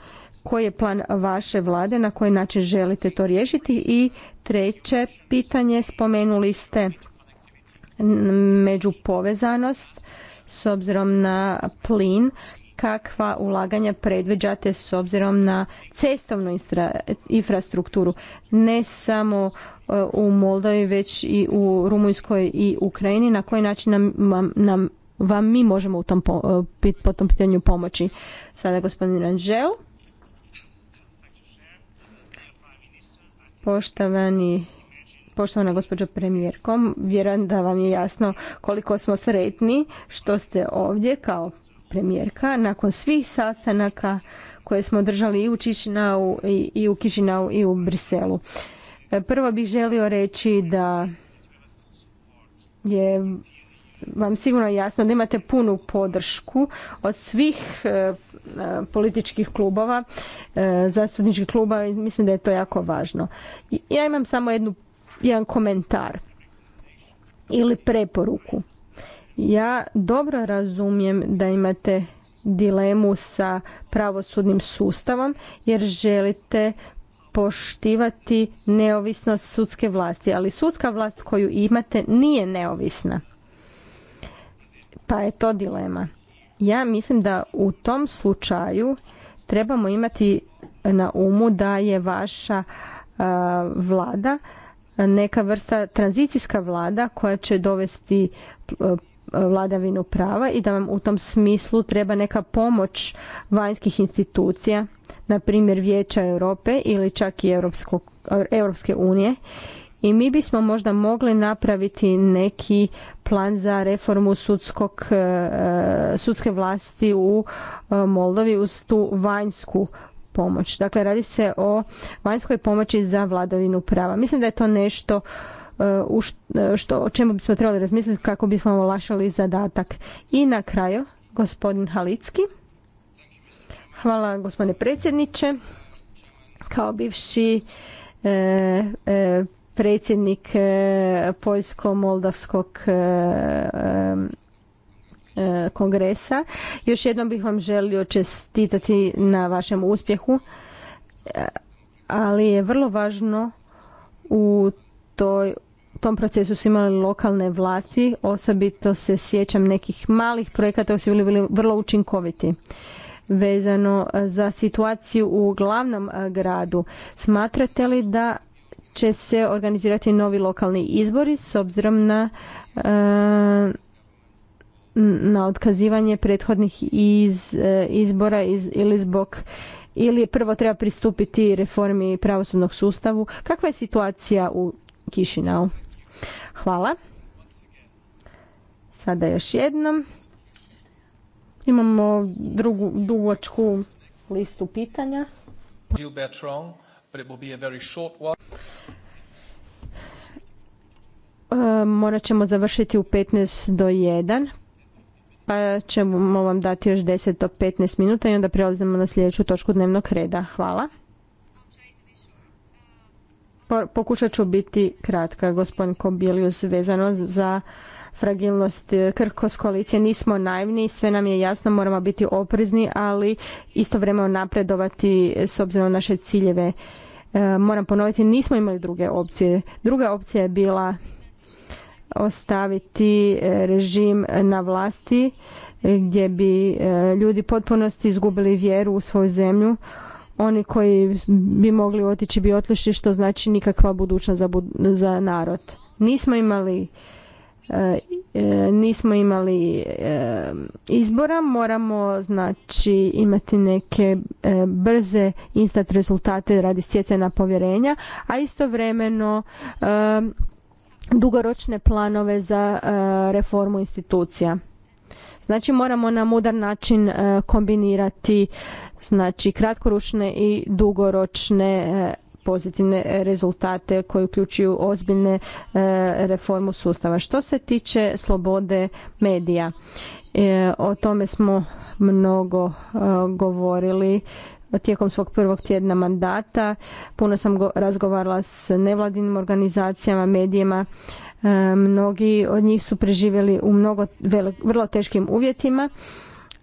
koji je plan vaše vlade, na koji način želite to riješiti i treće pitanje, spomenuli ste međupovezanost s obzirom na plin, kakva ulaganja predviđate s obzirom na cestovnu infrastrukturu, ne samo u Moldavi već i u Rumunjskoj i Ukrajini na koji način nam, nam vam mi možemo u tom po, e, po tom pitanju pomoći. Sada gospodin Ranžel. Poštovani Poštovana gospođo premijerkom, vjerujem da vam je jasno koliko smo sretni što ste ovdje kao premijerka nakon svih sastanaka koje smo držali i u Čišinau i, i u Kišinau i u Briselu. E, prvo bih želio reći da je vam sigurno jasno da imate punu podršku od svih e, e, političkih klubova, zastupničkih kluba i mislim da je to jako važno. Ja imam samo jednu, jedan komentar ili preporuku. Ja dobro razumijem da imate dilemu sa pravosudnim sustavom jer želite poštivati neovisnost sudske vlasti, ali sudska vlast koju imate nije neovisna. Pa je to dilema. Ja mislim da u tom slučaju trebamo imati na umu da je vaša vlada neka vrsta tranzicijska vlada koja će dovesti vladavinu prava i da vam u tom smislu treba neka pomoć vanjskih institucija na primjer Vijeća Europe ili čak i Europskog, Europske unije i mi bismo možda mogli napraviti neki plan za reformu sudskog, e, sudske vlasti u e, Moldovi uz tu vanjsku pomoć. Dakle, radi se o vanjskoj pomoći za vladavinu prava. Mislim da je to nešto e, u što, o čemu bismo trebali razmisliti kako bismo olakšali zadatak. I na kraju, gospodin Halicki. Hvala gospodine predsjedniče. Kao bivši e, e, predsjednik e, Poljsko-Moldavskog e, e, kongresa. Još jednom bih vam želio čestitati na vašem uspjehu, ali je vrlo važno u toj tom procesu su imali lokalne vlasti, osobito se sjećam nekih malih projekata koji su bili vrlo učinkoviti vezano e, za situaciju u glavnom e, gradu. Smatrate li da će se organizirati novi lokalni izbori s obzirom na e, na otkazivanje prethodnih iz, izbora iz, ili zbog ili prvo treba pristupiti reformi pravosudnog sustavu. Kakva je situacija u Kišinau? Hvala. Sada još jednom. Imamo drugu dugočku listu pitanja. Morat ćemo završiti u 15 do 1, pa ćemo vam dati još 10 do 15 minuta i onda prelazimo na sljedeću točku dnevnog reda. Hvala. Pokušat ću biti kratka, gospodin Kobilius, vezano za fragilnost e, Krkos koalicije. Nismo naivni, sve nam je jasno, moramo biti oprezni, ali isto istovremeno napredovati s obzirom na naše ciljeve. E, moram ponoviti, nismo imali druge opcije. Druga opcija je bila ostaviti e, režim na vlasti gdje bi ljudi potpunosti izgubili vjeru u svoju zemlju. Oni koji bi mogli otići bi otišli što znači nikakva budućnost za, za narod. Nismo imali E, nismo imali e, izbora, moramo znači imati neke e, brze instant rezultate radi stjecanja povjerenja, a istovremeno dugoročne planove za reformu institucija. Znači moramo na mudar način kombinirati znači kratkoručne i dugoročne pozitivne e, rezultate koji uključuju ozbiljne e, reformu sustava. Što se tiče slobode medija, e, o tome smo mnogo govorili tijekom svog prvog tjedna mandata. Puno sam razgovarala s nevladinim organizacijama, medijima. Mnogi od njih su preživjeli u mnogo vrlo teškim uvjetima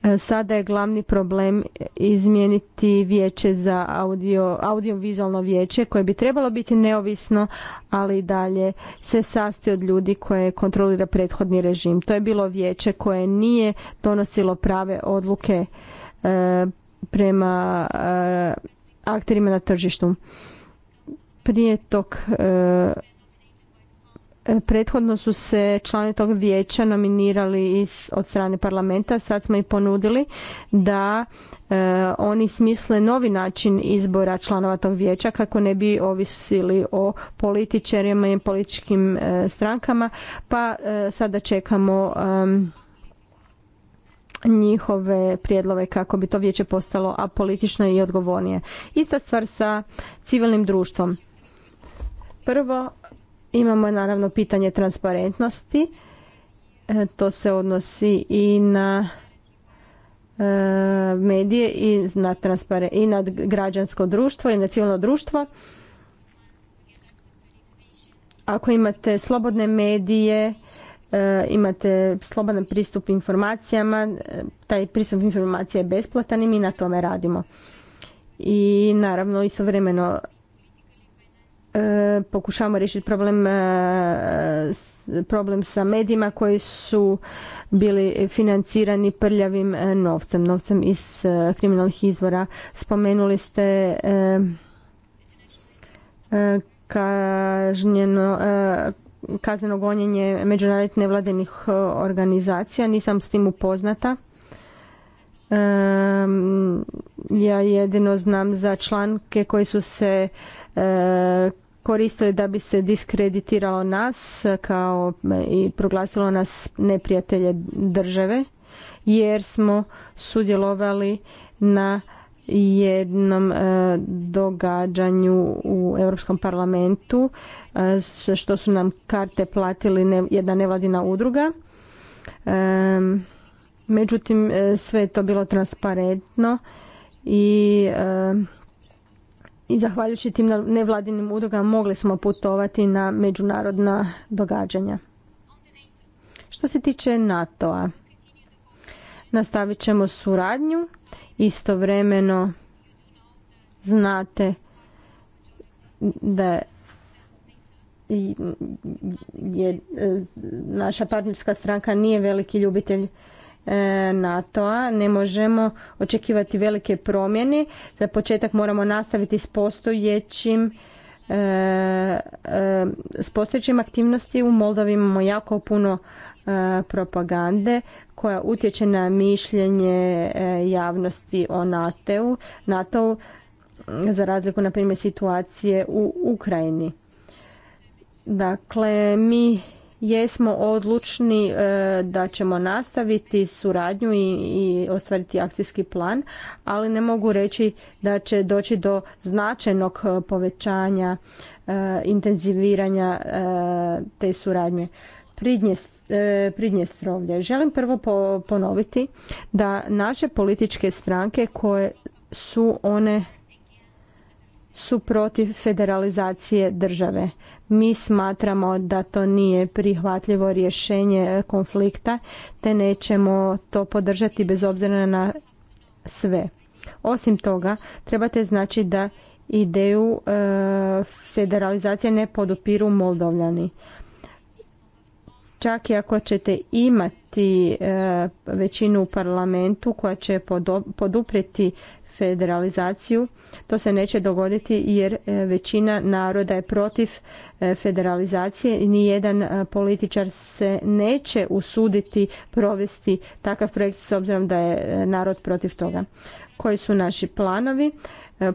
E, sada je glavni problem izmijeniti vijeće za audio, audiovizualno vijeće koje bi trebalo biti neovisno, ali i dalje se sastoji od ljudi koje kontrolira prethodni režim. To je bilo vijeće koje nije donosilo prave odluke e, prema e, akterima na tržištu. Prije tog e, E, prethodno su se člani tog vijeća nominirali od strane parlamenta, sad smo i ponudili da e, oni smisle novi način izbora članova tog vijeća kako ne bi ovisili o političarima i političkim e, strankama, pa e, sada čekamo njihove prijedlove kako bi to vijeće postalo apolitično i odgovornije. Ista stvar sa civilnim društvom. Prvo, Imamo naravno pitanje transparentnosti. E, to se odnosi i na e, medije i na, i na građansko društvo i na civilno društvo. Ako imate slobodne medije, e, imate slobodan pristup informacijama, taj pristup informacija je besplatan i mi na tome radimo. I naravno istovremeno E, pokušavamo riješiti problem e, problem sa medijima koji su bili financirani prljavim e, novcem, novcem iz kriminalnih izvora. Spomenuli ste kažnjeno kazneno gonjenje međunarodnih nevladinih organizacija. Nisam s tim upoznata. Ja jedino znam za članke koji su se koristili da bi se diskreditiralo nas kao e, i proglasilo nas neprijatelje države jer smo sudjelovali na jednom e, događanju u Europskom parlamentu e, što su nam karte platili jedna nevladina udruga. Međutim, sve je to bilo transparentno i i zahvaljujući tim nevladinim udrugama mogli smo putovati na međunarodna događanja. Što se tiče NATO-a, nastavit ćemo suradnju, istovremeno znate da e, naša partnerska stranka nije veliki ljubitelj E, NATO-a ne možemo očekivati velike promjene. Za početak moramo nastaviti s postojećim e, e, s postojećim aktivnosti u Moldovi imamo jako puno propagande koja utječe na mišljenje javnosti o NATO-u, NATO za razliku na primjer situacije u Ukrajini. Dakle, mi jesmo odlučni e, da ćemo nastaviti suradnju i ostvariti akcijski plan, ali ne mogu reći da će doći do značajnog e, povećanja e, intenziviranja te suradnje. Pridnjestrovlje. Želim prvo ponoviti da naše političke stranke koje su one su protiv federalizacije države. Mi smatramo da to nije prihvatljivo rješenje konflikta, te nećemo to podržati bez obzira na sve. Osim toga, trebate znači da ideju e, federalizacije ne podupiru Moldovljani. Čak i ako ćete imati e, većinu u parlamentu koja će poduprijeti federalizaciju. To se neće dogoditi jer e, većina naroda je protiv e, federalizacije i nijedan e, političar se neće usuditi provesti takav projekt s obzirom da je narod protiv toga. Koji su naši planovi?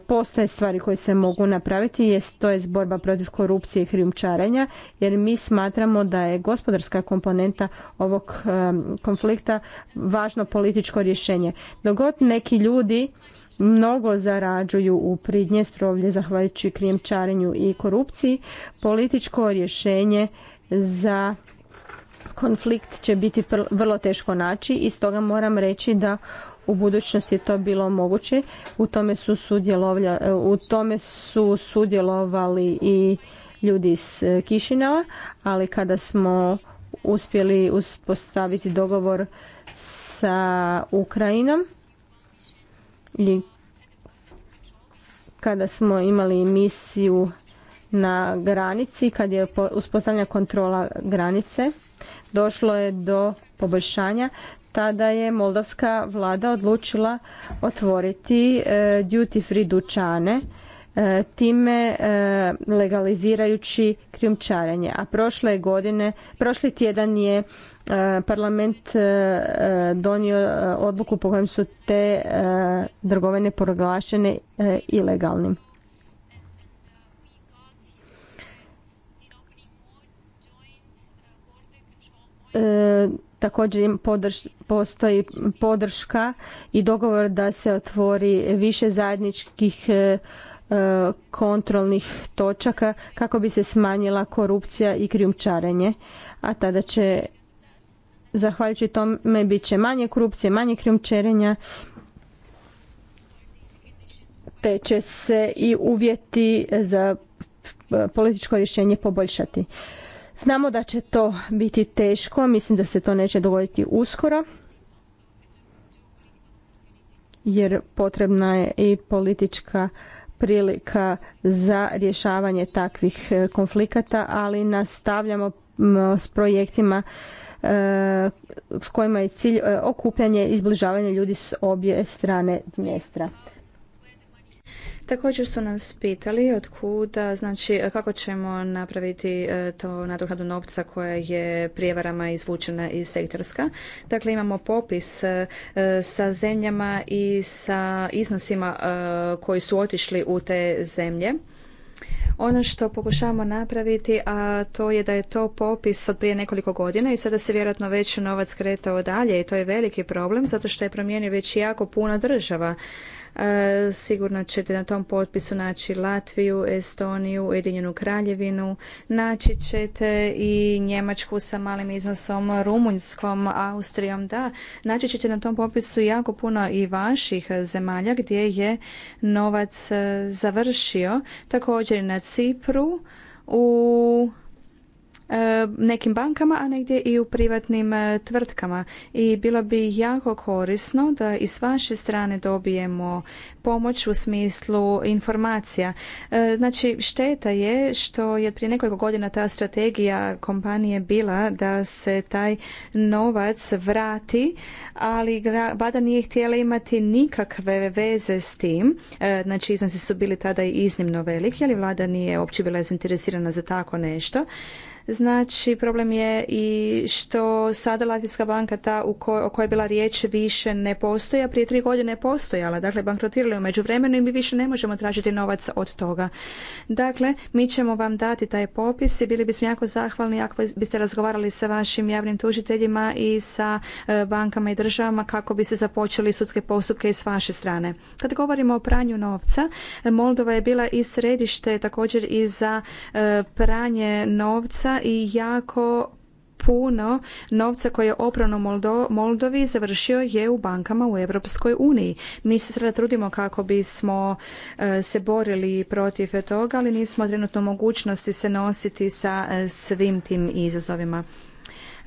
Postoje stvari koje se mogu napraviti, jest, to je borba protiv korupcije i krijumčarenja, jer mi smatramo da je gospodarska komponenta ovog konflikta važno političko rješenje. Dogod neki ljudi mnogo zarađuju u Pridnjestrovlje zahvaljujući krijemčarenju i korupciji. Političko rješenje za konflikt će biti vrlo teško naći i stoga moram reći da u budućnosti je to bilo moguće. U tome su, u tome su sudjelovali i ljudi iz e, Kišina, ali kada smo uspjeli uspostaviti dogovor sa Ukrajinom, i kada smo imali misiju na granici, kad je uspostavljena kontrola granice, došlo je do poboljšanja. Tada je moldavska vlada odlučila otvoriti e, duty free dućane E, time e, legalizirajući krijumčarenje. A prošle godine, prošli tjedan je e, parlament donio odluku po kojem su te trgovine proglašene ilegalnim. također podrš, postoji podrška i dogovor da se otvori više zajedničkih E, kontrolnih točaka kako bi se smanjila korupcija i krijumčarenje, a tada će zahvaljujući tome bit će manje korupcije, manje krijumčarenja te će se i uvjeti za političko rješenje poboljšati. Znamo da će to biti teško, mislim da se to neće dogoditi uskoro jer potrebna je i politička prilika za rješavanje takvih e, konflikata, ali nastavljamo s projektima e, s kojima je cilj e, okupljanje i izbližavanje ljudi s obje strane Dnjestra. Također su nas pitali od kuda, znači kako ćemo napraviti e, to nadoknadu novca koja je prijevarama izvučena iz sektorska. Dakle, imamo popis e, sa zemljama i sa iznosima e, koji su otišli u te zemlje. Ono što pokušavamo napraviti, a to je da je to popis od prije nekoliko godina i sada se vjerojatno već novac kretao dalje i to je veliki problem zato što je promijenio već jako puno država. E, sigurno ćete na tom potpisu naći Latviju, Estoniju, Ujedinjenu Kraljevinu. Naći ćete i Njemačku sa malim iznosom, Rumunjskom, Austrijom. Da, naći ćete na tom popisu jako puno i vaših zemalja gdje je novac e, završio. Također i na Cipru u E, nekim bankama, a negdje i u privatnim e, tvrtkama. I bilo bi jako korisno da i s vaše strane dobijemo pomoć u smislu informacija. E, znači, šteta je što je prije nekoliko godina ta strategija kompanije bila da se taj novac vrati, ali vlada nije htjela imati nikakve veze s tim. Znači, iznosi su bili tada iznimno veliki, ali vlada nije uopće bila zainteresirana za tako nešto. Znači, problem je i što sada Latvijska banka, ta u kojoj, o kojoj je bila riječ, više ne postoja. prije tri godine je postojala. Dakle, bankrotirali u međuvremenu i mi više ne možemo tražiti novac od toga. Dakle, mi ćemo vam dati taj popis i bili bismo jako zahvalni ako biste razgovarali sa vašim javnim tužiteljima i sa e, bankama i državama kako bi se započeli sudske postupke i s vaše strane. Kad govorimo o pranju novca, Moldova je bila i središte također i za e, pranje novca i jako puno novca koji je oprano Moldovi završio je u bankama u Europskoj uniji. Mi se sada trudimo kako bismo e, se borili protiv toga, ali nismo trenutno mogućnosti se nositi sa e, svim tim izazovima.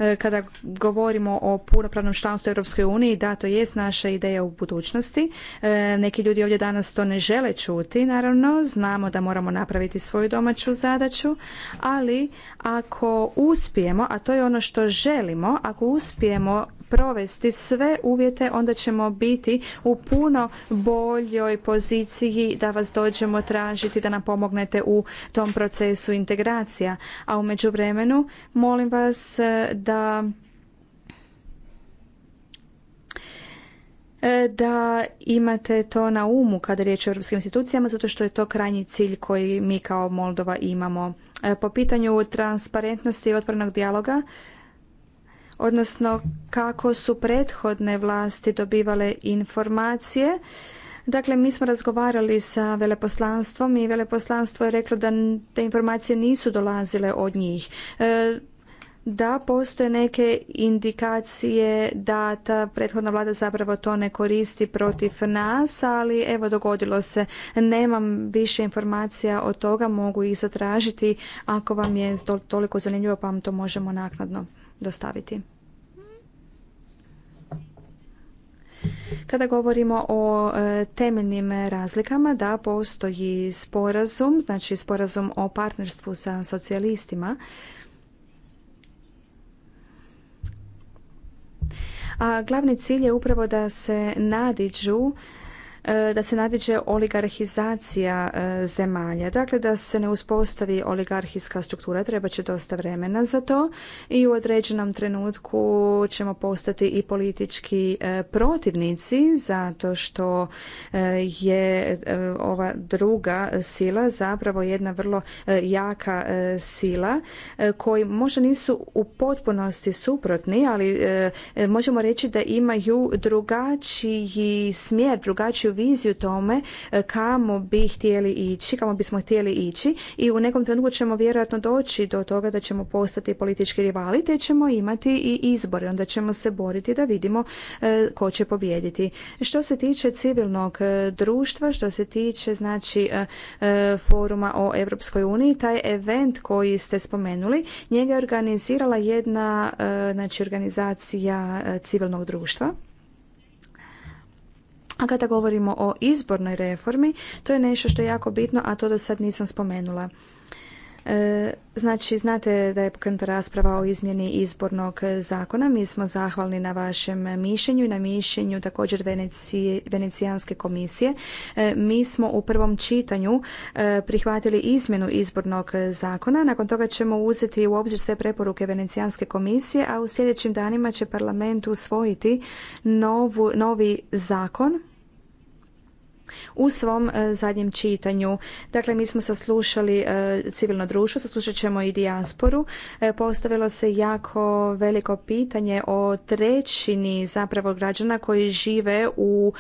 E, kada govorimo o punopravnom članstvu Europskoj uniji, da, to jest naša ideja u budućnosti. E, neki ljudi ovdje danas to ne žele čuti, naravno. Znamo da moramo napraviti svoju domaću zadaću, ali ako uspijemo, a to je ono što želimo, ako uspijemo provesti sve uvjete, onda ćemo biti u puno boljoj poziciji da vas dođemo tražiti da nam pomognete u tom procesu integracija. A u međuvremenu molim vas e, da e, da imate to na umu kada je riječ o europskim institucijama zato što je to krajnji cilj koji mi kao Moldova imamo. E, po pitanju transparentnosti i otvorenog dijaloga odnosno kako su prethodne vlasti dobivale informacije. Dakle, mi smo razgovarali sa veleposlanstvom i veleposlanstvo je reklo da te informacije nisu dolazile od njih. E, da postoje neke indikacije da ta prethodna vlada zapravo to ne koristi protiv nas, ali evo dogodilo se. Nemam više informacija od toga, mogu ih zatražiti. Ako vam je toliko zanimljivo, pa vam to možemo naknadno dostaviti. Kada govorimo o e, temeljnim razlikama, da postoji sporazum, znači sporazum o partnerstvu sa socijalistima, a glavni cilj je upravo da se nadiđu E, da se nadiđe oligarhizacija e, zemalja, dakle da se ne uspostavi oligarhijska struktura, treba će dosta vremena za to i u određenom trenutku ćemo postati i politički e, protivnici zato što je ova druga sila zapravo jedna vrlo jaka sila koji možda nisu u potpunosti suprotni, ali možemo reći da imaju drugačiji smjer, drugačiju viziju tome e, kamo bi htjeli ići, kamo bismo htjeli ići i u nekom trenutku ćemo vjerojatno doći do toga da ćemo postati politički rivali te ćemo imati i izbore. Onda ćemo se boriti da vidimo e, ko će pobijediti. Što se tiče civilnog e, društva, što se tiče znači foruma o Europskoj uniji, taj event koji ste spomenuli, njega je organizirala jedna znači organizacija civilnog društva. A kada govorimo o izbornoj reformi, to je nešto što je jako bitno, a to do sad nisam spomenula. E, znači, znate da je pokrenuta rasprava o izmjeni izbornog zakona. Mi smo zahvalni na vašem mišljenju i na mišljenju također Venecijanske komisije. E, mi smo u prvom čitanju e, prihvatili izmjenu izbornog zakona. Nakon toga ćemo uzeti u obzir sve preporuke Venecijanske komisije, a u sljedećim danima će parlament usvojiti novu, novi zakon u svom e, zadnjem čitanju. Dakle, mi smo saslušali e, civilno društvo, saslušat ćemo i dijasporu. E, postavilo se jako veliko pitanje o trećini zapravo građana koji žive u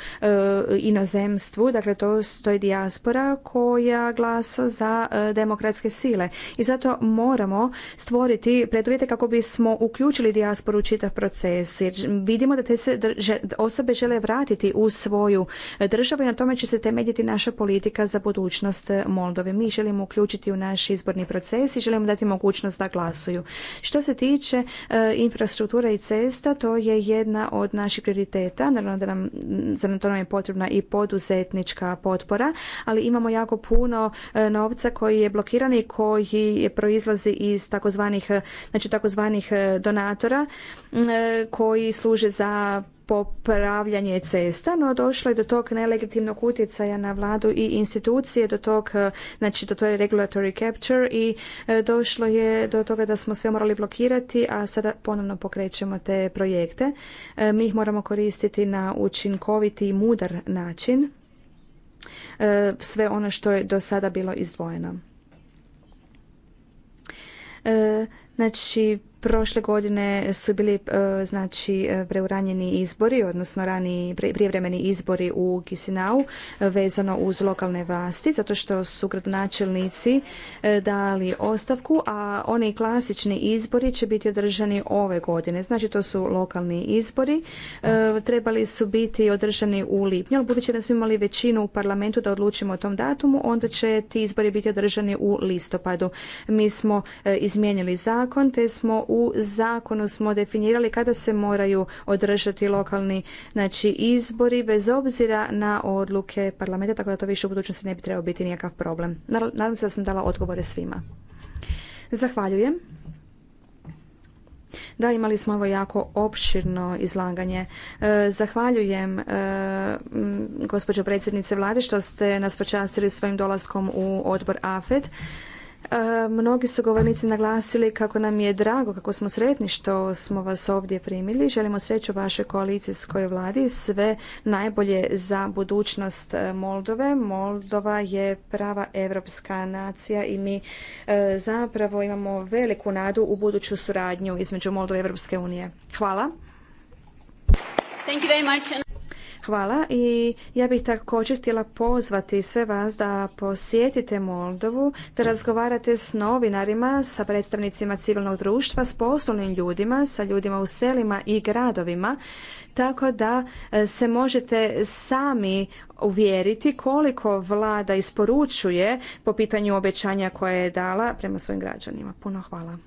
inozemstvu, dakle to je dijaspora koja glasa za demokratske sile. I zato moramo stvoriti preduvjete kako bismo uključili dijasporu u čitav proces. Jer vidimo da te se osobe žele vratiti u svoju državu i na tome će se temeljiti naša politika za budućnost Moldove. Mi želimo uključiti u naš izborni proces i želimo dati mogućnost da glasuju. Što se tiče infrastruktura e, infrastrukture i cesta, to je jedna od naših prioriteta. Naravno da nam za to nam je potrebna i poduzetnička potpora, ali imamo jako puno e, novca koji je blokiran i koji proizlazi iz takozvanih e, znači takozvanih donatora koji služe za popravljanje cesta, no došlo je do tog nelegitimnog utjecaja na vladu i institucije, do tog, e, znači do toj regulatory capture i e, došlo je do toga da smo sve morali blokirati, a sada ponovno pokrećemo te projekte. E, mi ih moramo koristiti na učinkoviti i mudar način sve ono što je do sada bilo izdvojeno. Znači, Prošle godine su bili e, znači e, preuranjeni izbori, odnosno rani prijevremeni izbori u Kisinau e, vezano uz lokalne vlasti, zato što su gradonačelnici dali ostavku, a oni klasični izbori će biti održani ove godine. Znači to su lokalni izbori. Trebali su biti održani u lipnju, ali budući da smo imali većinu u parlamentu da odlučimo o tom datumu, onda će ti izbori biti održani u listopadu. Mi smo izmijenili zakon, te smo u zakonu smo definirali kada se moraju održati lokalni znači, izbori bez obzira na odluke parlamenta, tako da to više u budućnosti ne bi trebao biti nikakav problem. Nadam se da sam dala odgovore svima. Zahvaljujem. Da, imali smo ovo jako opširno izlaganje. E, zahvaljujem e, gospođo predsjednice vlade što ste nas počastili svojim dolaskom u odbor AFED. E, mnogi su govornici naglasili kako nam je drago, kako smo sretni što smo vas ovdje primili. Želimo sreću vašoj koalicijskoj vladi, sve najbolje za budućnost e, Moldove. Moldova je prava evropska nacija i mi e, zapravo imamo veliku nadu u buduću suradnju između Moldove i Evropske unije. Hvala. Hvala i ja bih također htjela pozvati sve vas da posjetite Moldovu, da razgovarate s novinarima, sa predstavnicima civilnog društva, s poslovnim ljudima, sa ljudima u selima i gradovima, tako da e, se možete sami uvjeriti koliko vlada isporučuje po pitanju obećanja koje je dala prema svojim građanima. Puno hvala.